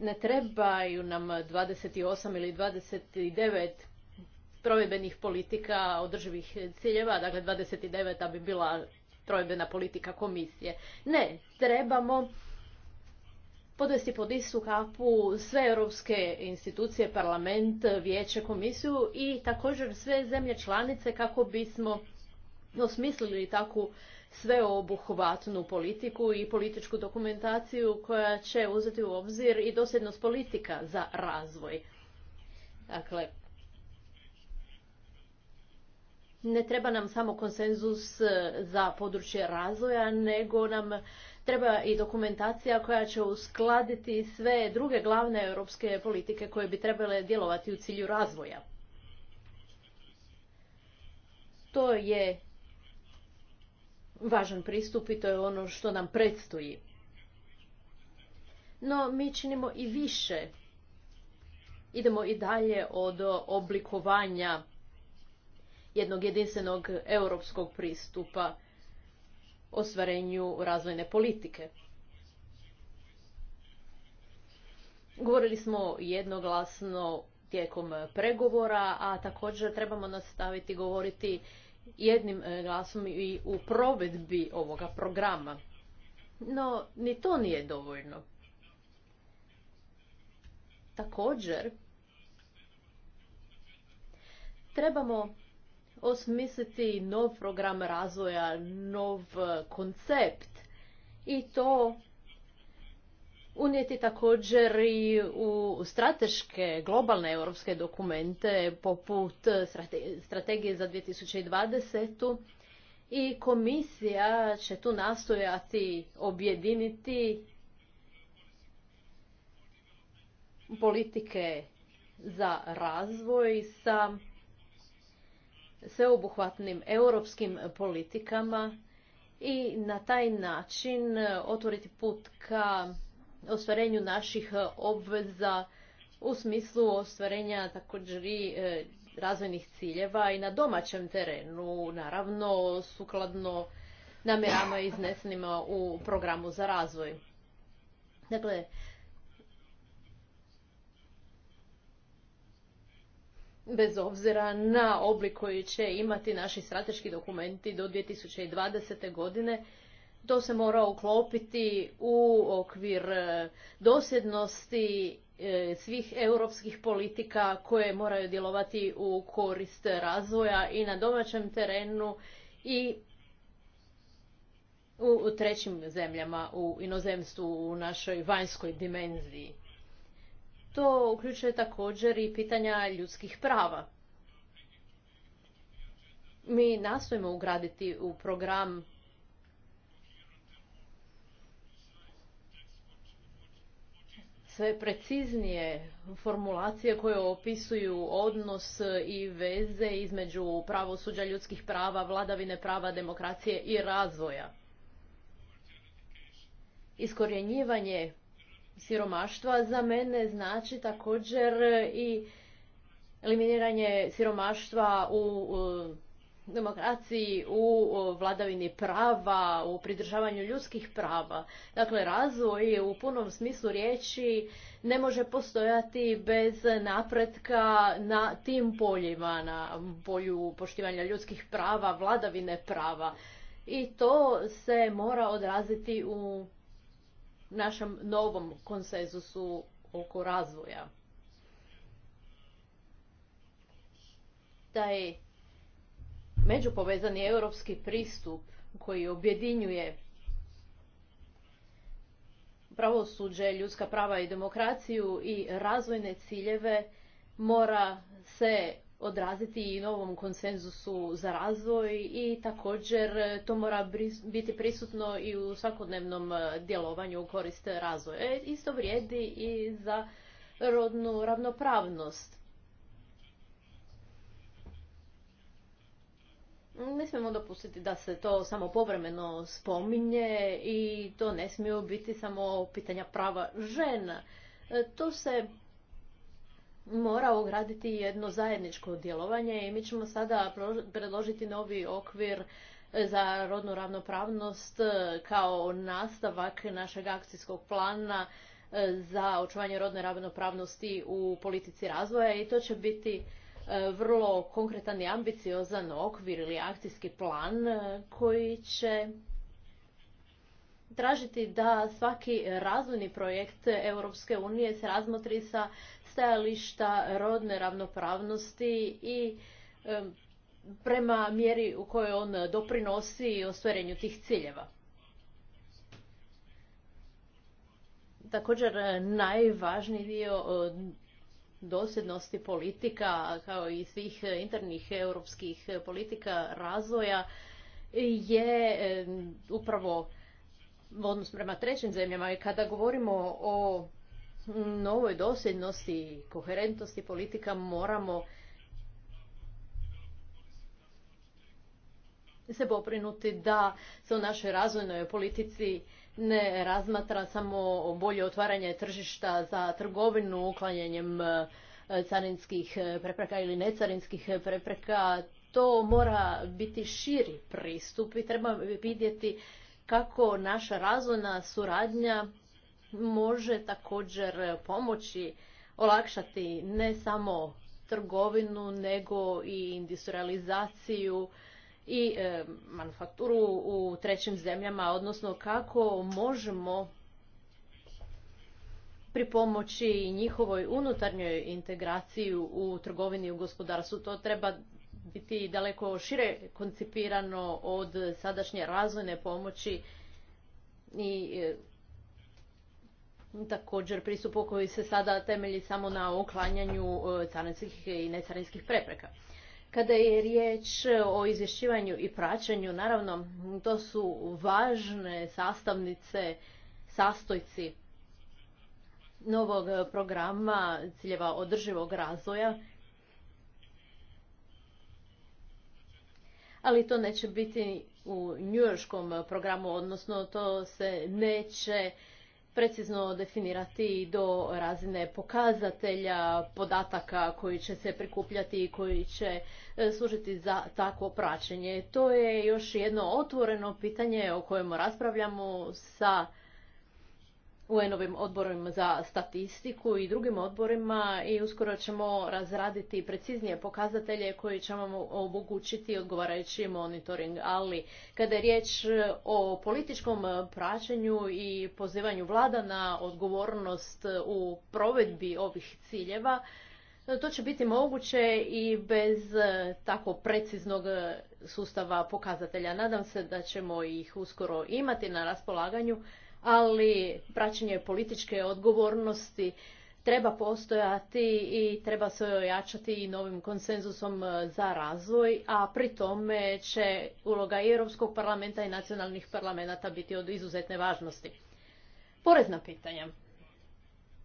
ne trebaju nam 28 ili 29 provedbenih politika održivih ciljeva, dakle 29 bi bila provedbena politika komisije. Ne, trebamo podvesti pod istu kapu sve europske institucije, parlament, vijeće, komisiju i također sve zemlje članice kako bismo osmislili takvu sveobuhvatnu politiku i političku dokumentaciju koja će uzeti u obzir i dosljednost politika za razvoj. Dakle, ne treba nam samo konsenzus za područje razvoja, nego nam treba i dokumentacija koja će uskladiti sve druge glavne europske politike koje bi trebale djelovati u cilju razvoja. To je važan pristup i to je ono što nam predstoji. No, mi činimo i više. Idemo i dalje od oblikovanja jednog jedinstvenog europskog pristupa ostvarenju razvojne politike. Govorili smo jednoglasno tijekom pregovora, a također trebamo nastaviti govoriti jednim e, glasom i u provedbi ovoga programa. No, ni to nije dovoljno. Također, trebamo osmisliti nov program razvoja, nov e, koncept i to unijeti također i u strateške globalne europske dokumente poput strategije za 2020. i komisija će tu nastojati objediniti politike za razvoj sa sveobuhvatnim europskim politikama i na taj način otvoriti put ka ostvarenju naših e, obveza u smislu ostvarenja također i e, razvojnih ciljeva i na domaćem terenu, naravno sukladno namjerama iznesenima u programu za razvoj. Dakle, bez obzira na oblik koji će imati naši strateški dokumenti do 2020. godine, to se mora uklopiti u okvir e, dosjednosti e, svih europskih politika koje moraju djelovati u korist razvoja i na domaćem terenu i u trećim zemljama, u inozemstvu, u našoj vanjskoj dimenziji. To uključuje također i pitanja ljudskih prava. Mi nastojimo ugraditi u program sve preciznije formulacije koje opisuju odnos i veze između pravosuđa ljudskih prava, vladavine prava, demokracije i razvoja. Iskorjenjivanje siromaštva za mene znači također i eliminiranje siromaštva u demokraciji, u vladavini prava, u pridržavanju ljudskih prava. Dakle, razvoj u punom smislu riječi ne može postojati bez napretka na tim poljima, na polju poštivanja ljudskih prava, vladavine prava. I to se mora odraziti u našem novom konsenzusu oko razvoja. Taj međupovezani europski pristup koji objedinjuje pravosuđe, ljudska prava i demokraciju i razvojne ciljeve mora se odraziti i novom konsenzusu za razvoj i također to mora biti prisutno i u svakodnevnom e, djelovanju u korist razvoja. E, isto vrijedi i za rodnu ravnopravnost. Ne smijemo dopustiti da se to samo povremeno spominje i to ne smiju biti samo pitanja prava žena. E, to se mora ugraditi jedno zajedničko djelovanje i mi ćemo sada predložiti novi okvir za rodnu ravnopravnost e, kao nastavak našeg akcijskog plana e, za očuvanje rodne ravnopravnosti u politici razvoja i to će biti E, vrlo konkretan i ambiciozan okvir ili akcijski plan e, koji će tražiti da svaki razvojni projekt Europske unije se razmotri sa stajališta rodne ravnopravnosti i e, prema mjeri u kojoj on doprinosi ostvarenju tih ciljeva. Također najvažniji dio dosljednosti politika kao i svih internih europskih politika razvoja je upravo odnos prema trećim zemljama i kada govorimo o novoj dosljednosti i koherentnosti politika moramo se poprinuti da se u našoj razvojnoj politici ne razmatra samo bolje otvaranje tržišta za trgovinu uklanjanjem e, carinskih e, prepreka ili necarinskih prepreka. To mora biti širi pristup i treba vidjeti kako naša razvojna suradnja može također pomoći olakšati ne samo trgovinu nego i industrializaciju i e, manufakturu u trećim zemljama, odnosno kako možemo pripomoći njihovoj unutarnjoj integraciji u trgovini i u gospodarstvu. To treba biti daleko šire koncipirano od sadašnje razvojne pomoći i e, također pristupu koji se sada temelji samo na oklanjanju e, carinskih i necarinskih prepreka. Kada je riječ o izvješćivanju i praćenju, naravno, to su važne sastavnice, sastojci novog programa ciljeva održivog razvoja, ali to neće biti u njujorskom programu, odnosno to se neće precizno definirati do razine pokazatelja, podataka koji će se prikupljati i koji će e, služiti za takvo praćenje. To je još jedno otvoreno pitanje o kojemu raspravljamo sa UN-ovim odborima za statistiku i drugim odborima i uskoro ćemo razraditi preciznije pokazatelje koji ćemo vam omogućiti odgovarajući monitoring. Ali kada je riječ o političkom praćenju i pozivanju vlada na odgovornost u provedbi ovih ciljeva, to će biti moguće i bez tako preciznog sustava pokazatelja. Nadam se da ćemo ih uskoro imati na raspolaganju ali praćenje političke odgovornosti treba postojati i treba se ojačati i novim konsenzusom e, za razvoj, a pri tome će uloga i Europskog parlamenta i nacionalnih parlamenta biti od izuzetne važnosti. Porezna pitanja.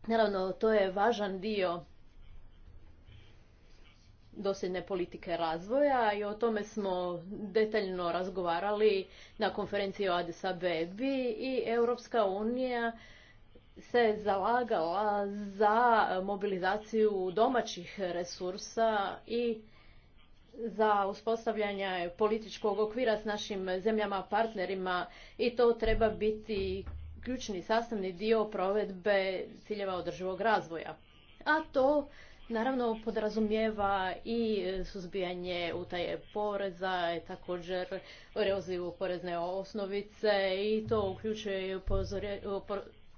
Naravno, to je važan dio dosljedne politike razvoja i o tome smo detaljno razgovarali na konferenciji o Addis Abebi i Europska unija se zalagala za mobilizaciju domaćih resursa i za uspostavljanje političkog okvira s našim zemljama partnerima i to treba biti ključni sastavni dio provedbe ciljeva održivog razvoja. A to naravno podrazumijeva i e, suzbijanje utaje poreza, također reozivu porezne osnovice i to uključuje i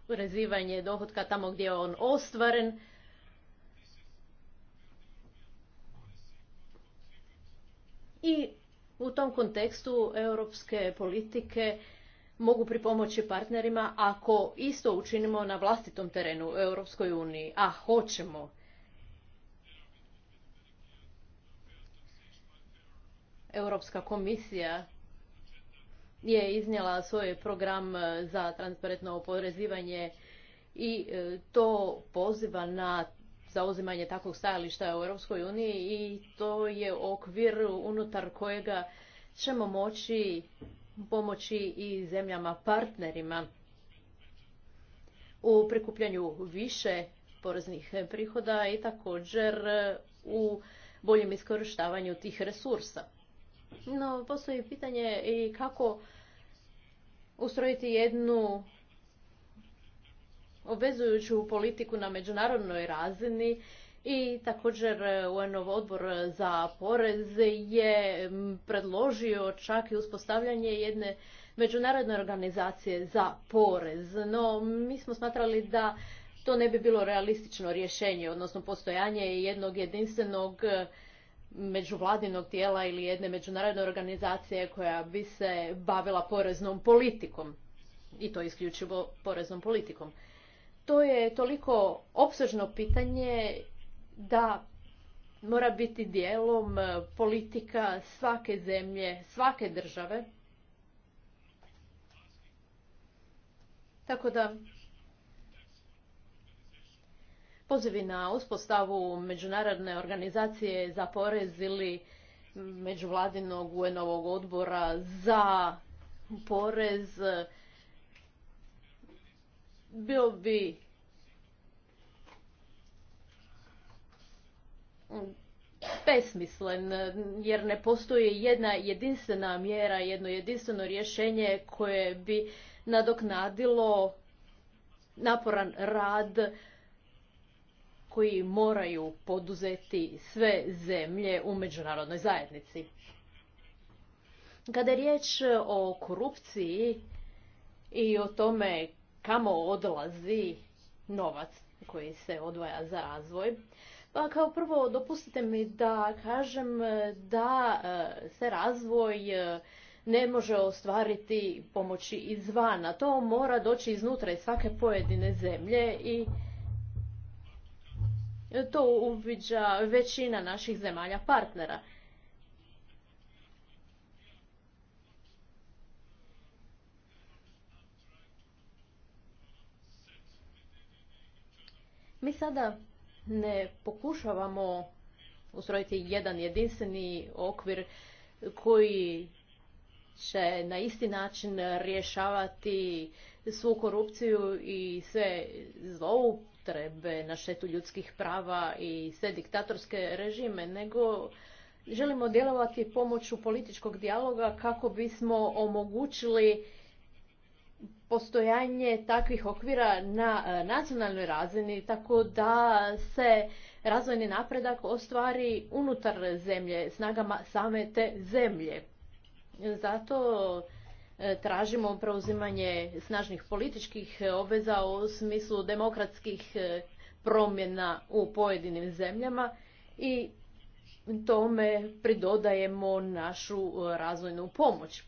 oporezivanje dohotka tamo gdje je on ostvaren. I u tom kontekstu europske politike mogu pripomoći partnerima ako isto učinimo na vlastitom terenu u Europskoj uniji, a hoćemo. Europska komisija je iznijela svoj program e, za transparentno oporezivanje i e, to poziva na zauzimanje takvog stajališta u Europskoj uniji i to je okvir unutar kojega ćemo moći pomoći i zemljama partnerima u prikupljanju više poreznih prihoda i također u boljem iskorištavanju tih resursa. No, postoji pitanje i kako ustrojiti jednu obvezujuću politiku na međunarodnoj razini i također un odbor za porez je predložio čak i uspostavljanje jedne međunarodne organizacije za porez. No, mi smo smatrali da to ne bi bilo realistično rješenje, odnosno postojanje jednog jedinstvenog međuvladinog tijela ili jedne međunarodne organizacije koja bi se bavila poreznom politikom i to isključivo poreznom politikom. To je toliko opsežno pitanje da mora biti dijelom politika svake zemlje, svake države. Tako da pozivi na uspostavu međunarodne organizacije za porez ili međuvladinog UN-ovog odbora za porez bio bi besmislen jer ne postoji jedna jedinstvena mjera, jedno jedinstveno rješenje koje bi nadoknadilo naporan rad koji moraju poduzeti sve zemlje u međunarodnoj zajednici. Kada je riječ o korupciji i o tome kamo odlazi novac koji se odvaja za razvoj, pa kao prvo dopustite mi da kažem da e, se razvoj e, ne može ostvariti pomoći izvana. To mora doći iznutra iz svake pojedine zemlje i to uviđa većina naših zemalja partnera. Mi sada ne pokušavamo ustrojiti jedan jedinstveni okvir koji će na isti način rješavati svu korupciju i sve zovu trebe na štetu ljudskih prava i sve diktatorske režime, nego želimo djelovati pomoću političkog dijaloga kako bismo omogućili postojanje takvih okvira na e, nacionalnoj razini, tako da se razvojni napredak ostvari unutar zemlje, snagama same te zemlje. Zato E, tražimo preuzimanje snažnih političkih obveza u smislu demokratskih e, promjena u pojedinim zemljama i tome pridodajemo našu e, razvojnu pomoć.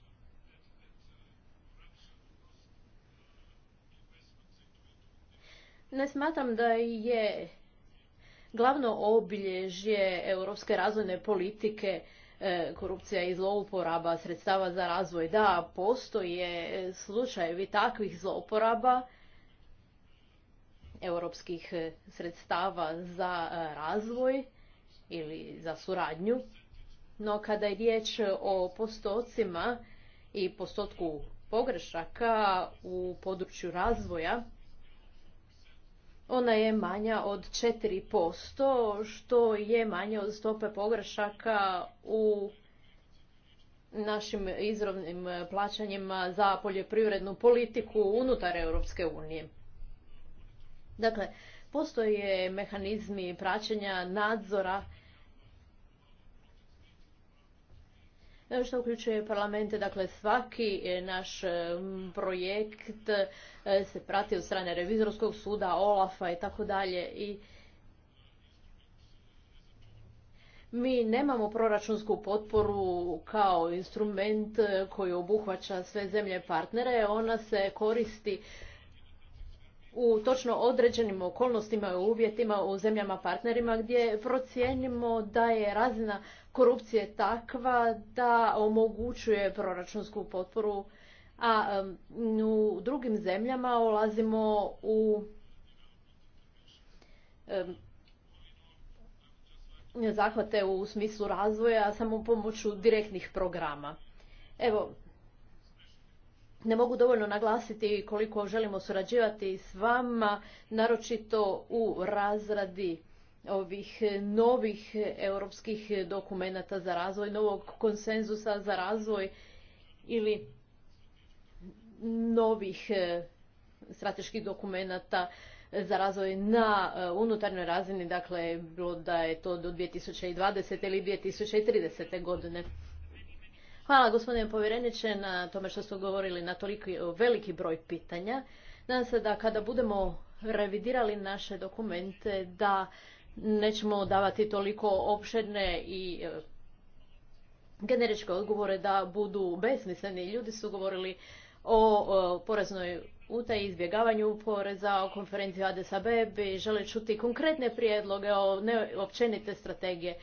Ne smatram da je glavno obilježje europske razvojne politike E, korupcija i zlouporaba sredstava za razvoj. Da, postoje slučajevi takvih zlouporaba europskih e, sredstava za e, razvoj ili za suradnju. No kada je riječ o postocima i postotku pogrešaka u području razvoja, ona je manja od 4%, što je manje od stope pogrešaka u našim izravnim plaćanjima za poljoprivrednu politiku unutar Europske unije. Dakle, postoje mehanizmi praćenja nadzora što uključuje parlamente. Dakle, svaki e, naš e, projekt e, se prati od strane revizorskog suda, Olafa i tako dalje. I mi nemamo proračunsku potporu kao instrument koji obuhvaća sve zemlje partnere. Ona se koristi u točno određenim okolnostima i uvjetima u zemljama partnerima gdje procijenimo da je razina korupcije je takva da omogućuje proračunsku potporu, a u drugim zemljama ulazimo u zahvate u smislu razvoja samo pomoću direktnih programa. Evo, ne mogu dovoljno naglasiti koliko želimo surađivati s vama, naročito u razradi ovih eh, novih eh, europskih eh, dokumenata za razvoj, novog konsenzusa za razvoj ili novih strateških dokumenata za razvoj na unutarnjoj razini, dakle bilo da je to do 2020. ili 2030. godine. Hvala gospodine povjereniče na tome što ste govorili na toliki veliki broj pitanja. Nadam se da kada budemo revidirali naše dokumente da nećemo davati toliko opšedne i e, generičke odgovore da budu besmisleni. Ljudi su govorili o poreznoj utaji izbjegavanju poreza, o konferenciji Adesa bi, žele čuti konkretne prijedloge o neopćenite strategije.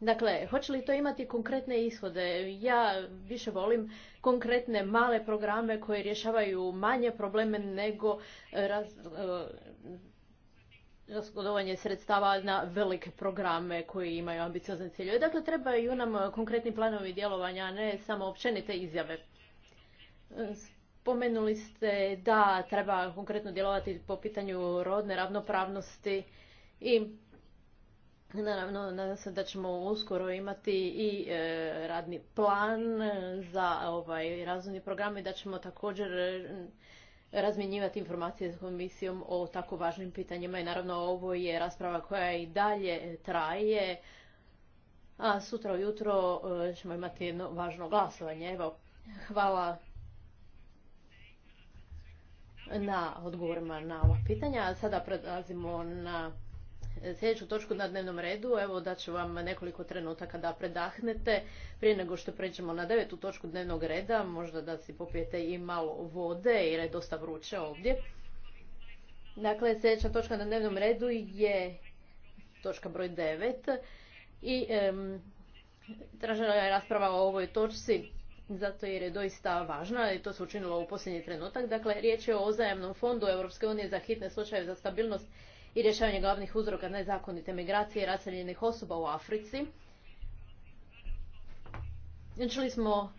Dakle, hoće li to imati konkretne ishode? Ja više volim konkretne male programe koje rješavaju manje probleme nego e, raz, e, raskodovanje sredstava na velike programe koji imaju ambiciozne ciljeve. Dakle, trebaju nam konkretni planovi djelovanja, a ne samo općenite izjave. Spomenuli ste da treba konkretno djelovati po pitanju rodne ravnopravnosti i Naravno, nadam se da ćemo uskoro imati i e, radni plan za ovaj razvojni program i da ćemo također e, razmjenjivati informacije s komisijom o tako važnim pitanjima i naravno ovo je rasprava koja i dalje traje, a sutra ujutro e, ćemo imati jedno važno glasovanje. Evo, hvala na odgovorima na ova pitanja. Sada prelazimo na sljedeću točku na dnevnom redu. Evo da ću vam nekoliko trenutaka da predahnete. Prije nego što pređemo na devetu točku dnevnog reda, možda da si popijete i malo vode jer je dosta vruće ovdje. Dakle, sljedeća točka na dnevnom redu je točka broj devet. i tražena je rasprava o ovoj točci zato jer je doista važna i to se učinilo u posljednji trenutak. Dakle, riječ je o uzajamnom fondu Europske unije za hitne slučajeve za stabilnost i rješavanje glavnih uzroka nezakonite migracije i raseljenih osoba u Africi. Čuli smo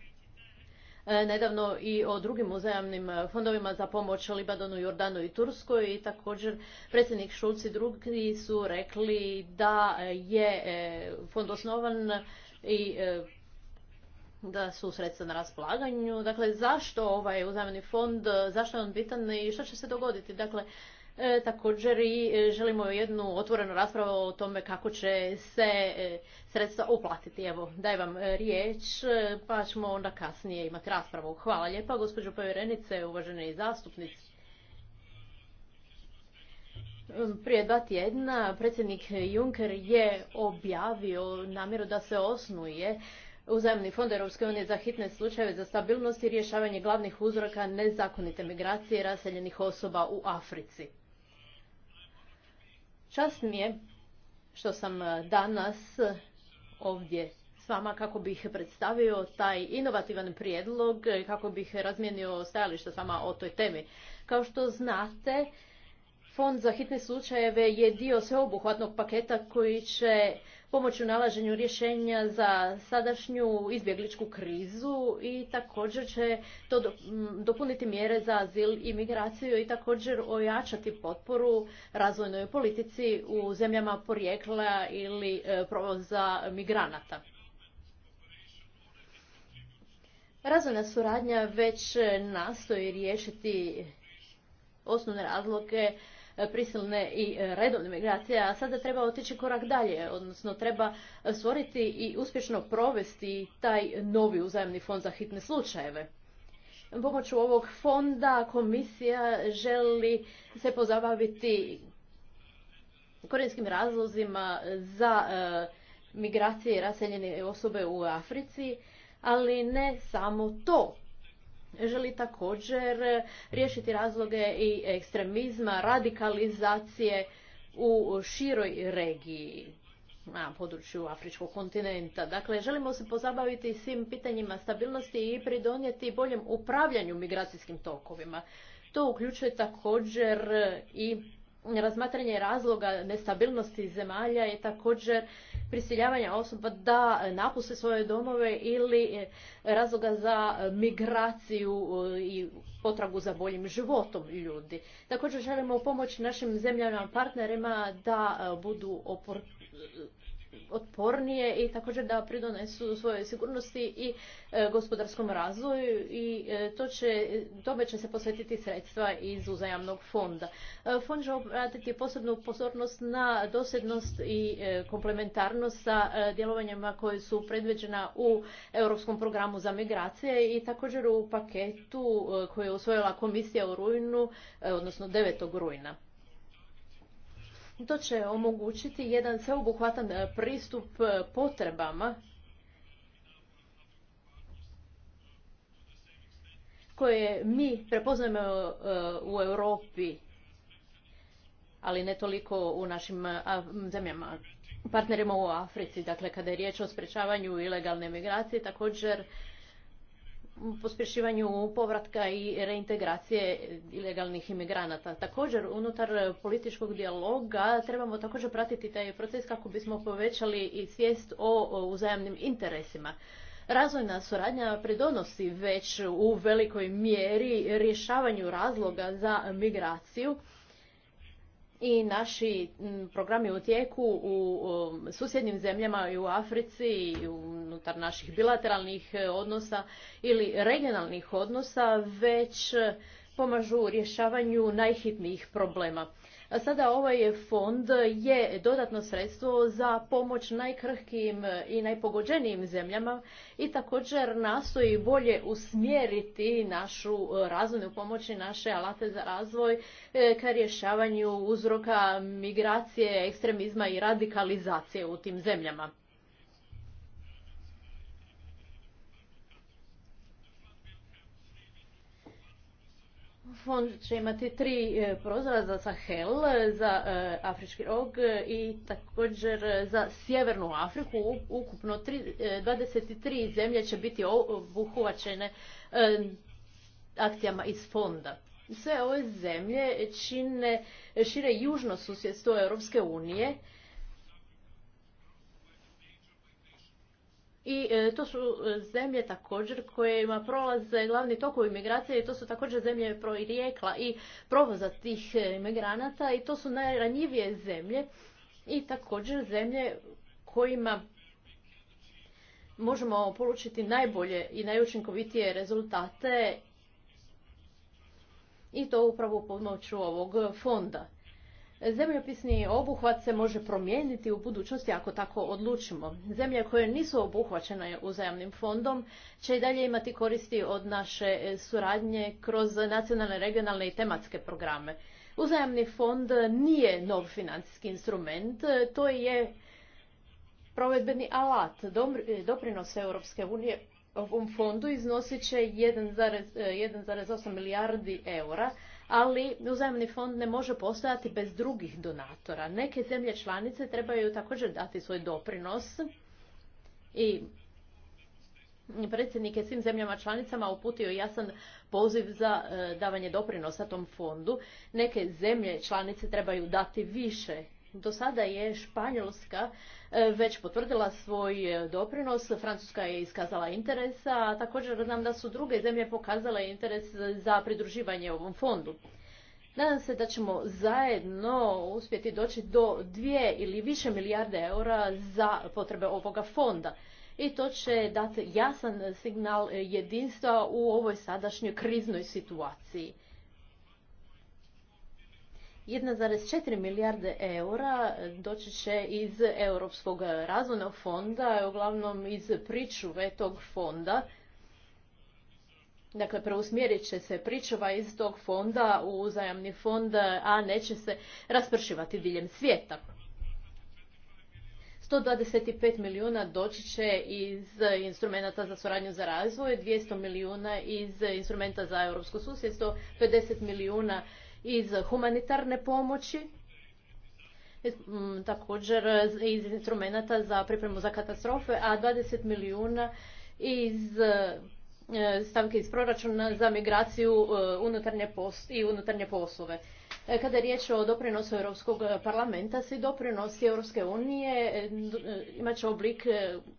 e, nedavno i o drugim uzajamnim e, fondovima za pomoć Libanonu, Jordanu i Turskoj i također predsjednik Šulc i drugi su rekli da je e, fond osnovan i da su sredstva na raspolaganju. Dakle, zašto ovaj uzajamni fond, zašto je on bitan i što će se dogoditi? Dakle, E, također i e, želimo jednu otvorenu raspravu o tome kako će se e, sredstva uplatiti. Evo, daj vam riječ, pa ćemo onda kasnije imati raspravu. Hvala lijepa, gospođo povjerenice, uvaženi zastupnici. Prije dva tjedna predsjednik Juncker je objavio namjeru da se osnuje uzajemni fond Europske unije za hitne slučajeve za stabilnost i rješavanje glavnih uzroka nezakonite migracije raseljenih osoba u Africi. Čast mi je što sam e, danas e, ovdje s vama kako bih predstavio taj inovativan prijedlog, i kako bih razmijenio stajališta s vama o toj temi. Kao što znate, Fond za hitne slučajeve je dio sveobuhvatnog paketa koji će pomoć u nalaženju rješenja za sadašnju izbjegličku krizu i također će to dopuniti mjere za azil i migraciju i također ojačati potporu razvojnoj politici u zemljama porijekla ili e, provoza migranata. Razvojna suradnja već nastoji riješiti osnovne razloge E, prisilne i e, redovne migracije, a sada treba otići korak dalje, odnosno treba stvoriti i uspješno provesti taj novi uzajemni fond za hitne slučajeve. Pomoću ovog fonda komisija želi se pozabaviti korijenskim razlozima za e, migracije i raseljene osobe u Africi, ali ne samo to želi također riješiti razloge i ekstremizma, radikalizacije u široj regiji na području Afričkog kontinenta. Dakle, želimo se pozabaviti svim pitanjima stabilnosti i pridonijeti boljem upravljanju migracijskim tokovima. To uključuje također i razmatranje razloga nestabilnosti zemalja je također prisiljavanje osoba da napuste svoje domove ili e, razloga za migraciju e, i potragu za boljim životom ljudi. Također želimo pomoći našim zemljama partnerima da e, budu opor otpornije i također da pridonesu svojoj sigurnosti i e, gospodarskom razvoju i e, to će, tome će se posvetiti sredstva iz uzajamnog fonda. E, fond će obratiti posebnu pozornost na dosljednost i komplementarnost sa djelovanjima koje su predviđena u Europskom programu za migracije i također u paketu koji je usvojila komisija u rujnu, odnosno 9. rujna. To će omogućiti jedan sveobuhvatan e, pristup e, potrebama koje mi prepoznajemo e, u Europi, ali ne toliko u našim zemljama, partnerima u Africi. Dakle, kada je riječ o sprečavanju ilegalne migracije, također pospješivanju povratka i reintegracije ilegalnih imigranata. Također, unutar političkog dijaloga trebamo također pratiti taj proces kako bismo povećali i svijest o uzajamnim interesima. Razvojna suradnja pridonosi već u velikoj mjeri rješavanju razloga za migraciju i naši programi u tijeku u susjednim zemljama i u Africi i unutar naših bilateralnih e, odnosa ili regionalnih odnosa već pomažu rješavanju najhitnijih problema. Sada ovaj fond je dodatno sredstvo za pomoć najkrhkijim i najpogođenijim zemljama i također nastoji bolje usmjeriti našu razvojnu pomoć i naše alate za razvoj e, ka rješavanju uzroka migracije, ekstremizma i radikalizacije u tim zemljama. Fond će imati tri e, prozora za Sahel, e, za e, Afrički rog i također za Sjevernu Afriku. Ukupno 23 zemlje će biti obuhvaćene akcijama iz fonda. Sve ove zemlje čine šire južno susjedstvo Europske unije I e, to su e, zemlje također kojima prolaze glavni tokovi migracije i to su također zemlje prorijekla i provoza tih e, imigranata i to su najranjivije zemlje i također zemlje kojima možemo polučiti najbolje i najučinkovitije rezultate i to upravo pomoću ovog fonda. Zemljopisni obuhvat se može promijeniti u budućnosti ako tako odlučimo. Zemlje koje nisu obuhvaćene uzajamnim fondom će i dalje imati koristi od naše suradnje kroz nacionalne, regionalne i tematske programe. Uzajamni fond nije nov financijski instrument, to je provedbeni alat. Doprinos Europske unije ovom fondu iznosit će 1,8 milijardi eura, ali uzajemni fond ne može postojati bez drugih donatora. Neke zemlje članice trebaju također dati svoj doprinos i predsjednik je svim zemljama članicama uputio jasan poziv za e, davanje doprinosa tom fondu. Neke zemlje članice trebaju dati više do sada je Španjolska e, već potvrdila svoj e, doprinos, Francuska je iskazala interesa, a također znam da su druge zemlje pokazale interes za pridruživanje ovom fondu. Nadam se da ćemo zajedno uspjeti doći do dvije ili više milijarde eura za potrebe ovoga fonda. I to će dati jasan signal jedinstva u ovoj sadašnjoj kriznoj situaciji. 1,4 milijarde eura doći će iz Europskog razvojnog fonda, uglavnom iz pričuve tog fonda. Dakle, preusmjerit će se pričuva iz tog fonda u uzajamni fond, a neće se raspršivati diljem svijeta. 125 milijuna doći će iz instrumenta za suradnju za razvoj, 200 milijuna iz instrumenta za europsko susjedstvo, 50 milijuna iz humanitarne pomoći, mm, također iz instrumenta za pripremu za katastrofe, a 20 milijuna iz e, stavke iz proračuna za migraciju e, i unutarnje poslove. E, kada je riječ o doprinosu Europskog e, parlamenta, svi doprinosi Europske unije e, imat će oblik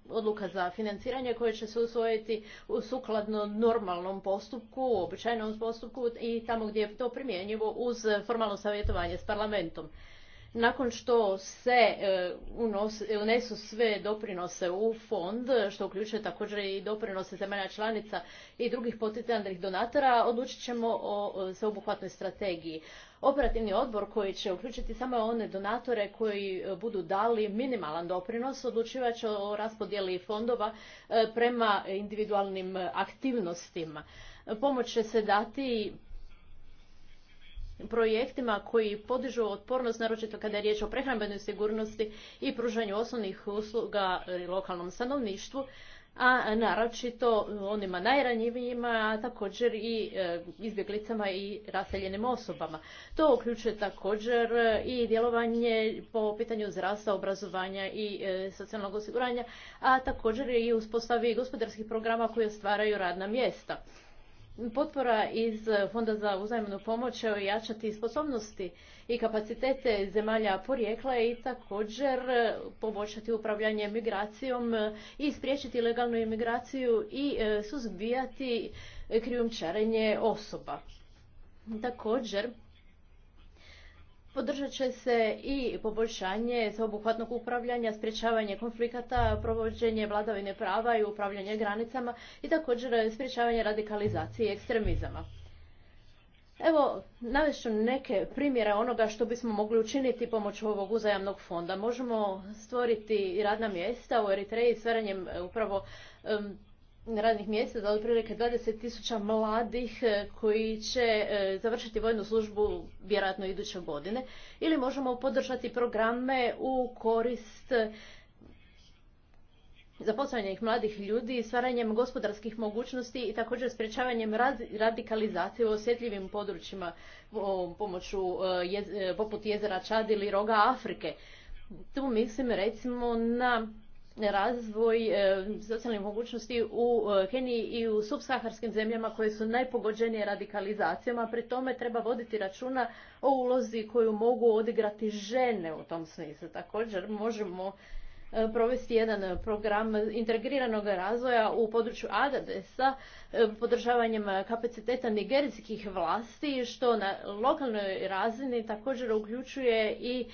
odluka za financiranje koje će se usvojiti u sukladno normalnom postupku, običajnom postupku i tamo gdje je to primjenjivo uz formalno savjetovanje s parlamentom nakon što se e, unesu sve doprinose u fond, što uključuje također i doprinose zemalja članica i drugih potencijalnih donatora, odlučit ćemo o sveobuhvatnoj strategiji. Operativni odbor koji će uključiti samo one donatore koji e, budu dali minimalan doprinos odlučivat će o raspodjeli fondova e, prema individualnim aktivnostima. Pomoć će se dati projektima koji podižu otpornost, naročito kada je riječ o prehrambenoj sigurnosti i pružanju osnovnih usluga e, lokalnom stanovništvu, a naročito onima najranjivijima, a također i e, izbjeglicama i raseljenim osobama. To uključuje također e, i djelovanje po pitanju zdravstva, obrazovanja i socijalnog osiguranja, a također i uspostavi gospodarskih programa koji stvaraju radna mjesta. Potpora iz Fonda za uzajemnu pomoć će ojačati sposobnosti i kapacitete zemalja porijekla i također poboljšati upravljanje migracijom i spriječiti legalnu imigraciju i e, suzbijati krijumčarenje osoba. Također, Podržat će se i poboljšanje sveobuhvatnog upravljanja, sprječavanje konflikata, provođenje vladavine prava i upravljanje granicama i također sprječavanje radikalizacije i ekstremizama. Evo, navest neke primjere onoga što bismo mogli učiniti pomoću ovog uzajamnog fonda. Možemo stvoriti radna mjesta u Eritreji stvaranjem e, upravo radnih mjesta za otprilike 20 tisuća mladih e, koji će e, završiti vojnu službu vjerojatno iduće godine ili možemo podržati programe u korist e, zaposlenih mladih ljudi stvaranjem gospodarskih mogućnosti i također sprječavanjem radikalizacije u osjetljivim područjima pomoću poput jezera Čad ili roga Afrike. Tu mislim recimo na razvoj e, socijalnih mogućnosti u e, Keniji i u subsaharskim zemljama koje su najpogođenije radikalizacijama. Pri tome treba voditi računa o ulozi koju mogu odigrati žene u tom smislu. Također možemo e, provesti jedan program integriranog razvoja u području Adadesa, podržavanjem kapaciteta nigerijskih vlasti što na lokalnoj razini također uključuje i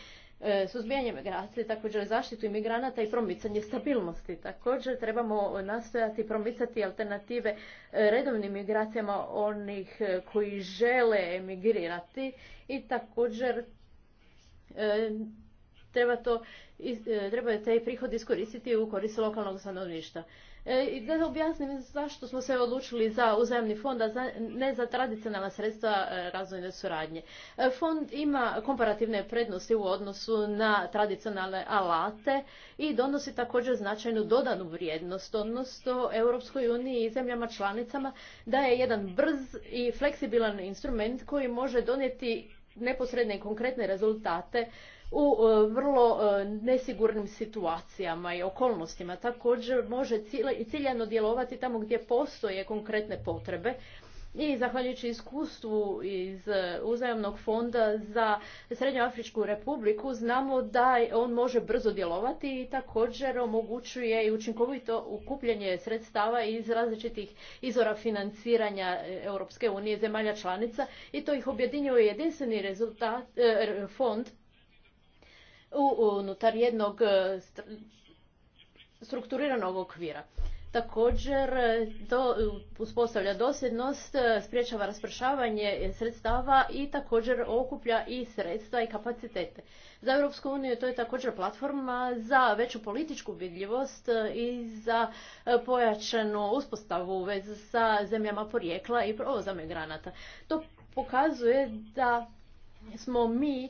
E, suzbijanje migracije, također zaštitu imigranata i promicanje stabilnosti. Također trebamo nastojati promicati alternative e, redovnim migracijama onih e, koji žele emigrirati i također treba, to, treba taj prihod iskoristiti u korist lokalnog stanovništva. E, i da objasnim zašto smo se odlučili za uzajemni fond, a ne za tradicionalna sredstva e, razvojne suradnje. E, fond ima komparativne prednosti u odnosu na tradicionalne alate i donosi također značajnu dodanu vrijednost, odnosno Europskoj uniji i zemljama članicama da je jedan brz i fleksibilan instrument koji može donijeti neposredne i konkretne rezultate u e, vrlo e, nesigurnim situacijama i okolnostima. Također može ciljano djelovati tamo gdje postoje konkretne potrebe i zahvaljujući iskustvu iz e, uzajamnog fonda za Srednjoafričku republiku znamo da on može brzo djelovati i također omogućuje i učinkovito ukupljanje sredstava iz različitih izora financiranja Europske unije zemalja članica i to ih objedinjuje jedinstveni rezultat, fond unutar jednog e, strukturiranog okvira. Također, to e, e, uspostavlja dosjednost, spriječava raspršavanje sredstava i također okuplja i sredstva i kapacitete. Za Europsku uniju to je također platforma za veću političku vidljivost i za pojačanu uspostavu u sa zemljama porijekla i provoza migranata. To pokazuje da smo mi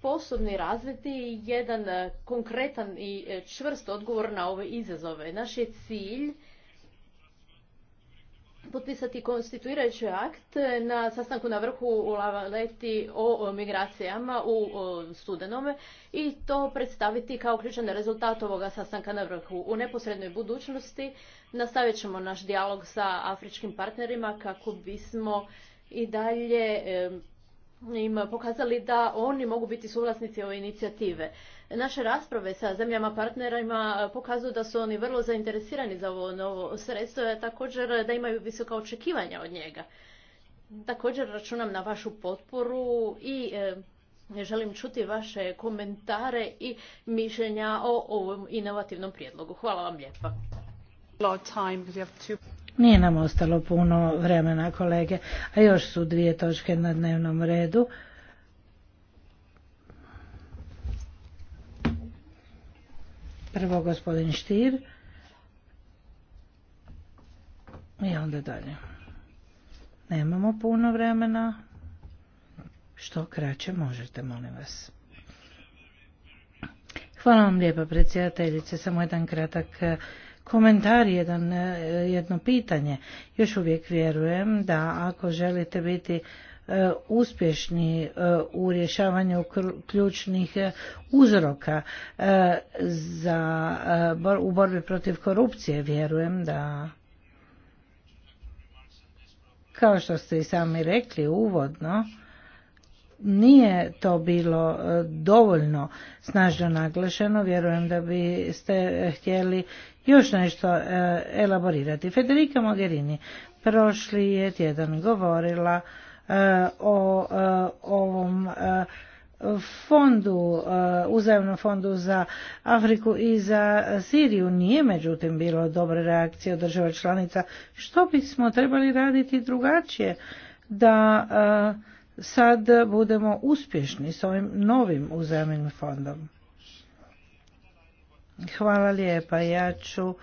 sposobni razviti jedan e, konkretan i e, čvrst odgovor na ove izazove. Naš je cilj potpisati konstituirajući akt e, na sastanku na vrhu u Lavaleti o migracijama u studenome i to predstaviti kao ključan rezultat ovoga sastanka na vrhu. U neposrednoj budućnosti nastavit ćemo naš dijalog sa afričkim partnerima kako bismo i dalje im pokazali da oni mogu biti suvlasnici ove inicijative. Naše rasprave sa zemljama partnerima pokazuju da su oni vrlo zainteresirani za ovo novo sredstvo, a također da imaju visoka očekivanja od njega. Također računam na vašu potporu i e, želim čuti vaše komentare i mišljenja o ovom inovativnom prijedlogu. Hvala vam lijepa. Nije nam ostalo puno vremena, kolege, a još su dvije točke na dnevnom redu. Prvo gospodin Štir i onda dalje. Nemamo puno vremena. Što kraće možete, molim vas. Hvala vam lijepa, predsjedateljice. Samo jedan kratak komentar, jedan, e, jedno pitanje. Još uvijek vjerujem da ako želite biti e, uspješni e, u rješavanju ključnih uzroka za, u borbi protiv korupcije. Vjerujem da, kao što ste i sami rekli uvodno, nije to bilo e, dovoljno snažno naglašeno, vjerujem da biste htjeli još nešto e, elaborirati. Federica Mogherini prošli je tjedan govorila e, o ovom fondu, uzajemnom fondu za Afriku i za Siriju nije međutim bilo dobre reakcije od država članica. Što bismo trebali raditi drugačije da sad budemo uspješni s ovim novim uzemnim fondom. Hvala lijepa, ja ću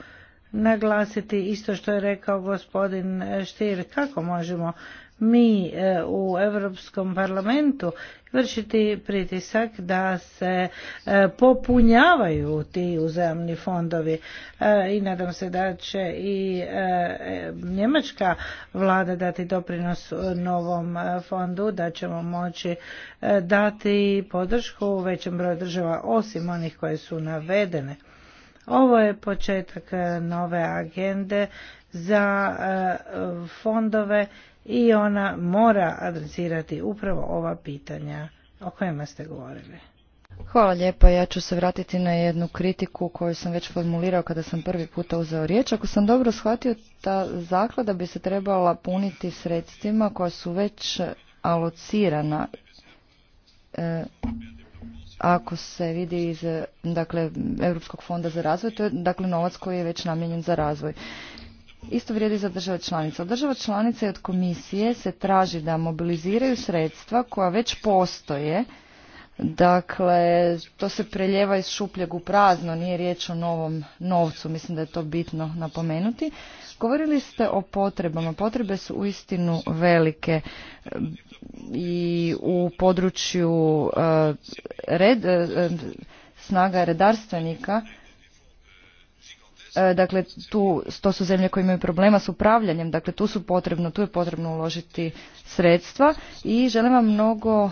naglasiti isto što je rekao gospodin Štir, kako možemo mi e, u Europskom parlamentu vršiti pritisak da se e, popunjavaju ti uzemni fondovi e, i nadam se da će i njemačka vlada dati doprinos novom fondu da ćemo moći dati podršku u većem broju država osim onih koje su navedene. Ovo je početak nove agende za fondove i ona mora adresirati upravo ova pitanja o kojima ste govorili. Hvala lijepa, ja ću se vratiti na jednu kritiku koju sam već formulirao kada sam prvi puta uzeo riječ. Ako sam dobro shvatio, ta zaklada bi se trebala puniti sredstvima koja su već e, alocirana. E, ako se vidi iz e, dakle, Europskog fonda za razvoj, to je dakle, novac koji je već namijenjen za razvoj. Isto vrijedi za države članice. Od država članica i od komisije se traži da mobiliziraju sredstva koja već postoje. Dakle, to se preljeva iz šupljeg u prazno, nije riječ o novom novcu, mislim da je to bitno napomenuti. Govorili ste o potrebama, potrebe su uistinu velike i u području eh, eh, eh, snaga redarstvenika E, dakle tu, to su zemlje koje imaju problema s upravljanjem, dakle tu su potrebno, tu je potrebno uložiti sredstva i želim vam mnogo,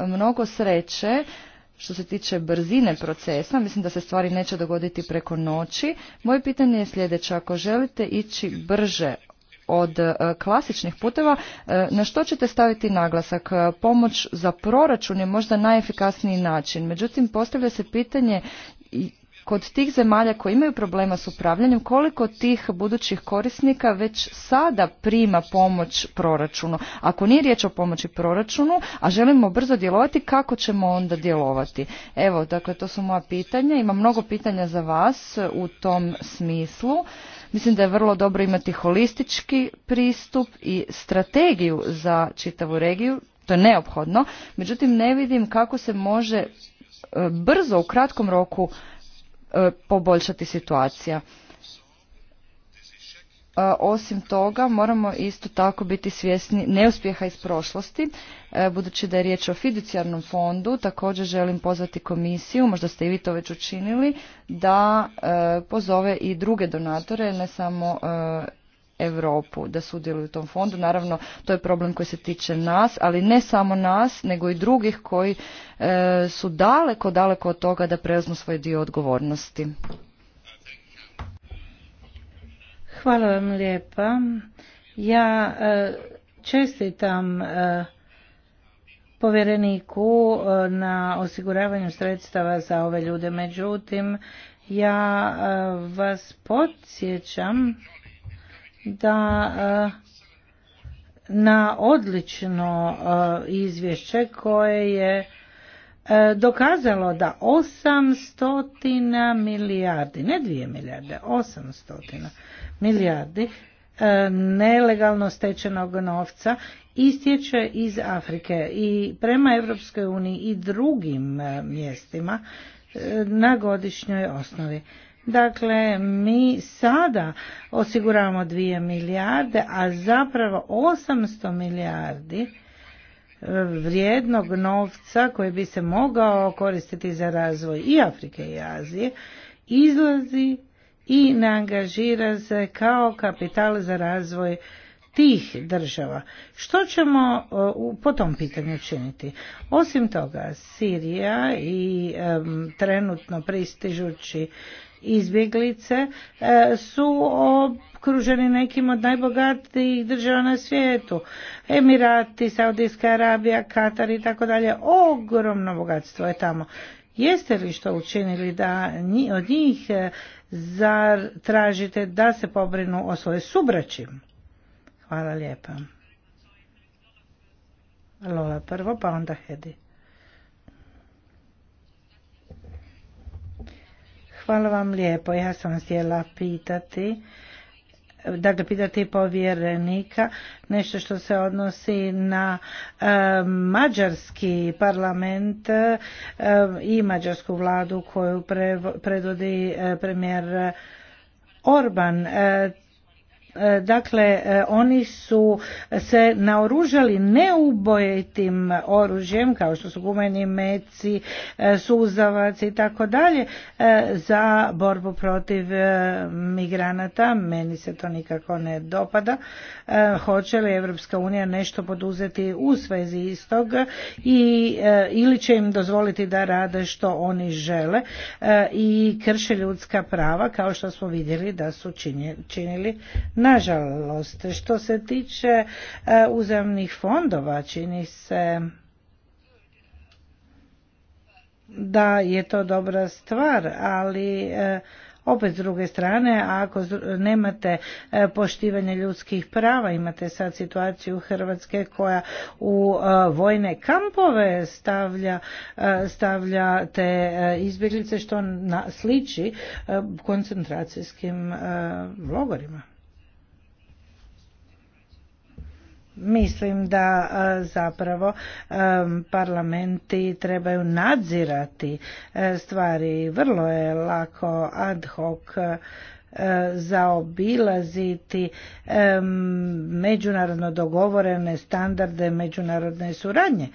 mnogo sreće što se tiče brzine procesa, mislim da se stvari neće dogoditi preko noći. Moje pitanje je sljedeće, ako želite ići brže od e, klasičnih puteva, e, na što ćete staviti naglasak? Pomoć za proračun je možda najefikasniji način. Međutim, postavlja se pitanje kod tih zemalja koji imaju problema s upravljanjem, koliko tih budućih korisnika već sada prima pomoć proračunu? Ako nije riječ o pomoći proračunu, a želimo brzo djelovati, kako ćemo onda djelovati? Evo, dakle, to su moja pitanja. Ima mnogo pitanja za vas u tom smislu. Mislim da je vrlo dobro imati holistički pristup i strategiju za čitavu regiju. To je neophodno. Međutim, ne vidim kako se može e, brzo u kratkom roku E, poboljšati situacija. Osim toga, moramo isto tako biti svjesni neuspjeha iz prošlosti. E, budući da je riječ o fiducijarnom fondu, također želim pozvati komisiju, možda ste i vi to već učinili, da e, pozove i druge donatore, ne samo Europu da sudjeluju u tom fondu. Naravno, to je problem koji se tiče nas, ali ne samo nas, nego i drugih koji e, su daleko, daleko od toga da preuzmu svoj dio odgovornosti. Hvala vam lijepa. Ja e, čestitam e, povjereniku na osiguravanju sredstava za ove ljude. Međutim, ja vas podsjećam da e, na odlično e, izvješće koje je e, dokazalo da 800 milijardi, ne 2 milijarde, 800 milijardi nelegalno stečenog novca istječe iz Afrike i prema Europskoj uniji i drugim mjestima na godišnjoj osnovi. Dakle, mi sada osiguravamo 2 milijarde, a zapravo 800 milijardi e, vrijednog novca koji bi se mogao koristiti za razvoj i Afrike i Azije izlazi i ne angažira se kao kapital za razvoj tih država. Što ćemo e, po tom pitanju činiti? Osim toga, Sirija i trenutno pristižući izbjeglice e, su okruženi nekim od najbogatijih država na svijetu. Emirati, Saudijska Arabija, Katar i tako dalje. Ogromno bogatstvo je tamo. Jeste li što učinili da od njih e, zar tražite da se pobrinu o svoje subraći? Hvala lijepa. Lola prvo, pa onda Hedi. Hvala vam lijepo. Ja sam htjela pitati dakle pitati povjerenika nešto što se odnosi na e, mađarski parlament e, i mađarsku vladu koju predvodi e, premijer Orban E, dakle, e, oni su se naoružali neubojitim oružjem, kao što su gumeni meci, e, suzavac i tako dalje, za borbu protiv migranata. Meni se to nikako ne dopada. Hoće li Evropska unija nešto poduzeti u svezi istog i, ili će im dozvoliti da rade što oni žele i krše ljudska prava, kao što smo vidjeli da su činili Nažalost, što se tiče e, uzemnih fondova, čini se da je to dobra stvar, ali e, opet s druge strane, ako nemate e, poštivanje ljudskih prava, imate sad situaciju Hrvatske koja u vojne kampove stavlja, stavlja te izbjeglice što sliči koncentracijskim logorima. Mislim da e, zapravo e, parlamenti trebaju nadzirati e, stvari. Vrlo je lako ad hoc zaobilaziti međunarodno dogovorene standarde međunarodne suradnje.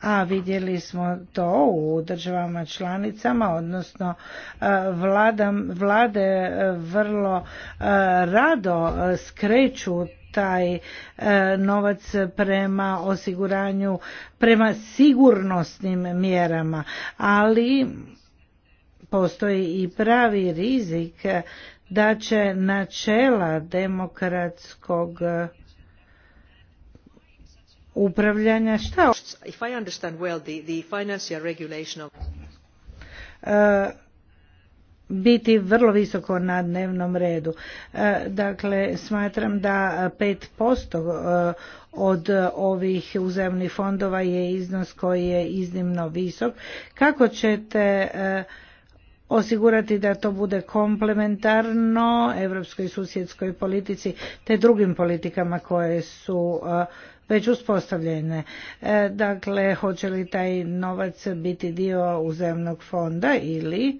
A vidjeli smo to u državama članicama, odnosno vlade vrlo rado skreću taj e, novac prema osiguranju, prema sigurnosnim mjerama, ali postoji i pravi rizik da će načela demokratskog e, upravljanja šta I e, biti vrlo visoko na dnevnom redu. E, dakle, smatram da 5% e, od ovih uzemnih fondova je iznos koji je iznimno visok. Kako ćete e, osigurati da to bude komplementarno europskoj susjedskoj politici te drugim politikama koje su već uspostavljene. Dakle, hoće li taj novac biti dio uzemnog fonda ili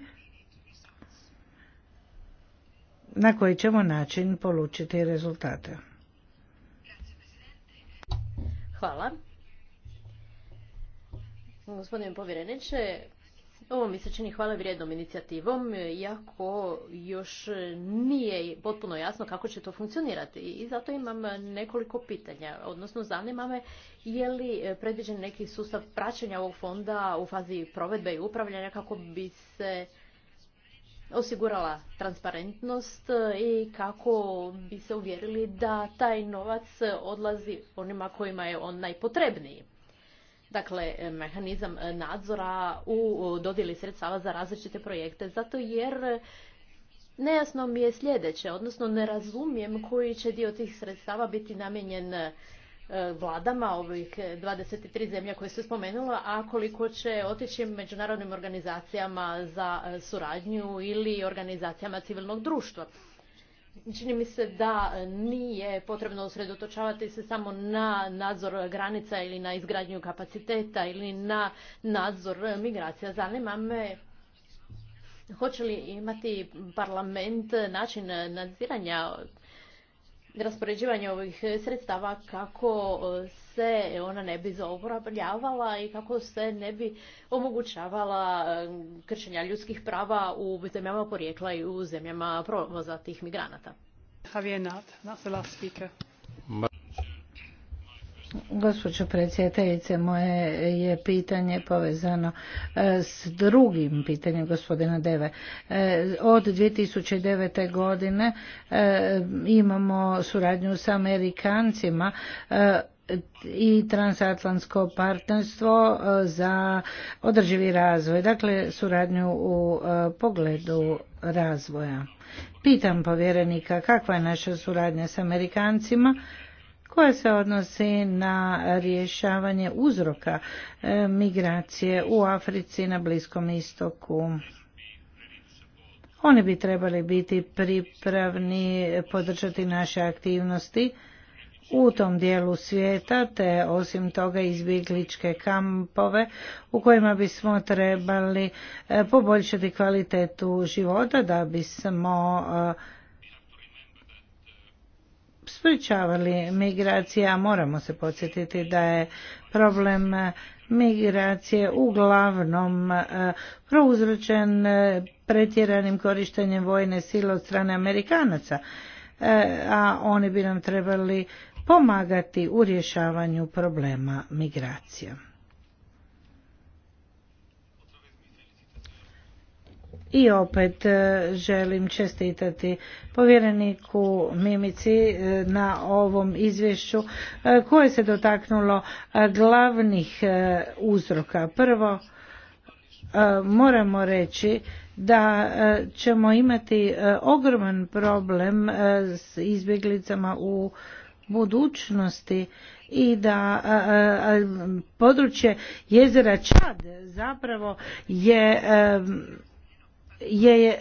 na koji ćemo način polučiti rezultate. Hvala. Gospodine povjereniče, ovo mi se čini hvale vrijednom inicijativom, iako još nije potpuno jasno kako će to funkcionirati. I zato imam nekoliko pitanja, odnosno zanima me je li predviđen neki sustav praćenja ovog fonda u fazi provedbe i upravljanja kako bi se osigurala transparentnost e, i kako bi se uvjerili da taj novac odlazi onima kojima je on najpotrebniji. Dakle, e, mehanizam nadzora u dodjeli sredstava za različite projekte, zato jer nejasno mi je sljedeće, odnosno ne razumijem koji će dio tih sredstava biti namijenjen vladama ovih 23 zemlja koje su spomenula, a koliko će otići međunarodnim organizacijama za e, suradnju ili organizacijama civilnog društva. Čini mi se da nije potrebno usredotočavati se samo na nadzor granica ili na izgradnju kapaciteta ili na nadzor migracija. Zanima me hoće li imati parlament način nadziranja raspoređivanje ovih e, sredstava kako e, se ona ne bi zauporabljavala i kako se ne bi omogućavala e, kršenja ljudskih prava u zemljama porijekla i u zemljama provoza tih migranata. Gospođo predsjedateljice, moje je pitanje povezano e, s drugim pitanjem gospodina Deve. E, od 2009. godine e, imamo suradnju s Amerikancima i transatlantsko partnerstvo za održivi razvoj, dakle suradnju u pogledu razvoja. Pitam povjerenika kakva je naša suradnja s Amerikancima koja se odnosi na rješavanje uzroka e, migracije u Africi na Bliskom istoku. Oni bi trebali biti pripravni podržati naše aktivnosti u tom dijelu svijeta, te osim toga izbjegličke kampove u kojima bismo trebali e, poboljšati kvalitetu života da bismo e, sprečavali migracije, a moramo se podsjetiti da je problem migracije uglavnom e, prouzročen e, pretjeranim korištenjem vojne sile od strane Amerikanaca, e, a oni bi nam trebali pomagati u rješavanju problema migracija. I opet e, želim čestitati povjereniku Mimici e, na ovom izvješću e, koje se dotaknulo glavnih uzroka. Prvo moramo reći da ćemo imati ogroman problem s izbjeglicama u budućnosti i da područje jezera Čad zapravo je je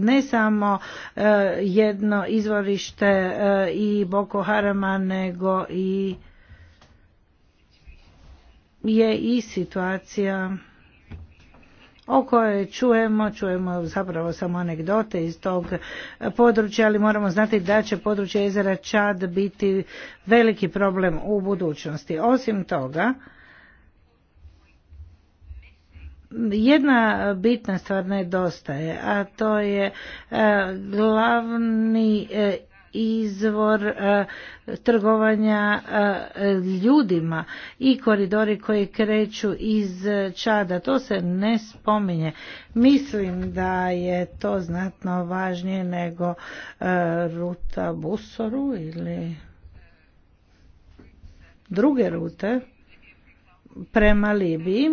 ne samo eh, jedno izvorište eh, i Boko Harama nego i je i situacija o kojoj čujemo, čujemo zapravo samo anegdote iz tog područja, ali moramo znati da će područje jezera Čad biti veliki problem u budućnosti. Osim toga, jedna bitna stvar nedostaje, a to je e, glavni e, izvor e, trgovanja ljudima i koridori koji kreću iz Čada. To se ne spominje. Mislim da je to znatno važnije nego ruta Busoru ili druge rute prema Libiji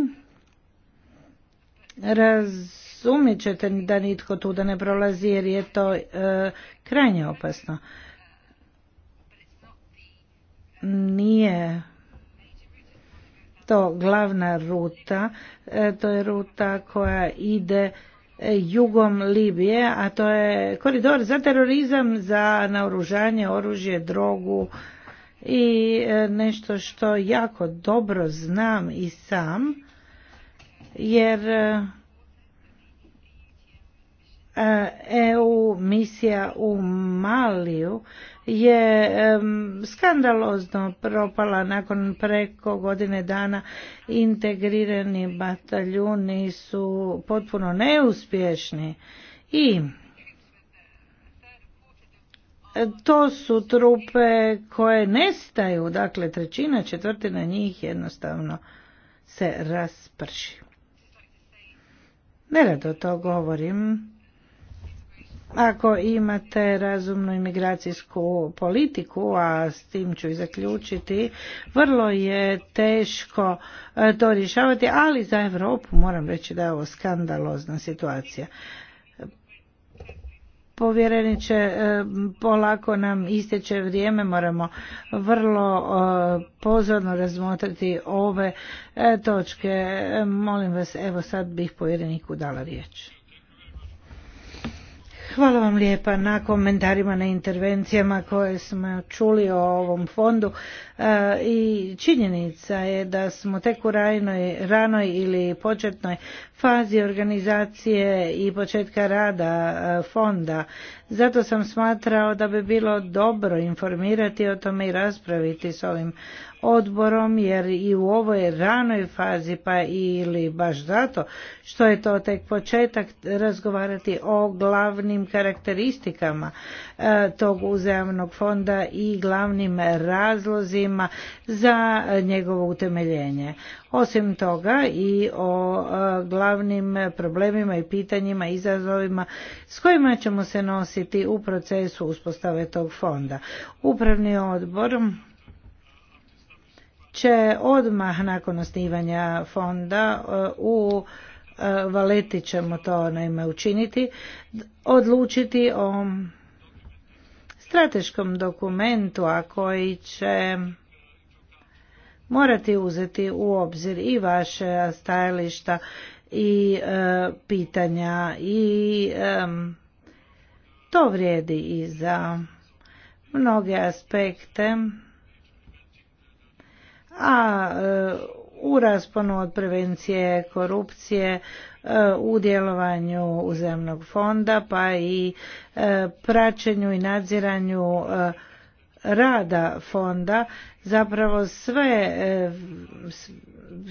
Razumit ćete da nitko tu da ne prolazi jer je to e, krajnje opasno. Nije to glavna ruta, e, to je ruta koja ide e, jugom Libije, a to je koridor za terorizam, za naoružanje, oružje, drogu i nešto što jako dobro znam i sam jer EU e, e misija u Maliju je e, skandalozno propala nakon preko godine dana integrirani bataljuni su potpuno neuspješni i to su trupe koje nestaju, dakle trećina, četvrtina njih jednostavno se rasprši. Nerado to govorim. Ako imate razumnu imigracijsku politiku, a s tim ću i zaključiti, vrlo je teško e, to rješavati, ali za Europu moram reći da je ovo skandalozna situacija. Povjereniče, e, polako nam istječe vrijeme, moramo vrlo e, pozorno razmotriti ove e, točke. Molim vas, evo sad bih povjereniku dala riječ. Hvala vam lijepa na komentarima, na intervencijama koje smo čuli o ovom fondu i činjenica je da smo tek u ranoj, ranoj ili početnoj fazi organizacije i početka rada e, fonda. Zato sam smatrao da bi bilo dobro informirati o tome i raspraviti s ovim odborom jer i u ovoj ranoj fazi pa ili baš zato što je to tek početak razgovarati o glavnim karakteristikama e, tog uzajamnog fonda i glavnim razlozima za njegovo utemeljenje. Osim toga i o e, glavnim problemima i pitanjima, izazovima s kojima ćemo se nositi u procesu uspostave tog fonda. Upravni odbor će odmah nakon osnivanja fonda e, u e, Valeti ćemo to naime učiniti, odlučiti o strateškom dokumentu, a koji će Morate uzeti u obzir i vaše stajališta i e, pitanja i e, to vrijedi i za mnoge aspekte a e, u rasponu od prevencije korupcije u djelovanju uzemnog fonda pa i praćenju i nadziranju rada fonda zapravo sve e,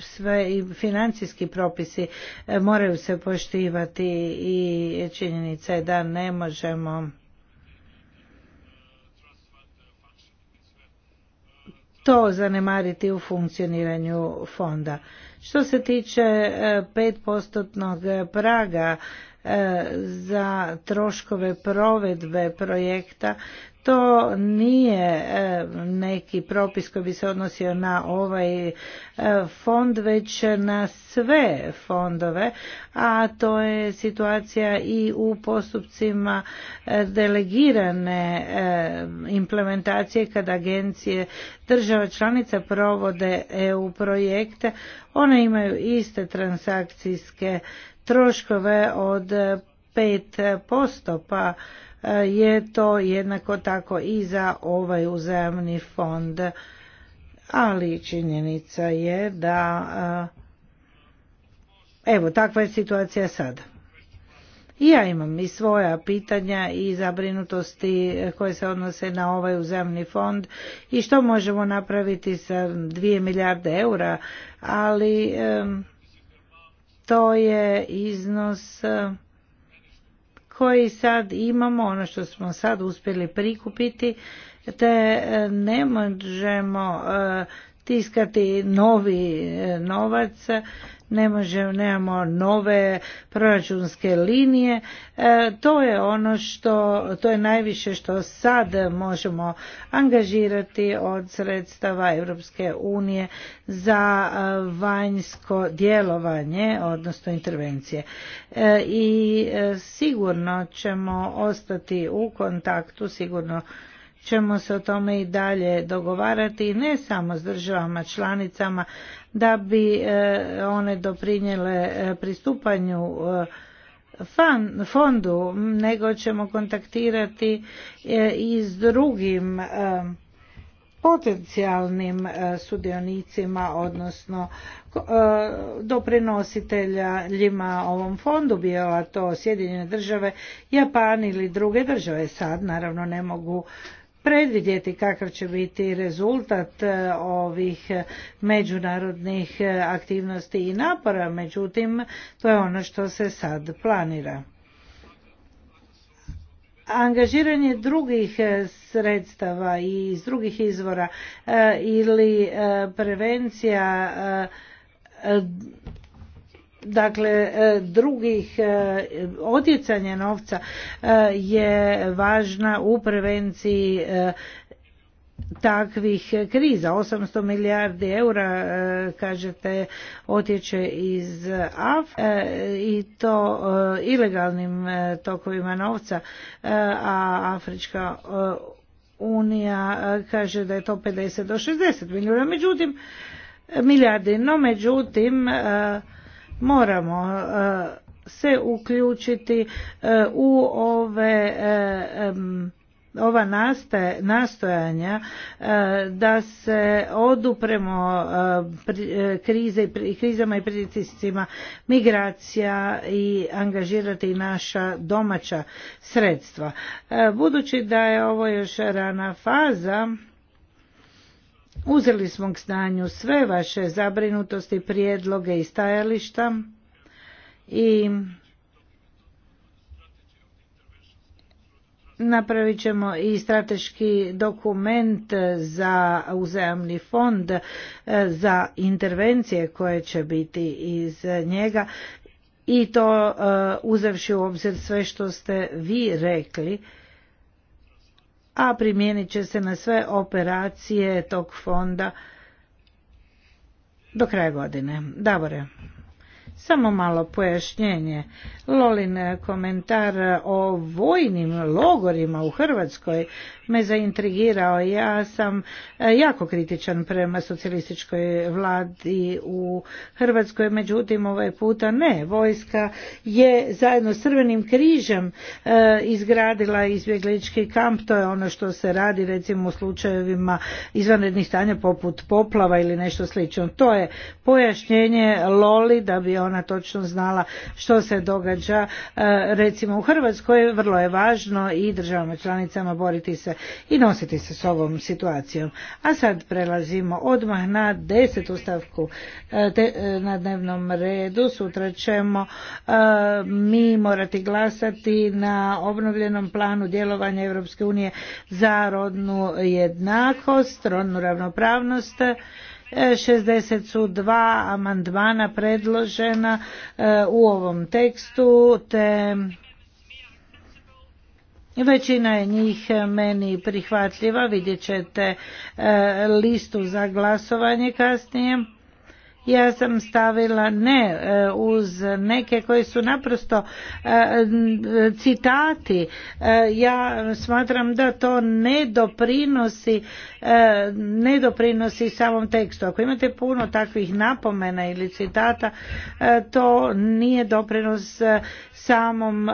sve i financijski propisi e, moraju se poštivati i činjenica je da ne možemo to zanemariti u funkcioniranju fonda. Što se tiče 5% e, praga za troškove provedbe projekta, to nije e, neki propis koji bi se odnosio na ovaj e, fond, već na sve fondove, a to je situacija i u postupcima e, delegirane implementacije kada agencije država članica provode EU projekte, one imaju iste transakcijske troškove od 5%, pa je to jednako tako i za ovaj uzajamni fond, ali činjenica je da e, evo takva je situacija sada. I ja imam i svoja pitanja i zabrinutosti koje se odnose na ovaj uzemni fond i što možemo napraviti sa 2 milijarde eura, ali to je iznos koji sad imamo, ono što smo sad uspjeli prikupiti, te e, ne možemo e, tiskati novi e, novac ne može nemamo nove proračunske linije. E, to je ono što, to je najviše što sad možemo angažirati od sredstava Europske unije za e, vanjsko djelovanje, odnosno intervencije. E, I sigurno ćemo ostati u kontaktu, sigurno ćemo se o tome i dalje dogovarati ne samo s državama članicama da bi e, one doprinjele e, pristupanju e, fondu, nego ćemo kontaktirati i s drugim potencijalnim sudionicima, odnosno doprinositeljima ovom fondu, bila to Sjedinjene države, Japan ili druge države. Sad naravno ne mogu predvidjeti kakav će biti rezultat e, ovih međunarodnih e, aktivnosti i napora, međutim to je ono što se sad planira. Angažiranje drugih e, sredstava i iz drugih izvora ili prevencija dakle e, drugih e, odjecanja novca e, je važna u prevenciji takvih kriza. 800 milijardi eura, kažete, otječe iz AF i to ilegalnim tokovima novca, a Afrička unija kaže da je to 50 do 60 milijuna. Međutim, milijardi, no međutim, moramo e, se uključiti e, u ove e, ova nastojanja da se odupremo krize, krizama i pritiscima migracija i angažirati naša domaća sredstva. Budući da je ovo još rana faza, Uzeli smo k znanju sve vaše zabrinutosti, prijedloge i stajališta i napravit ćemo i strateški dokument za uzajamni fond e, za intervencije koje će biti iz njega i to e, uzevši u obzir sve što ste vi rekli a primijenit će se na sve operacije tog fonda do kraja godine. Davore. Samo malo pojašnjenje. Lolin eh, komentar eh, o vojnim logorima u Hrvatskoj me zaintrigirao. Ja sam eh, jako kritičan prema socijalističkoj vladi u Hrvatskoj, međutim ovaj puta ne. Vojska je zajedno s Crvenim križem izgradila izbjeglički kamp. To je ono što se radi recimo u slučajevima izvanrednih stanja poput poplava ili nešto slično. To je pojašnjenje Loli da bi on ona točno znala što se događa e, recimo u Hrvatskoj vrlo je važno i državama članicama boriti se i nositi se s ovom situacijom. A sad prelazimo odmah na desetu stavku e, e, na dnevnom redu. Sutra ćemo mi morati glasati na obnovljenom planu djelovanja Europske unije za rodnu jednakost, rodnu ravnopravnost. 60 e, su dva amandmana predložena e, u ovom tekstu te Većina je njih e, meni prihvatljiva, vidjet ćete listu za glasovanje kasnije ja sam stavila ne e, uz neke koji su naprosto e, citati e, ja smatram da to ne doprinosi ne doprinosi samom tekstu ako imate puno takvih napomena ili citata to nije doprinos samom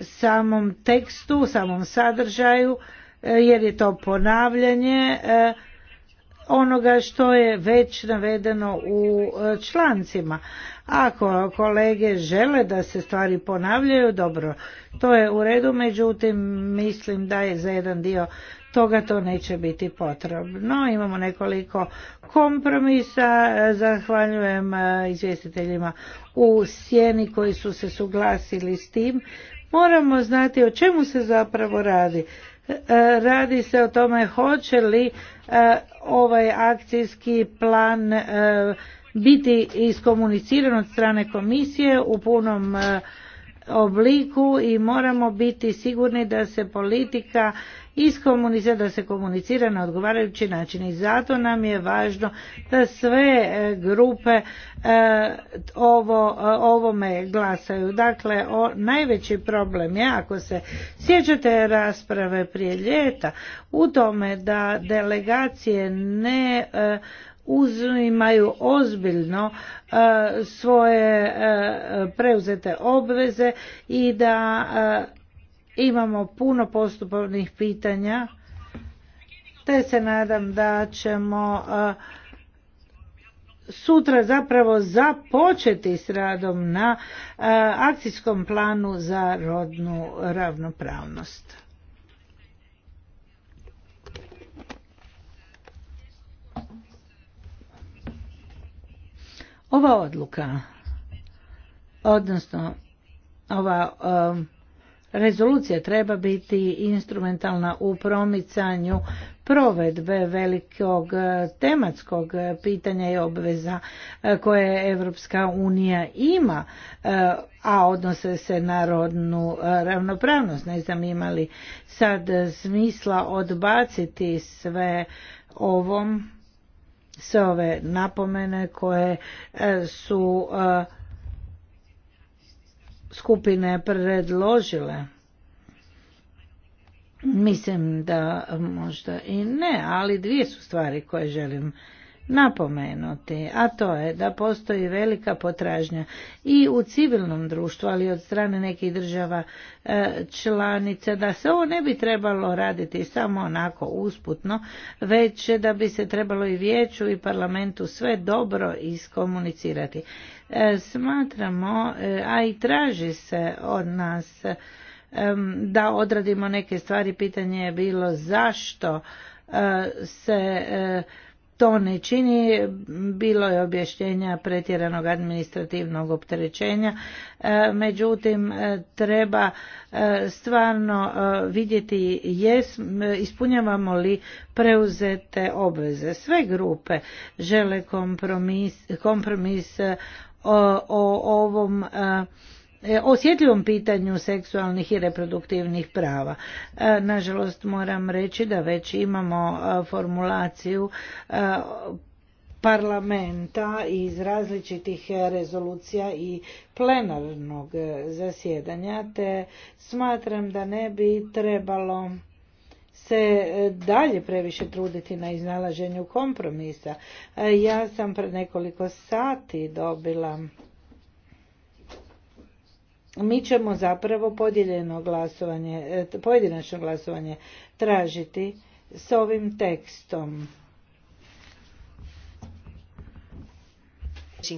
samom tekstu samom sadržaju jer je to ponavljanje onoga što je već navedeno u e, člancima. Ako kolege žele da se stvari ponavljaju, dobro, to je u redu, međutim mislim da je za jedan dio toga to neće biti potrebno. Imamo nekoliko kompromisa, zahvaljujem e, izvjestiteljima u sjeni koji su se suglasili s tim. Moramo znati o čemu se zapravo radi. E, radi se o tome hoće li e, ovaj akcijski plan e, biti iskomuniciran od strane komisije u punom obliku i moramo biti sigurni da se politika iskomunicira da se komunicira na odgovarajući način. I zato nam je važno da sve e, grupe e, ovo, e, ovome glasaju. Dakle, o, najveći problem je, ako se sjećate rasprave prije ljeta, u tome da delegacije ne uzimaju ozbiljno svoje preuzete obveze i da Imamo puno postupovnih pitanja, te se nadam da ćemo sutra zapravo započeti s radom na akcijskom planu za rodnu ravnopravnost. Ova odluka, odnosno ova Rezolucija treba biti instrumentalna u promicanju provedbe velikog e, tematskog pitanja i obveza e, koje Evropska unija ima, e, a odnose se na rodnu ravnopravnost. Ne znam imali sad smisla odbaciti sve ovom, sve ove napomene koje su skupine predložile. Mislim da možda i ne, ali dvije su stvari koje želim napomenuti, a to je da postoji velika potražnja i u civilnom društvu, ali od strane nekih država e, članica, da se ovo ne bi trebalo raditi samo onako usputno, već da bi se trebalo i vijeću i parlamentu sve dobro iskomunicirati. E, smatramo, e, a i traži se od nas e, da odradimo neke stvari. Pitanje je bilo zašto se to ne čini, bilo je objašnjenja pretjeranog administrativnog opterećenja, međutim treba stvarno vidjeti jes, ispunjavamo li preuzete obveze. Sve grupe žele kompromis, kompromis o ovom e, e, osjetljivom pitanju seksualnih i reproduktivnih prava. E, nažalost moram reći da već imamo formulaciju parlamenta iz različitih rezolucija i plenarnog zasjedanja te smatram da ne bi trebalo se e, dalje previše truditi na iznalaženju kompromisa. E, ja sam pre nekoliko sati dobila mi ćemo zapravo podijeljeno glasovanje, e, pojedinačno glasovanje tražiti s ovim tekstom.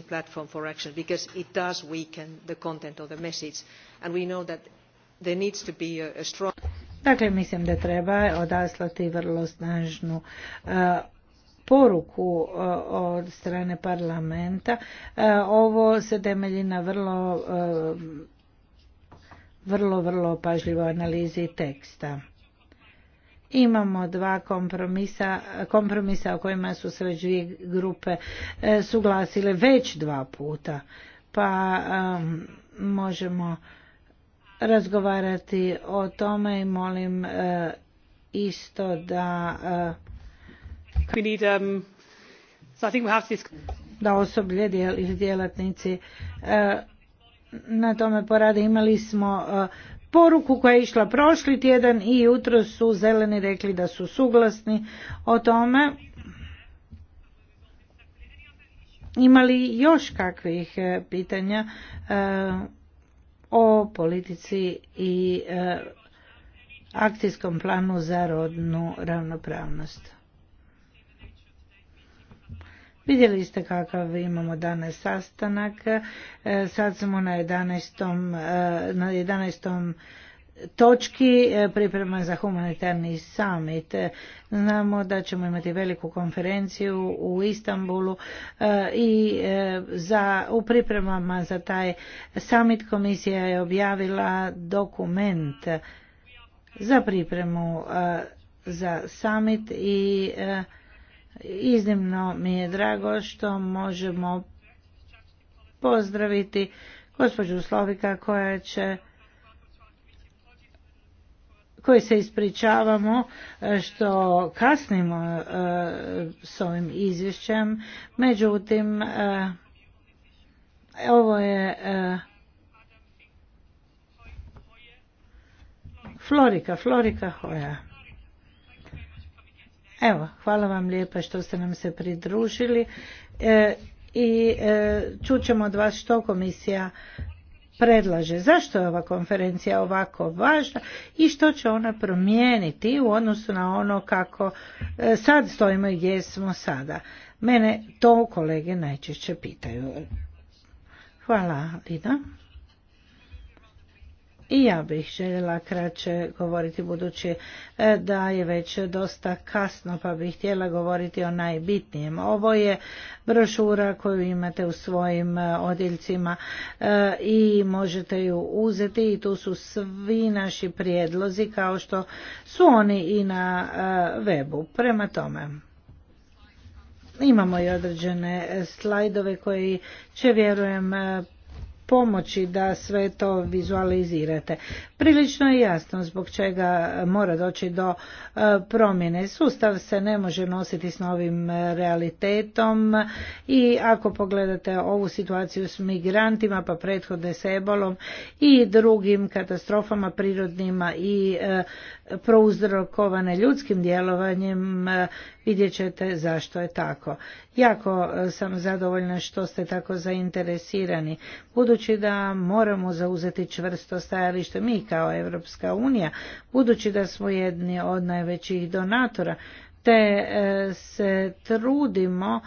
platform for action because it does weaken the content of the message and we know that there needs to be a strong Dakle, mislim da treba odaslati vrlo snažnu e, poruku e, od strane parlamenta. E, ovo se temelji na vrlo, vrlo, vrlo pažljivo analizi teksta. Imamo dva kompromisa, kompromisa o kojima su se već dvije grupe suglasile već dva puta, pa možemo razgovarati o tome i molim e, isto da e, um, da osoblje i djelatnici e, na tome porade. Imali smo poruku koja je išla prošli tjedan i jutro su zeleni rekli da su suglasni o tome. Imali još kakvih pitanja? o politici i e, akcijskom planu za rodnu ravnopravnost. Vidjeli ste kakav imamo danas sastanak. E, sad smo na 11. E, na 11 točki e, priprema za humanitarni summit. Znamo da ćemo imati veliku konferenciju u Istanbulu e, i e, za, u pripremama za taj summit komisija je objavila dokument za pripremu za summit i iznimno mi je drago što možemo pozdraviti gospođu Slovika koja će koji se ispričavamo e, što kasnimo e, s ovim izvješćem. Međutim, e, ovo je Florika, Florika Hoja. Evo, hvala vam lijepa što ste nam se pridružili i čućemo od vas što komisija predlaže. Zašto je ova konferencija ovako važna i što će ona promijeniti u odnosu na ono kako e, sad stojimo i gdje smo sada? Mene to kolege najčešće pitaju. Hvala, Lida. I ja bih željela kraće govoriti budući e, da je već dosta kasno pa bih htjela govoriti o najbitnijem. Ovo je brošura koju imate u svojim e, odjeljcima e, i možete ju uzeti i tu su svi naši prijedlozi kao što su oni i na webu. Prema tome, Imamo i određene slajdove koji će, vjerujem, pomoći da sve to vizualizirate. Prilično je jasno zbog čega mora doći do e, promjene. Sustav se ne može nositi s novim realitetom i ako pogledate ovu situaciju s migrantima pa prethodne s ebolom i drugim katastrofama prirodnima i e, prouzrokovane ljudskim djelovanjem e, vidjet ćete zašto je tako. Jako e, sam zadovoljna što ste tako zainteresirani, budući da moramo zauzeti čvrsto stajalište mi kao Europska unija, budući da smo jedni od najvećih donatora, te e, se trudimo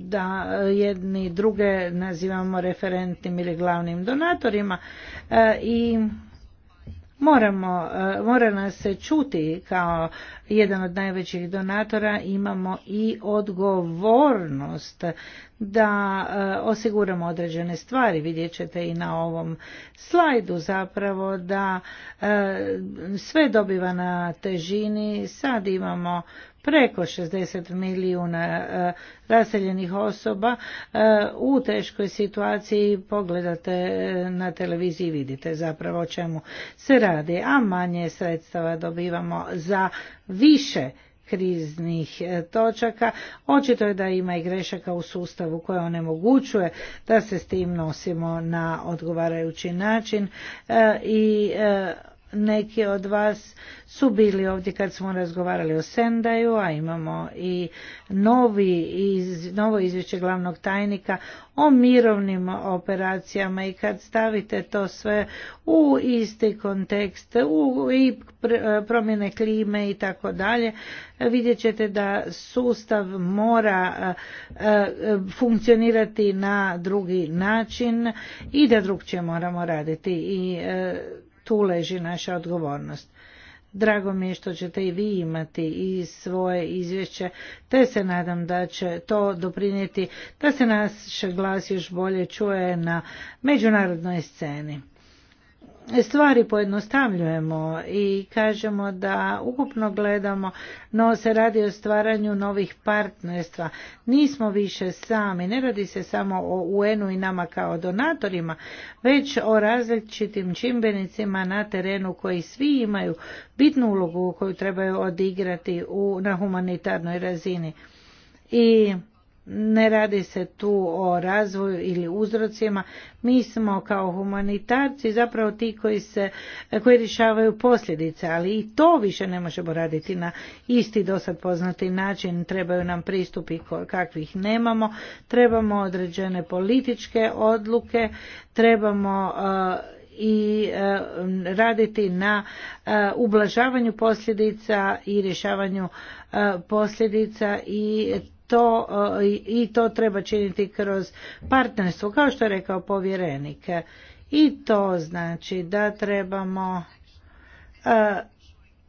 da jedni druge nazivamo referentnim ili glavnim donatorima i Moramo, e, mora nas se čuti kao jedan od najvećih donatora, imamo i odgovornost da e, osiguramo određene stvari. Vidjet ćete i na ovom slajdu zapravo da e, sve dobiva na težini. Sad imamo preko 60 milijuna e, raseljenih osoba e, u teškoj situaciji pogledate e, na televiziji vidite zapravo o čemu se radi, a manje sredstava dobivamo za više kriznih točaka. Očito je da ima i grešaka u sustavu koje onemogućuje da se s tim nosimo na odgovarajući način i neki od vas su bili ovdje kad smo razgovarali o Sendaju, a imamo i novi iz, novo izvješće glavnog tajnika o mirovnim operacijama i kad stavite to sve u isti kontekst u, i e, promjene klime i tako dalje, vidjet ćete da sustav mora e, e, funkcionirati na drugi način i da drugčije moramo raditi i tu leži naša odgovornost. Drago mi je što ćete i vi imati i svoje izvješće, te se nadam da će to doprinijeti da se naš glas još bolje čuje na međunarodnoj sceni stvari pojednostavljujemo i kažemo da ukupno gledamo, no se radi o stvaranju novih partnerstva. Nismo više sami, ne radi se samo o UN-u i nama kao donatorima, već o različitim čimbenicima na terenu koji svi imaju bitnu ulogu koju trebaju odigrati u, na humanitarnoj razini. I ne radi se tu o razvoju ili uzrocima. Mi smo kao humanitarci zapravo ti koji, se, koji rješavaju posljedice, ali i to više ne možemo raditi na isti dosad poznati način. Trebaju nam pristupi kakvih nemamo, trebamo određene političke odluke, trebamo e, i e, raditi na e, ublažavanju posljedica i rješavanju posljedica i to e, i to treba činiti kroz partnerstvo, kao što je rekao povjerenik. I to znači da trebamo e,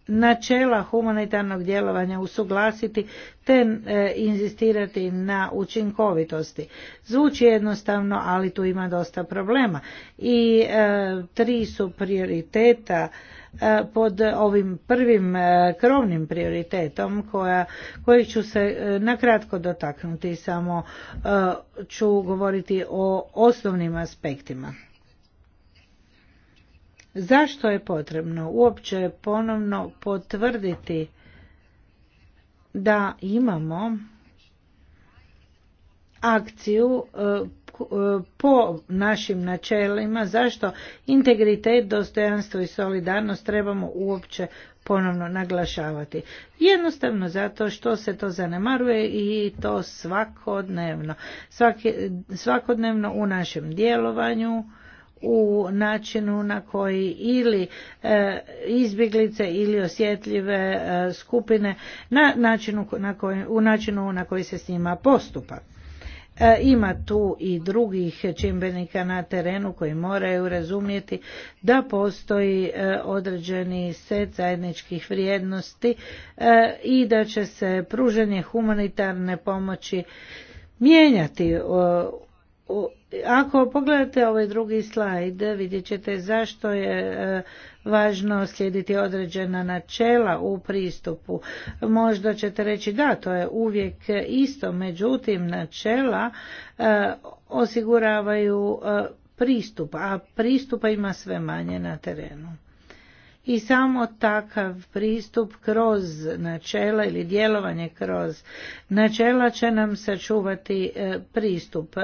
načela humanitarnog djelovanja usuglasiti te e, inzistirati na učinkovitosti. Zvuči jednostavno, ali tu ima dosta problema. I tri su prioriteta E, pod ovim prvim e, krovnim prioritetom koji ću se e, nakratko dotaknuti samo ću govoriti o osnovnim aspektima. Zašto je potrebno uopće ponovno potvrditi da imamo akciju E, po našim načelima zašto integritet, dostojanstvo i solidarnost trebamo uopće ponovno naglašavati. Jednostavno zato što se to zanemaruje i to svakodnevno. svakodnevno u našem djelovanju, u načinu na koji ili e, izbjeglice ili osjetljive e, skupine na načinu na u načinu na koji se s njima postupa. E, ima tu i drugih čimbenika na terenu koji moraju razumjeti da postoji e, određeni set zajedničkih vrijednosti e, i da će se pružanje humanitarne pomoći mijenjati ako pogledate ovaj drugi slajd, vidjet ćete zašto je važno slijediti određena načela u pristupu. Možda ćete reći da, to je uvijek isto, međutim načela eh, osiguravaju eh, pristup, a pristupa ima sve manje na terenu i samo takav pristup kroz načela ili djelovanje kroz načela će nam sačuvati e, pristup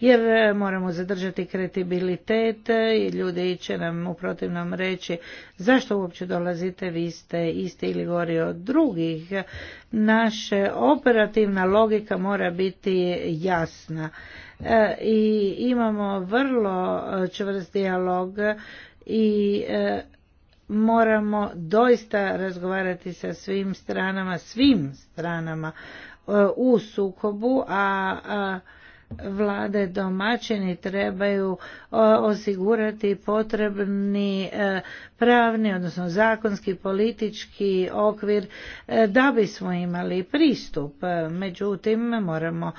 jer e, moramo zadržati kredibilitet i ljudi će nam u protivnom reći zašto uopće dolazite vi ste isti ili gori od drugih Naša operativna logika mora biti jasna e, i imamo vrlo čvrst dijalog i moramo doista razgovarati sa svim stranama, svim stranama e, u sukobu, a, vlade domaćini trebaju osigurati potrebni e, pravni, odnosno zakonski, politički okvir e, da bismo imali pristup. E, međutim, moramo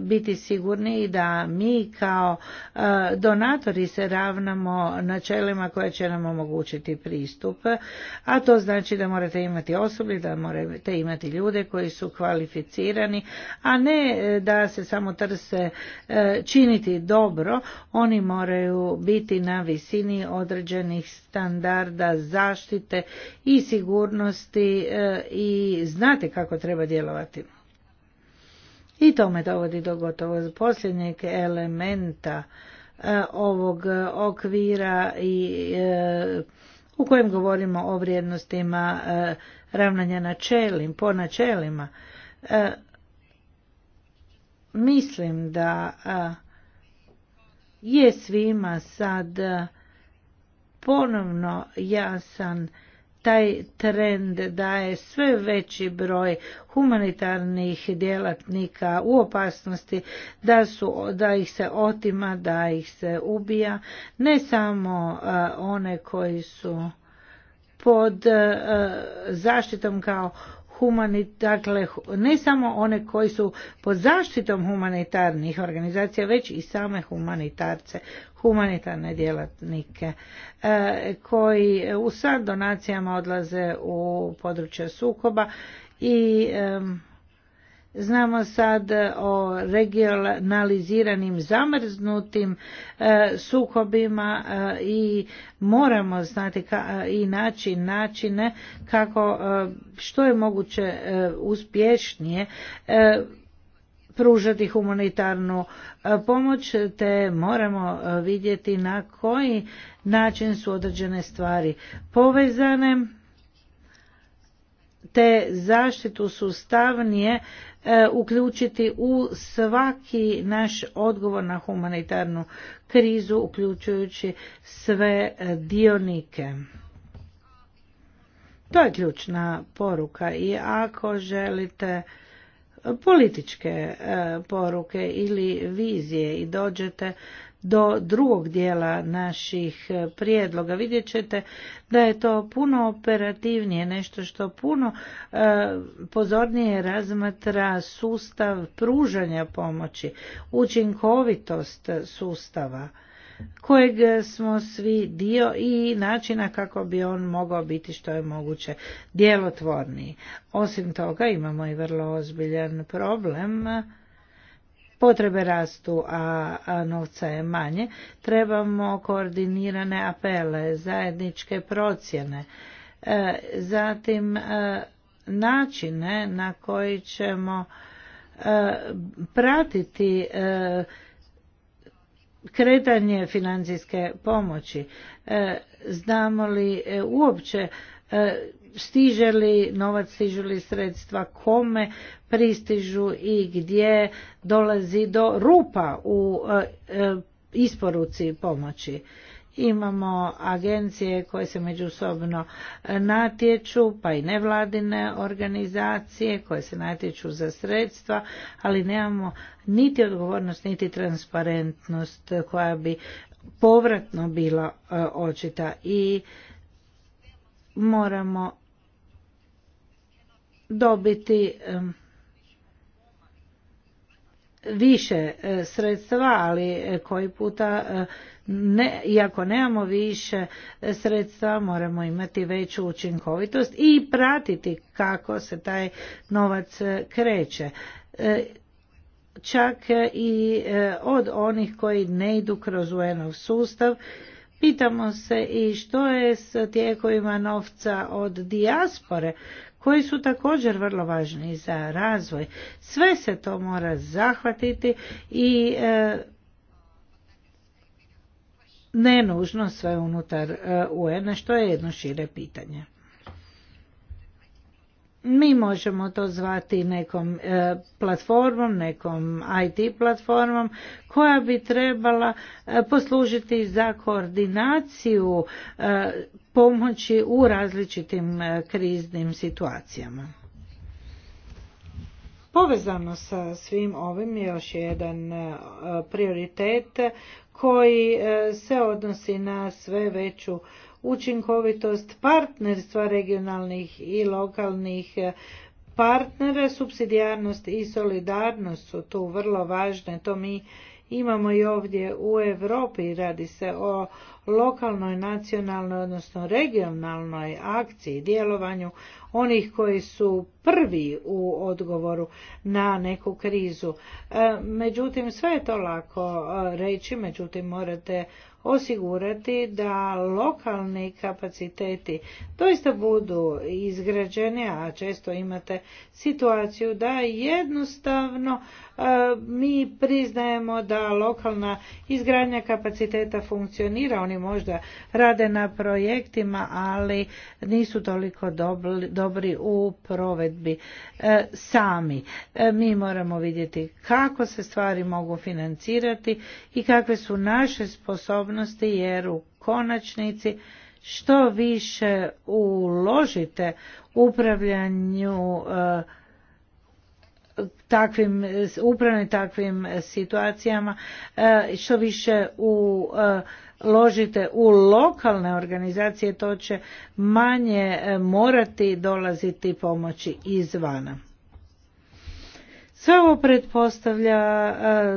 biti sigurni da mi kao donatori se ravnamo načelima koja će nam omogućiti pristup, a to znači da morate imati osoblje, da morate imati ljude koji su kvalificirani, a ne da se samo trsa se e, činiti dobro, oni moraju biti na visini određenih standarda zaštite i sigurnosti e, i znati kako treba djelovati. I to me dovodi do gotovo posljednjeg elementa e, ovog okvira i u kojem govorimo o vrijednostima ravnanja načelim, po načelima mislim da je svima sad ponovno jasan taj trend da je sve veći broj humanitarnih djelatnika u opasnosti da, su, da ih se otima, da ih se ubija, ne samo one koji su pod zaštitom kao humanit, dakle, ne samo one koji su pod zaštitom humanitarnih organizacija, već i same humanitarce, humanitarne djelatnike, e, koji u sad donacijama odlaze u područje sukoba i Znamo sad e, o regionaliziranim zamrznutim e, sukobima e, i moramo znati i naći načine kako što je moguće uspješnije pružati humanitarnu pomoć te moramo vidjeti na koji način su određene stvari povezane te zaštitu sustavnije e, uključiti u svaki naš odgovor na humanitarnu krizu, uključujući sve e, dionike. To je ključna poruka i ako želite političke e, poruke ili vizije i dođete do drugog dijela naših e, prijedloga. Vidjet ćete da je to puno operativnije, nešto što puno e, pozornije razmatra sustav pružanja pomoći, učinkovitost sustava kojeg smo svi dio i načina kako bi on mogao biti što je moguće djelotvorniji. Osim toga imamo i vrlo ozbiljan problem potrebe rastu, a novca je manje, trebamo koordinirane apele, zajedničke procjene, e, zatim e, načine na koji ćemo e, pratiti kretanje financijske pomoći. Znamo li uopće stiže li novac, stiže li sredstva, kome pristižu i gdje dolazi do rupa u e, e, isporuci pomoći. Imamo agencije koje se međusobno e, natječu, pa i nevladine organizacije koje se natječu za sredstva, ali nemamo niti odgovornost, niti transparentnost koja bi povratno bila očita i moramo dobiti više e, sredstva ali e, koji puta e, ne, iako nemamo više sredstva moramo imati veću učinkovitost i pratiti kako se taj novac kreće. Čak i od onih koji ne idu kroz un sustav, Pitamo se i što je s tijekovima novca od dijaspore koji su također vrlo važni za razvoj. Sve se to mora zahvatiti i e, ne nužno sve unutar e, un što je jedno šire pitanje. Mi možemo to zvati nekom e, platformom, nekom IT platformom koja bi trebala poslužiti za koordinaciju pomoći u različitim e, kriznim situacijama. Povezano sa svim ovim je još jedan e, prioritet koji e, se odnosi na sve veću učinkovitost partnerstva regionalnih i lokalnih partnera, subsidijarnost i solidarnost su tu vrlo važne, to mi imamo i ovdje u Europi, radi se o lokalnoj, nacionalnoj, odnosno regionalnoj akciji, djelovanju onih koji su prvi u odgovoru na neku krizu. E, međutim, sve je to lako e, reći, međutim morate osigurati da lokalni kapaciteti doista budu izgrađeni, a često imate situaciju da jednostavno E, mi priznajemo da lokalna izgradnja kapaciteta funkcionira, oni možda rade na projektima, ali nisu toliko dobri u provedbi e, sami. E, mi moramo vidjeti kako se stvari mogu financirati i kakve su naše sposobnosti jer u konačnici što više uložite upravljanju takvim, upravljanje takvim situacijama, e, što više uložite e, u lokalne organizacije, to će manje e, morati dolaziti pomoći izvana. Sve ovo pretpostavlja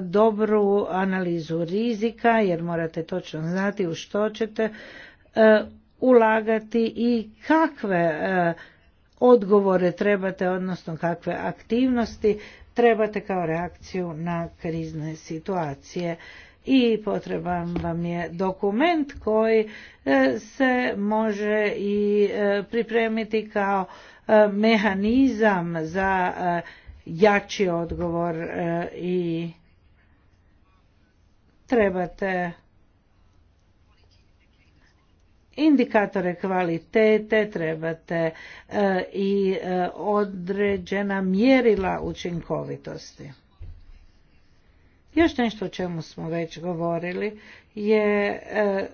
dobru analizu rizika, jer morate točno znati u što ćete ulagati i kakve odgovore trebate, odnosno kakve aktivnosti trebate kao reakciju na krizne situacije i potreban vam je dokument koji e, se može i e, pripremiti kao e, mehanizam za jači odgovor i trebate indikatore kvalitete, trebate e, i e, određena mjerila učinkovitosti. Još nešto o čemu smo već govorili je e,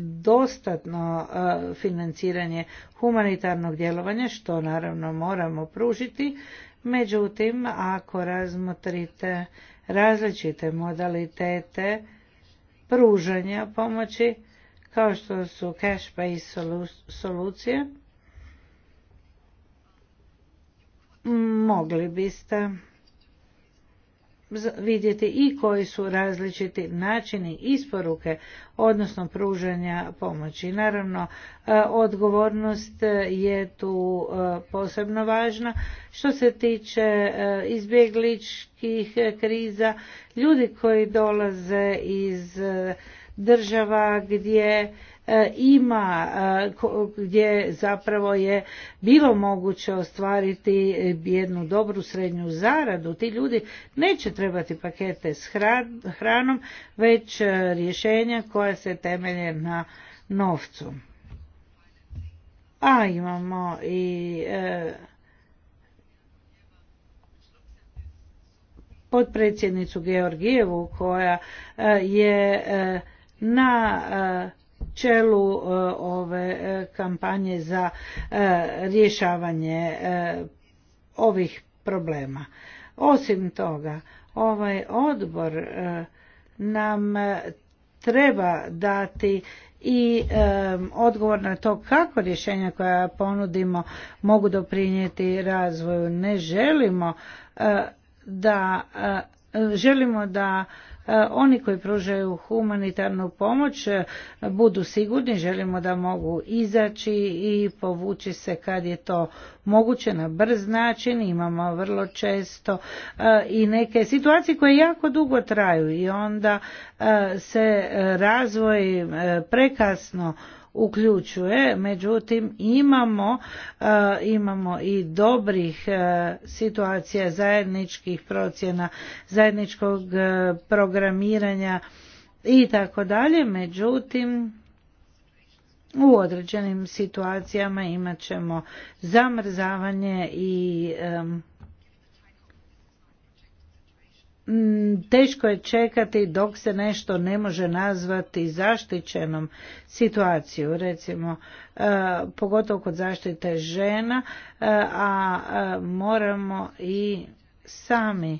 dostatno financiranje humanitarnog djelovanja, što naravno moramo pružiti. Međutim, ako razmotrite različite modalitete pružanja pomoći, kao što su cash pay solucije mogli biste vidjeti i koji su različiti načini isporuke, odnosno pružanja pomoći. Naravno, e, odgovornost je tu e, posebno važna. Što se tiče e, izbjegličkih kriza, ljudi koji dolaze iz država gdje e, ima e, gdje zapravo je bilo moguće ostvariti e, jednu dobru srednju zaradu ti ljudi neće trebati pakete s hranom već rješenja koja se temelje na novcu a imamo i potpredsjednicu Georgijevu koja je na e, čelu e, ove e, kampanje za rješavanje ovih problema. Osim toga, ovaj odbor nam treba dati i odgovor na to kako rješenja koja ponudimo mogu doprinijeti razvoju. Ne želimo da želimo da E, oni koji pružaju humanitarnu pomoć e, budu sigurni, želimo da mogu izaći i povući se kad je to moguće na brz način, imamo vrlo često e, i neke situacije koje jako dugo traju i onda se razvoj prekasno uključuje međutim imamo e, imamo i dobrih e, situacija zajedničkih procjena zajedničkog e, programiranja i tako dalje međutim u određenim situacijama imat ćemo zamrzavanje i Mm, teško je čekati dok se nešto ne može nazvati zaštićenom situaciju, recimo e, pogotovo kod zaštite žena, e, a e, moramo i sami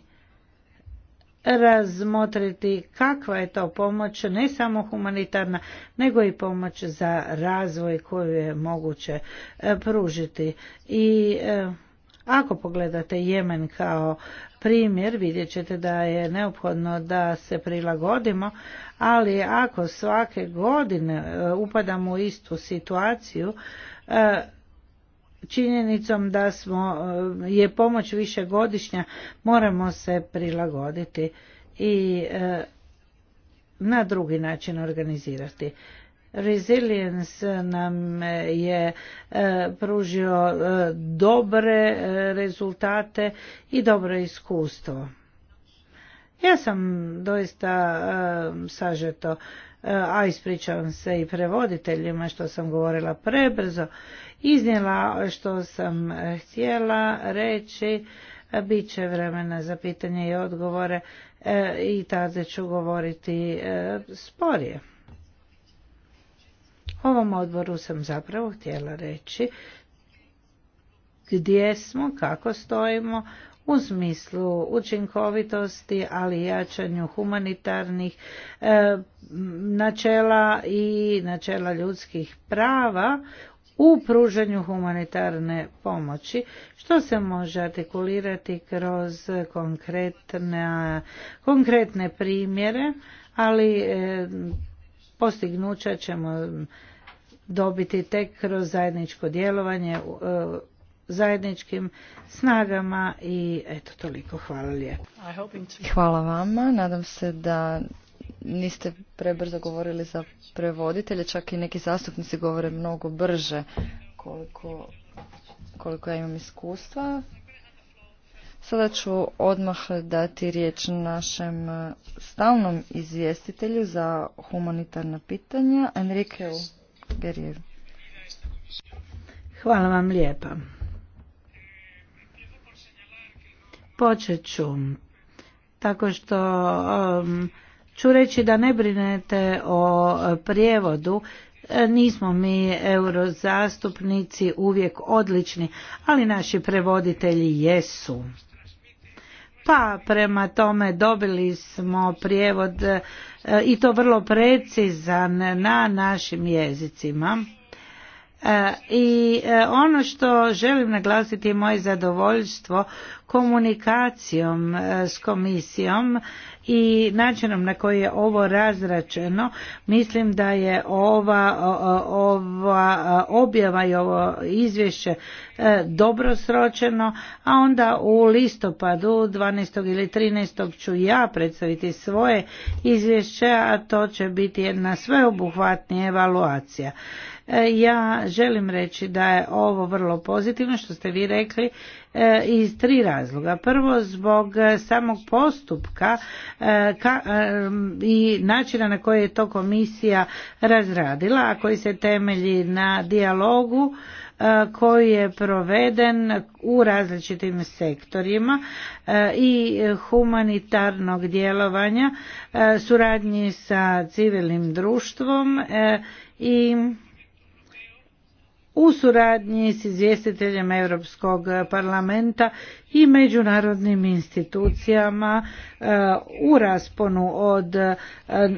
razmotriti kakva je to pomoć, ne samo humanitarna, nego i pomoć za razvoj koju je moguće pružiti. I ako pogledate Jemen kao primjer, vidjet ćete da je neophodno da se prilagodimo, ali ako svake godine e, upadamo u istu situaciju, e, činjenicom da smo, e, je pomoć više godišnja moramo se prilagoditi i na drugi način organizirati. Resilience nam je e, pružio e, dobre e, rezultate i dobro iskustvo. Ja sam doista sažeto, a ispričavam se i prevoditeljima što sam govorila prebrzo, iznijela što sam htjela reći, bit će vremena za pitanje i odgovore i tada ću govoriti sporije. Ovom odboru sam zapravo htjela reći gdje smo, kako stojimo u smislu učinkovitosti, ali i jačanju humanitarnih e, načela i načela ljudskih prava u pružanju humanitarne pomoći, što se može artikulirati kroz konkretne, konkretne primjere, ali e, postignuća ćemo mm, dobiti tek kroz zajedničko djelovanje e, zajedničkim snagama i eto toliko hvala lijepo. Hvala vama, nadam se da niste prebrzo govorili za prevoditelje, čak i neki zastupnici govore mnogo brže koliko, koliko ja imam iskustva. Sada ću odmah dati riječ našem e, stalnom izvjestitelju za humanitarna pitanja, Enriqueu Hvala vam lijepa. Počet ću tako što ću reći da ne brinete o prijevodu e, nismo mi eurozastupnici uvijek odlični ali naši prevoditelji jesu pa prema tome dobili smo prijevod e, i to vrlo precizan na našim jezicima. E, I e, ono što želim naglasiti je moje zadovoljstvo komunikacijom e, s komisijom i načinom na koji je ovo razračeno. Mislim da je ova, ova objava i ovo izvješće dobro sročeno, a onda u listopadu 12. ili 13. ću ja predstaviti svoje izvješće, a to će biti jedna sveobuhvatnija evaluacija. E, ja želim reći da je ovo vrlo pozitivno što ste vi rekli e, iz tri razloga. Prvo zbog e, samog postupka i načina na koji je to komisija razradila, a koji se temelji na dijalogu koji je proveden u različitim sektorima i humanitarnog djelovanja, suradnji sa civilnim društvom i u suradnji s izvjestiteljem Europskog parlamenta i međunarodnim institucijama e, u rasponu od e,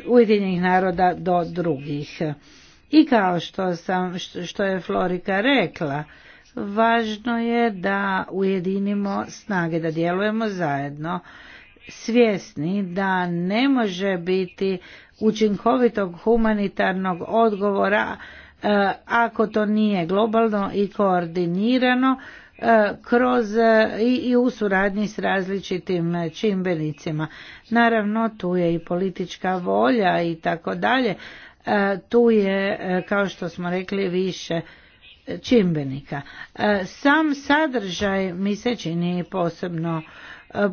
Ujedinjenih naroda do drugih. I kao što, sam, što je Florika rekla, važno je da ujedinimo snage, da djelujemo zajedno, svjesni da ne može biti učinkovitog humanitarnog odgovora E, ako to nije globalno i koordinirano e, kroz e, i u suradnji s različitim čimbenicima. Naravno tu je i politička volja i tako dalje. Tu je kao što smo rekli više čimbenika. Sam sadržaj mi se čini posebno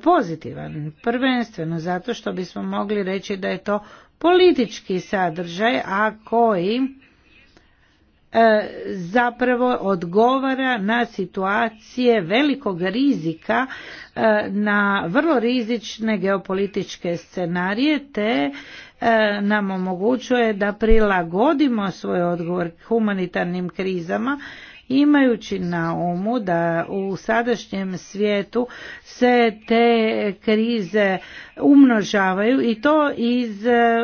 pozitivan, prvenstveno zato što bismo mogli reći da je to politički sadržaj, a koji E, zapravo odgovara na situacije velikog rizika e, na vrlo rizične geopolitičke scenarije te e, nam omogućuje da prilagodimo svoj odgovor humanitarnim krizama Imajući na umu da u sadašnjem svijetu se te krize umnožavaju i to iz e,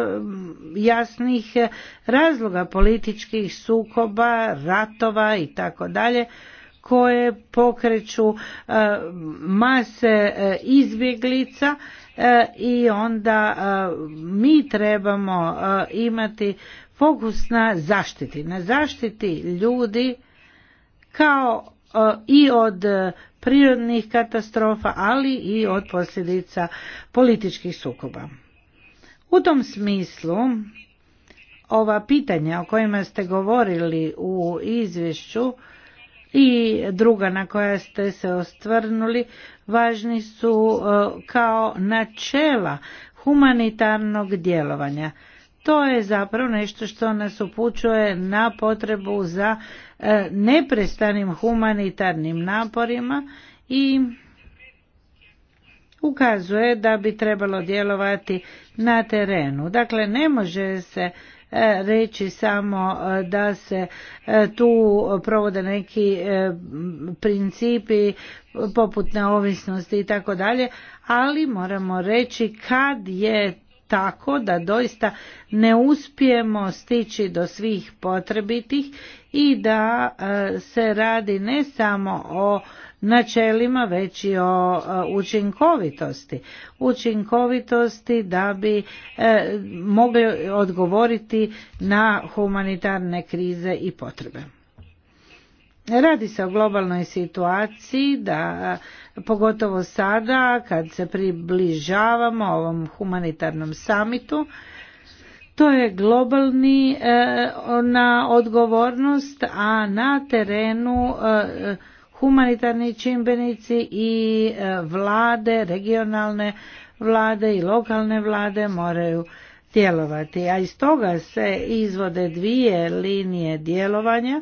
jasnih razloga političkih sukoba, ratova i tako dalje koje pokreću e, mase e, izbjeglica i onda mi trebamo imati fokus na zaštiti, na zaštiti ljudi kao e, i od e, prirodnih katastrofa, ali i od posljedica političkih sukoba. U tom smislu ova pitanja o kojima ste govorili u izvješću i druga na koja ste se ostvrnuli važni su e, kao načela humanitarnog djelovanja to je zapravo nešto što nas upućuje na potrebu za e, neprestanim humanitarnim naporima i ukazuje da bi trebalo djelovati na terenu. Dakle, ne može se e, reći samo e, da se tu provode neki principi poput neovisnosti i tako dalje, ali moramo reći kad je tako da doista ne uspijemo stići do svih potrebitih i da e, se radi ne samo o načelima već i o e, učinkovitosti. Učinkovitosti da bi e, mogli odgovoriti na humanitarne krize i potrebe. Radi se o globalnoj situaciji da pogotovo sada kad se približavamo ovom humanitarnom samitu to je globalni e, na odgovornost a na terenu e, humanitarni čimbenici i e, vlade regionalne vlade i lokalne vlade moraju djelovati a iz toga se izvode dvije linije djelovanja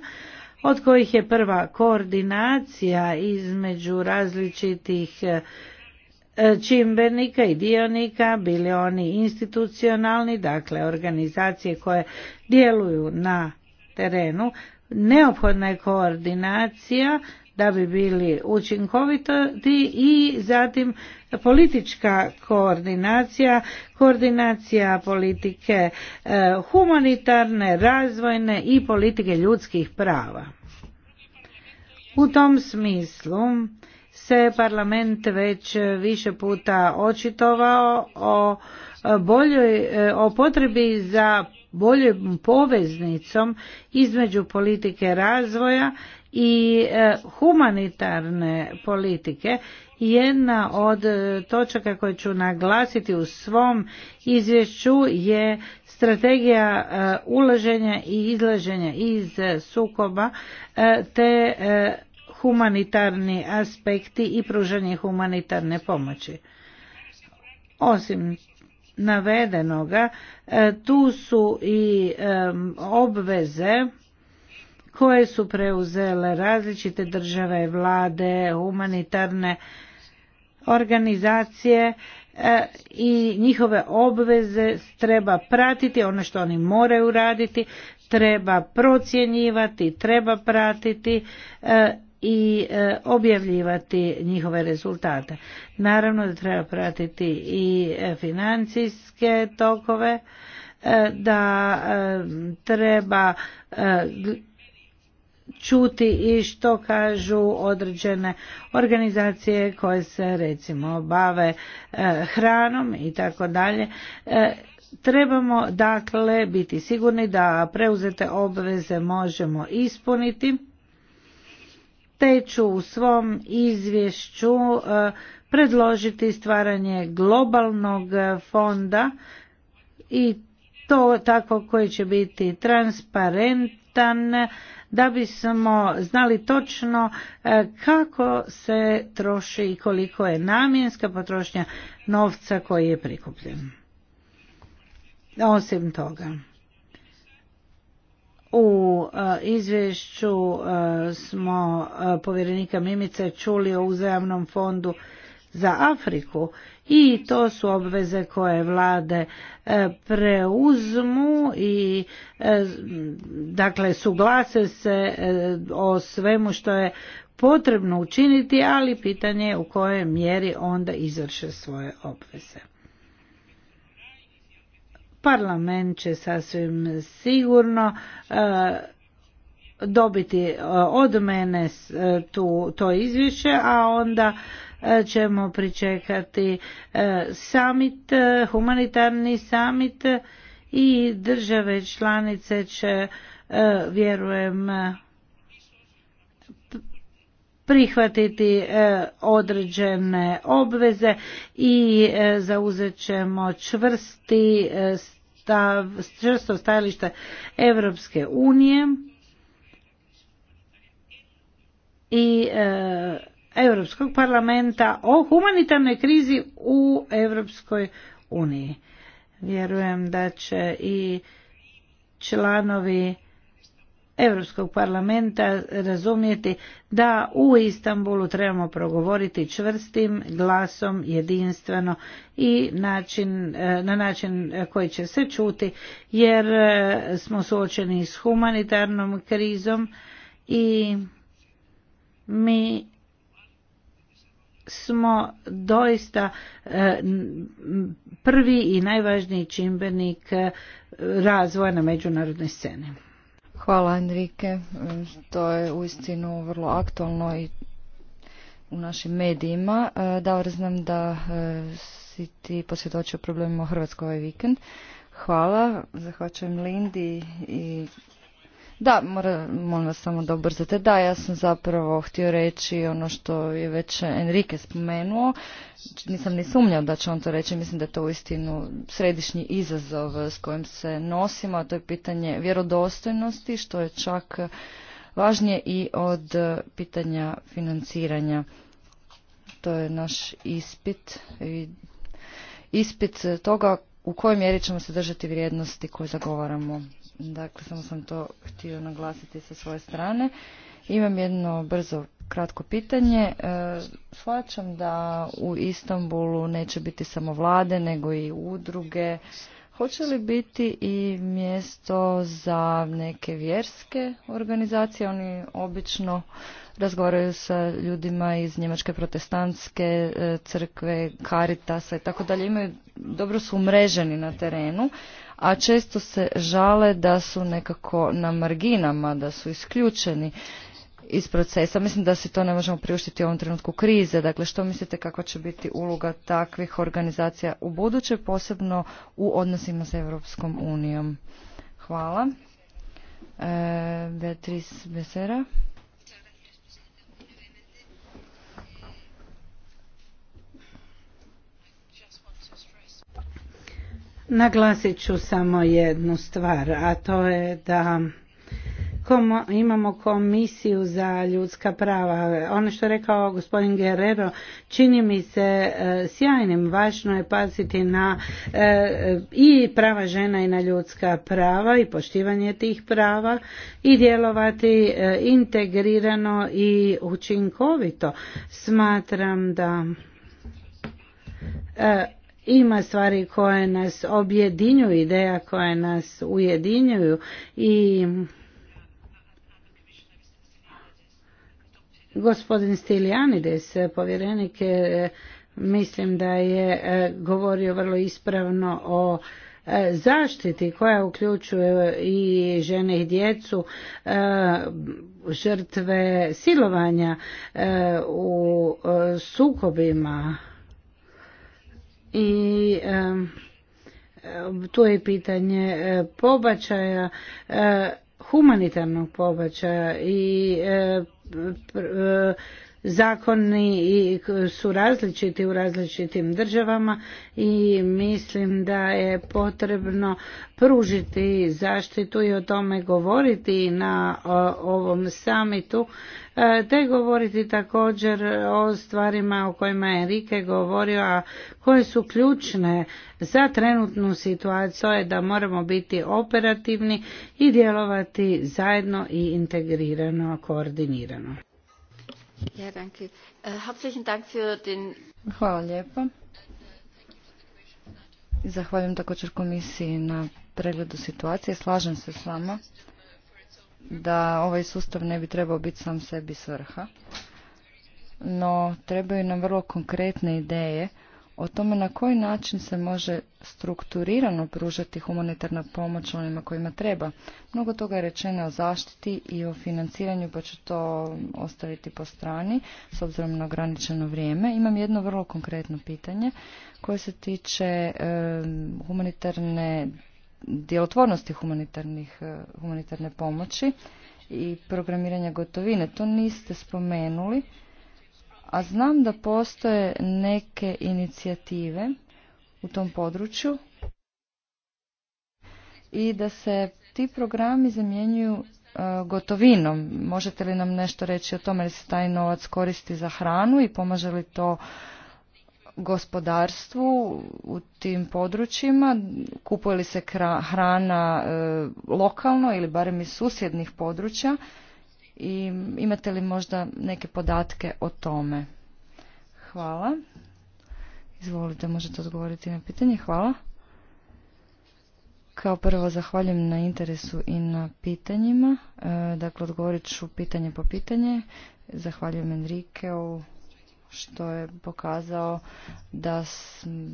od kojih je prva koordinacija između različitih e, čimbenika i dionika, bili oni institucionalni, dakle organizacije koje djeluju na terenu, neophodna je koordinacija da bi bili učinkoviti i zatim politička koordinacija, koordinacija politike e, humanitarne, razvojne i politike ljudskih prava. U tom smislu se parlament već više puta očitovao o boljoj e, o potrebi za boljom poveznicom između politike razvoja i e, humanitarne politike jedna od e, točaka koje ću naglasiti u svom izvješću je strategija e, ulaženja i izlaženja iz sukoba te humanitarni aspekti i pružanje humanitarne pomoći. Osim navedenoga, tu su i obveze koje su preuzele različite države, vlade, humanitarne organizacije e, i njihove obveze treba pratiti, ono što oni moraju raditi, treba procjenjivati, treba pratiti e, i e, objavljivati njihove rezultate. Naravno da treba pratiti i financijske tokove, da treba čuti i što kažu određene organizacije koje se recimo bave e, hranom i tako dalje e, trebamo dakle biti sigurni da preuzete obveze možemo ispuniti te ću u svom izvješću e, predložiti stvaranje globalnog fonda i to tako koji će biti transparentan da bismo znali točno e, kako se troši i koliko je namjenska potrošnja novca koji je prikupljen. Osim toga, u e, izvješću e, smo povjerenika Mimice čuli o uzajamnom fondu za Afriku i to su obveze koje vlade e, preuzmu i e, dakle suglase se e, o svemu što je potrebno učiniti, ali pitanje je u kojoj mjeri onda izvrše svoje obveze. Parlament će sasvim sigurno dobiti od mene tu, to izvješće, a onda ćemo pričekati e, summit, e, humanitarni summit i države članice će, e, vjerujem, prihvatiti određene obveze i zauzet ćemo čvrsti stav, čvrsto stajalište Evropske unije i Europskog parlamenta o humanitarnoj krizi u Europskoj uniji. Vjerujem da će i članovi Europskog parlamenta razumjeti da u Istanbulu trebamo progovoriti čvrstim glasom jedinstveno i način, na način koji će se čuti jer smo suočeni s humanitarnom krizom i mi smo doista e, prvi i najvažniji čimbenik e, razvoja na međunarodnoj sceni. Hvala Enrike, e, to je uistinu vrlo aktualno i u našim medijima. Da znam da si ti posvjedočio problemima u Hrvatskoj ovaj vikend. Hvala, zahvaćujem Lindi i da, mora, molim vas samo da ubrzate. Da, ja sam zapravo htio reći ono što je već Enrique spomenuo. Nisam ni sumnjao da će on to reći. Mislim da je to uistinu središnji izazov s kojim se nosimo. A to je pitanje vjerodostojnosti, što je čak važnije i od pitanja financiranja. To je naš ispit. Ispit toga u kojoj mjeri ćemo se držati vrijednosti koje zagovaramo Dakle, samo sam to htio naglasiti sa svoje strane. Imam jedno brzo kratko pitanje. E, shvaćam da u Istanbulu neće biti samo vlade, nego i udruge. Hoće li biti i mjesto za neke vjerske organizacije? Oni obično razgovaraju sa ljudima iz Njemačke protestantske e, crkve, karitasa i tako dalje. Imaju, dobro su umreženi na terenu, a često se žale da su nekako na marginama, da su isključeni iz procesa. Mislim da se to ne možemo priuštiti u ovom trenutku krize. Dakle, što mislite kakva će biti uloga takvih organizacija u buduće, posebno u odnosima sa Europskom unijom? Hvala. E, Beatrice Besera. Naglasit ću samo jednu stvar, a to je da imamo komisiju za ljudska prava. Ono što je rekao gospodin Guerrero čini mi se e, sjajnim. Važno je paziti na e, i prava žena i na ljudska prava i poštivanje tih prava i djelovati e, integrirano i učinkovito. Smatram da ima stvari koje nas objedinjuju, ideja koje nas ujedinjuju i gospodin Stilianides, povjerenik, e, mislim da je e, govorio vrlo ispravno o e, zaštiti koja uključuje i žene i djecu žrtve silovanja u sukobima i tu je pitanje e, pobačaja, e, humanitarnog pobačaja i e, zakoni su različiti u različitim državama i mislim da je potrebno pružiti zaštitu i o tome govoriti na ovom samitu e, te govoriti također o stvarima o kojima je Enrique govorio, a koje su ključne za trenutnu situaciju je da moramo biti operativni i djelovati zajedno i integrirano, koordinirano. Äh, Hvala lijepo Zahvaljujem također komisiji na pregledu situacije. Slažem se s vama da ovaj sustav ne bi trebao biti sam sebi svrha, no trebaju nam vrlo konkretne ideje o tome na koji način se može strukturirano pružati humanitarna pomoć onima kojima treba. Mnogo toga je rečeno o zaštiti i o financiranju, pa ću to ostaviti po strani s obzirom na ograničeno vrijeme. Imam jedno vrlo konkretno pitanje koje se tiče humanitarne djelotvornosti humanitarnih, e, humanitarne pomoći i programiranja gotovine. To niste spomenuli a znam da postoje neke inicijative u tom području i da se ti programi zamjenjuju e, gotovinom. Možete li nam nešto reći o tome li se taj novac koristi za hranu i pomaže li to gospodarstvu u tim područjima? Kupuje li se hrana e, lokalno ili barem iz susjednih područja? i imate li možda neke podatke o tome? Hvala. Izvolite, možete odgovoriti na pitanje. Hvala. Kao prvo zahvaljujem na interesu i na pitanjima. E, dakle, odgovorit ću pitanje po pitanje. Zahvaljujem Enrikeu što je pokazao da,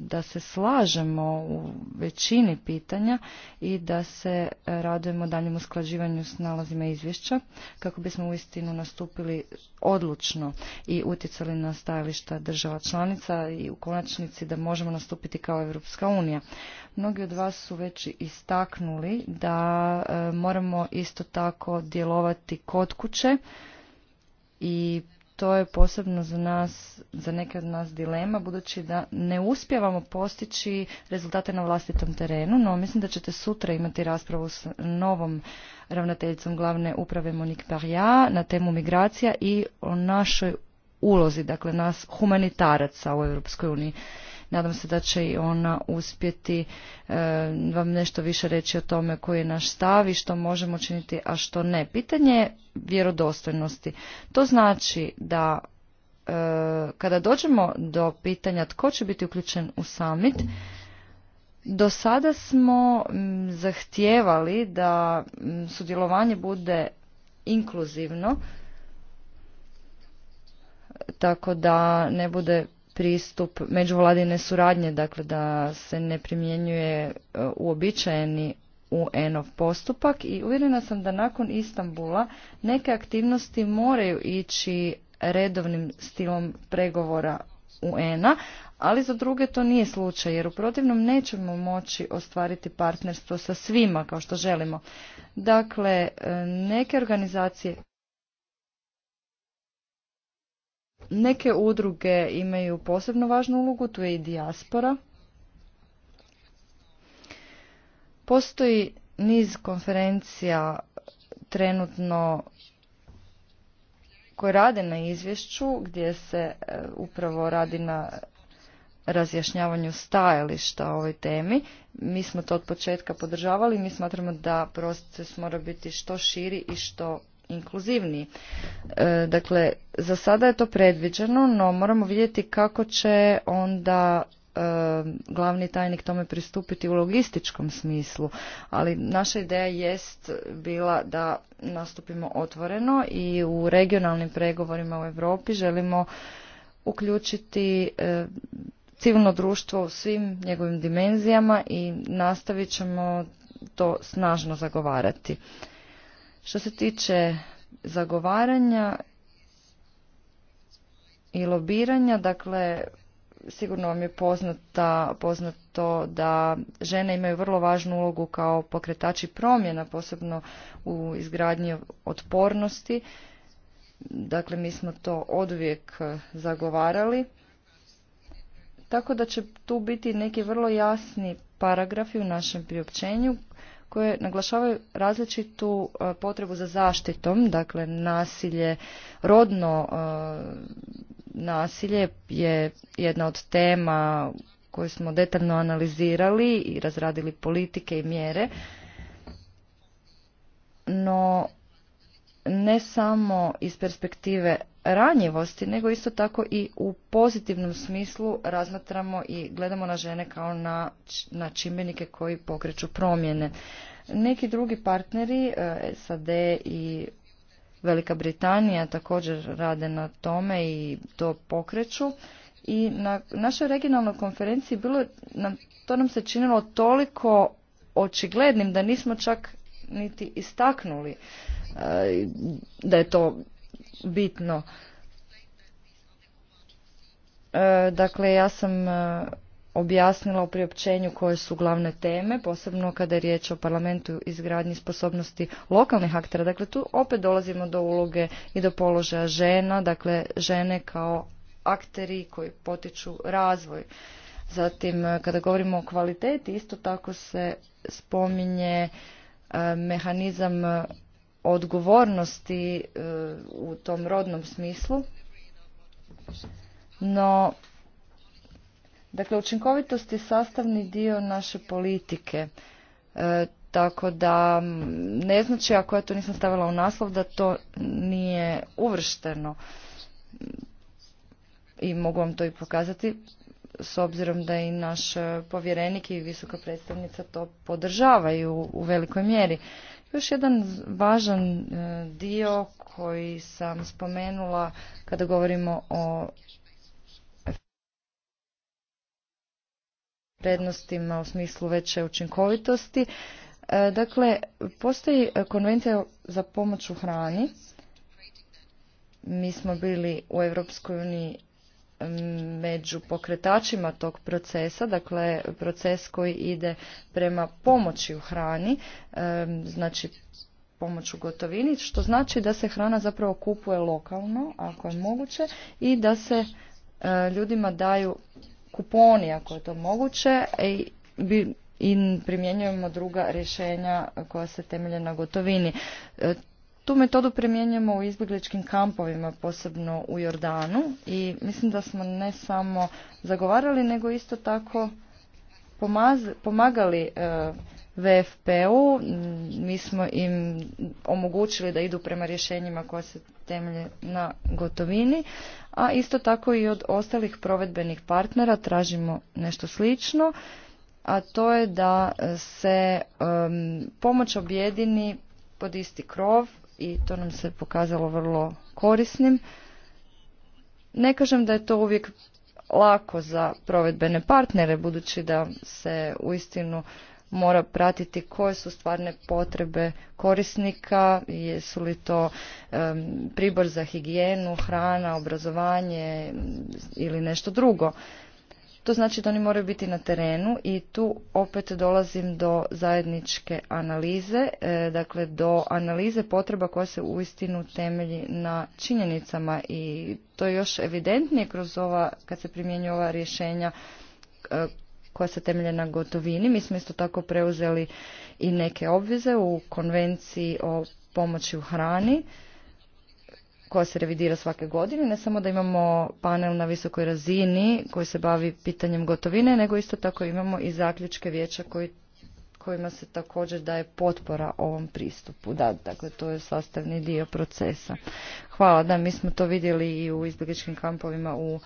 da se slažemo u većini pitanja i da se radujemo daljem usklađivanju s nalazima izvješća kako bismo uistinu nastupili odlučno i utjecali na stajališta država članica i u konačnici da možemo nastupiti kao Europska unija. Mnogi od vas su već istaknuli da e, moramo isto tako djelovati kod kuće i to je posebno za nas, za neke od nas dilema, budući da ne uspjevamo postići rezultate na vlastitom terenu, no mislim da ćete sutra imati raspravu s novom ravnateljicom glavne uprave Monique Parja na temu migracija i o našoj ulozi, dakle nas humanitaraca u Europskoj uniji. Nadam se da će i ona uspjeti e, vam nešto više reći o tome koji je naš stav i što možemo činiti, a što ne. Pitanje je vjerodostojnosti. To znači da e, kada dođemo do pitanja tko će biti uključen u summit, do sada smo zahtijevali da sudjelovanje bude inkluzivno, tako da ne bude pristup međuvladine suradnje, dakle da se ne primjenjuje e, uobičajeni UN-ov postupak i uvjerena sam da nakon Istambula neke aktivnosti moraju ići redovnim stilom pregovora UN-a, ali za druge to nije slučaj jer u protivnom nećemo moći ostvariti partnerstvo sa svima kao što želimo. Dakle, e, neke organizacije Neke udruge imaju posebno važnu ulogu, tu je i dijaspora. Postoji niz konferencija trenutno koje rade na izvješću gdje se e, upravo radi na razjašnjavanju stajališta o ovoj temi. Mi smo to od početka podržavali i mi smatramo da proces mora biti što širi i što inkluzivniji. E, dakle, za sada je to predviđeno, no moramo vidjeti kako će onda e, glavni tajnik tome pristupiti u logističkom smislu, ali naša ideja jest bila da nastupimo otvoreno i u regionalnim pregovorima u Europi želimo uključiti e, civilno društvo u svim njegovim dimenzijama i nastavit ćemo to snažno zagovarati. Što se tiče zagovaranja i lobiranja, dakle, sigurno vam je poznata, poznato da žene imaju vrlo važnu ulogu kao pokretači promjena, posebno u izgradnji otpornosti. Dakle, mi smo to odvijek zagovarali. Tako da će tu biti neki vrlo jasni paragrafi u našem priopćenju koje naglašavaju različitu e, potrebu za zaštitom, dakle nasilje, rodno e, nasilje je jedna od tema koju smo detaljno analizirali i razradili politike i mjere, no ne samo iz perspektive ranjivosti, nego isto tako i u pozitivnom smislu razmatramo i gledamo na žene kao na, čimbenike koji pokreću promjene. Neki drugi partneri, e, SAD i Velika Britanija također rade na tome i to pokreću. I na našoj regionalnoj konferenciji bilo nam, to nam se činilo toliko očiglednim da nismo čak niti istaknuli da je to bitno. E, dakle, ja sam e, objasnila u priopćenju koje su glavne teme, posebno kada je riječ o parlamentu izgradnji sposobnosti lokalnih aktera. Dakle, tu opet dolazimo do uloge i do položaja žena, dakle žene kao akteri koji potiču razvoj. Zatim, e, kada govorimo o kvaliteti, isto tako se spominje mehanizam odgovornosti e, u tom rodnom smislu. No, dakle, učinkovitost je sastavni dio naše politike. E, tako da ne znači ako ja to nisam stavila u naslov da to nije uvršteno i mogu vam to i pokazati s obzirom da i naš e, povjerenik i visoka predstavnica to podržavaju u velikoj mjeri. Još jedan važan e, dio koji sam spomenula kada govorimo o prednostima u smislu veće učinkovitosti. E, dakle, postoji konvencija za pomoć u hrani. Mi smo bili u Europskoj uniji među pokretačima tog procesa, dakle proces koji ide prema pomoći u hrani, znači pomoć u gotovini, što znači da se hrana zapravo kupuje lokalno, ako je moguće, i da se e, ljudima daju kuponi, ako je to moguće, e, i primjenjujemo druga rješenja koja se temelje na gotovini. E, tu metodu primjenjujemo u izbjegličkim kampovima, posebno u Jordanu i mislim da smo ne samo zagovarali, nego isto tako pomagali e, VFP-u. Mi smo im omogućili da idu prema rješenjima koja se temelje na gotovini, a isto tako i od ostalih provedbenih partnera tražimo nešto slično, a to je da se pomoć objedini pod isti krov i to nam se pokazalo vrlo korisnim. Ne kažem da je to uvijek lako za provedbene partnere, budući da se uistinu mora pratiti koje su stvarne potrebe korisnika, jesu li to pribor za higijenu, hrana, obrazovanje ili nešto drugo. To znači da oni moraju biti na terenu i tu opet dolazim do zajedničke analize, e, dakle do analize potreba koja se uistinu temelji na činjenicama i to je još evidentnije kroz ova, kad se primjenjuju ova rješenja e, koja se temelje na gotovini. Mi smo isto tako preuzeli i neke obveze u konvenciji o pomoći u hrani koja se revidira svake godine, ne samo da imamo panel na visokoj razini koji se bavi pitanjem gotovine, nego isto tako imamo i zaključke vijeća koji, kojima se također daje potpora ovom pristupu. Da, dakle, to je sastavni dio procesa. Hvala, da, mi smo to vidjeli i u izbjegličkim kampovima u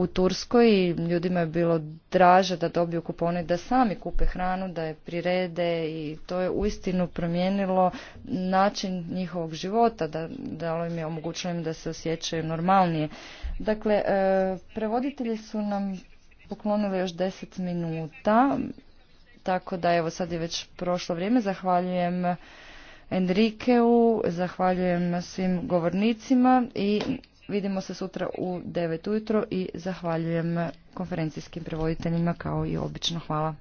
u Turskoj ljudima je bilo draže da dobiju kupone da sami kupe hranu, da je prirede i to je uistinu promijenilo način njihovog života, da, da im je omogućeno da se osjećaju normalnije. Dakle, e, prevoditelji su nam poklonili još deset minuta, tako da evo sad je već prošlo vrijeme. Zahvaljujem Enrikeu, zahvaljujem svim govornicima i Vidimo se sutra u 9 ujutro i zahvaljujem konferencijskim prevoditeljima kao i obično. Hvala.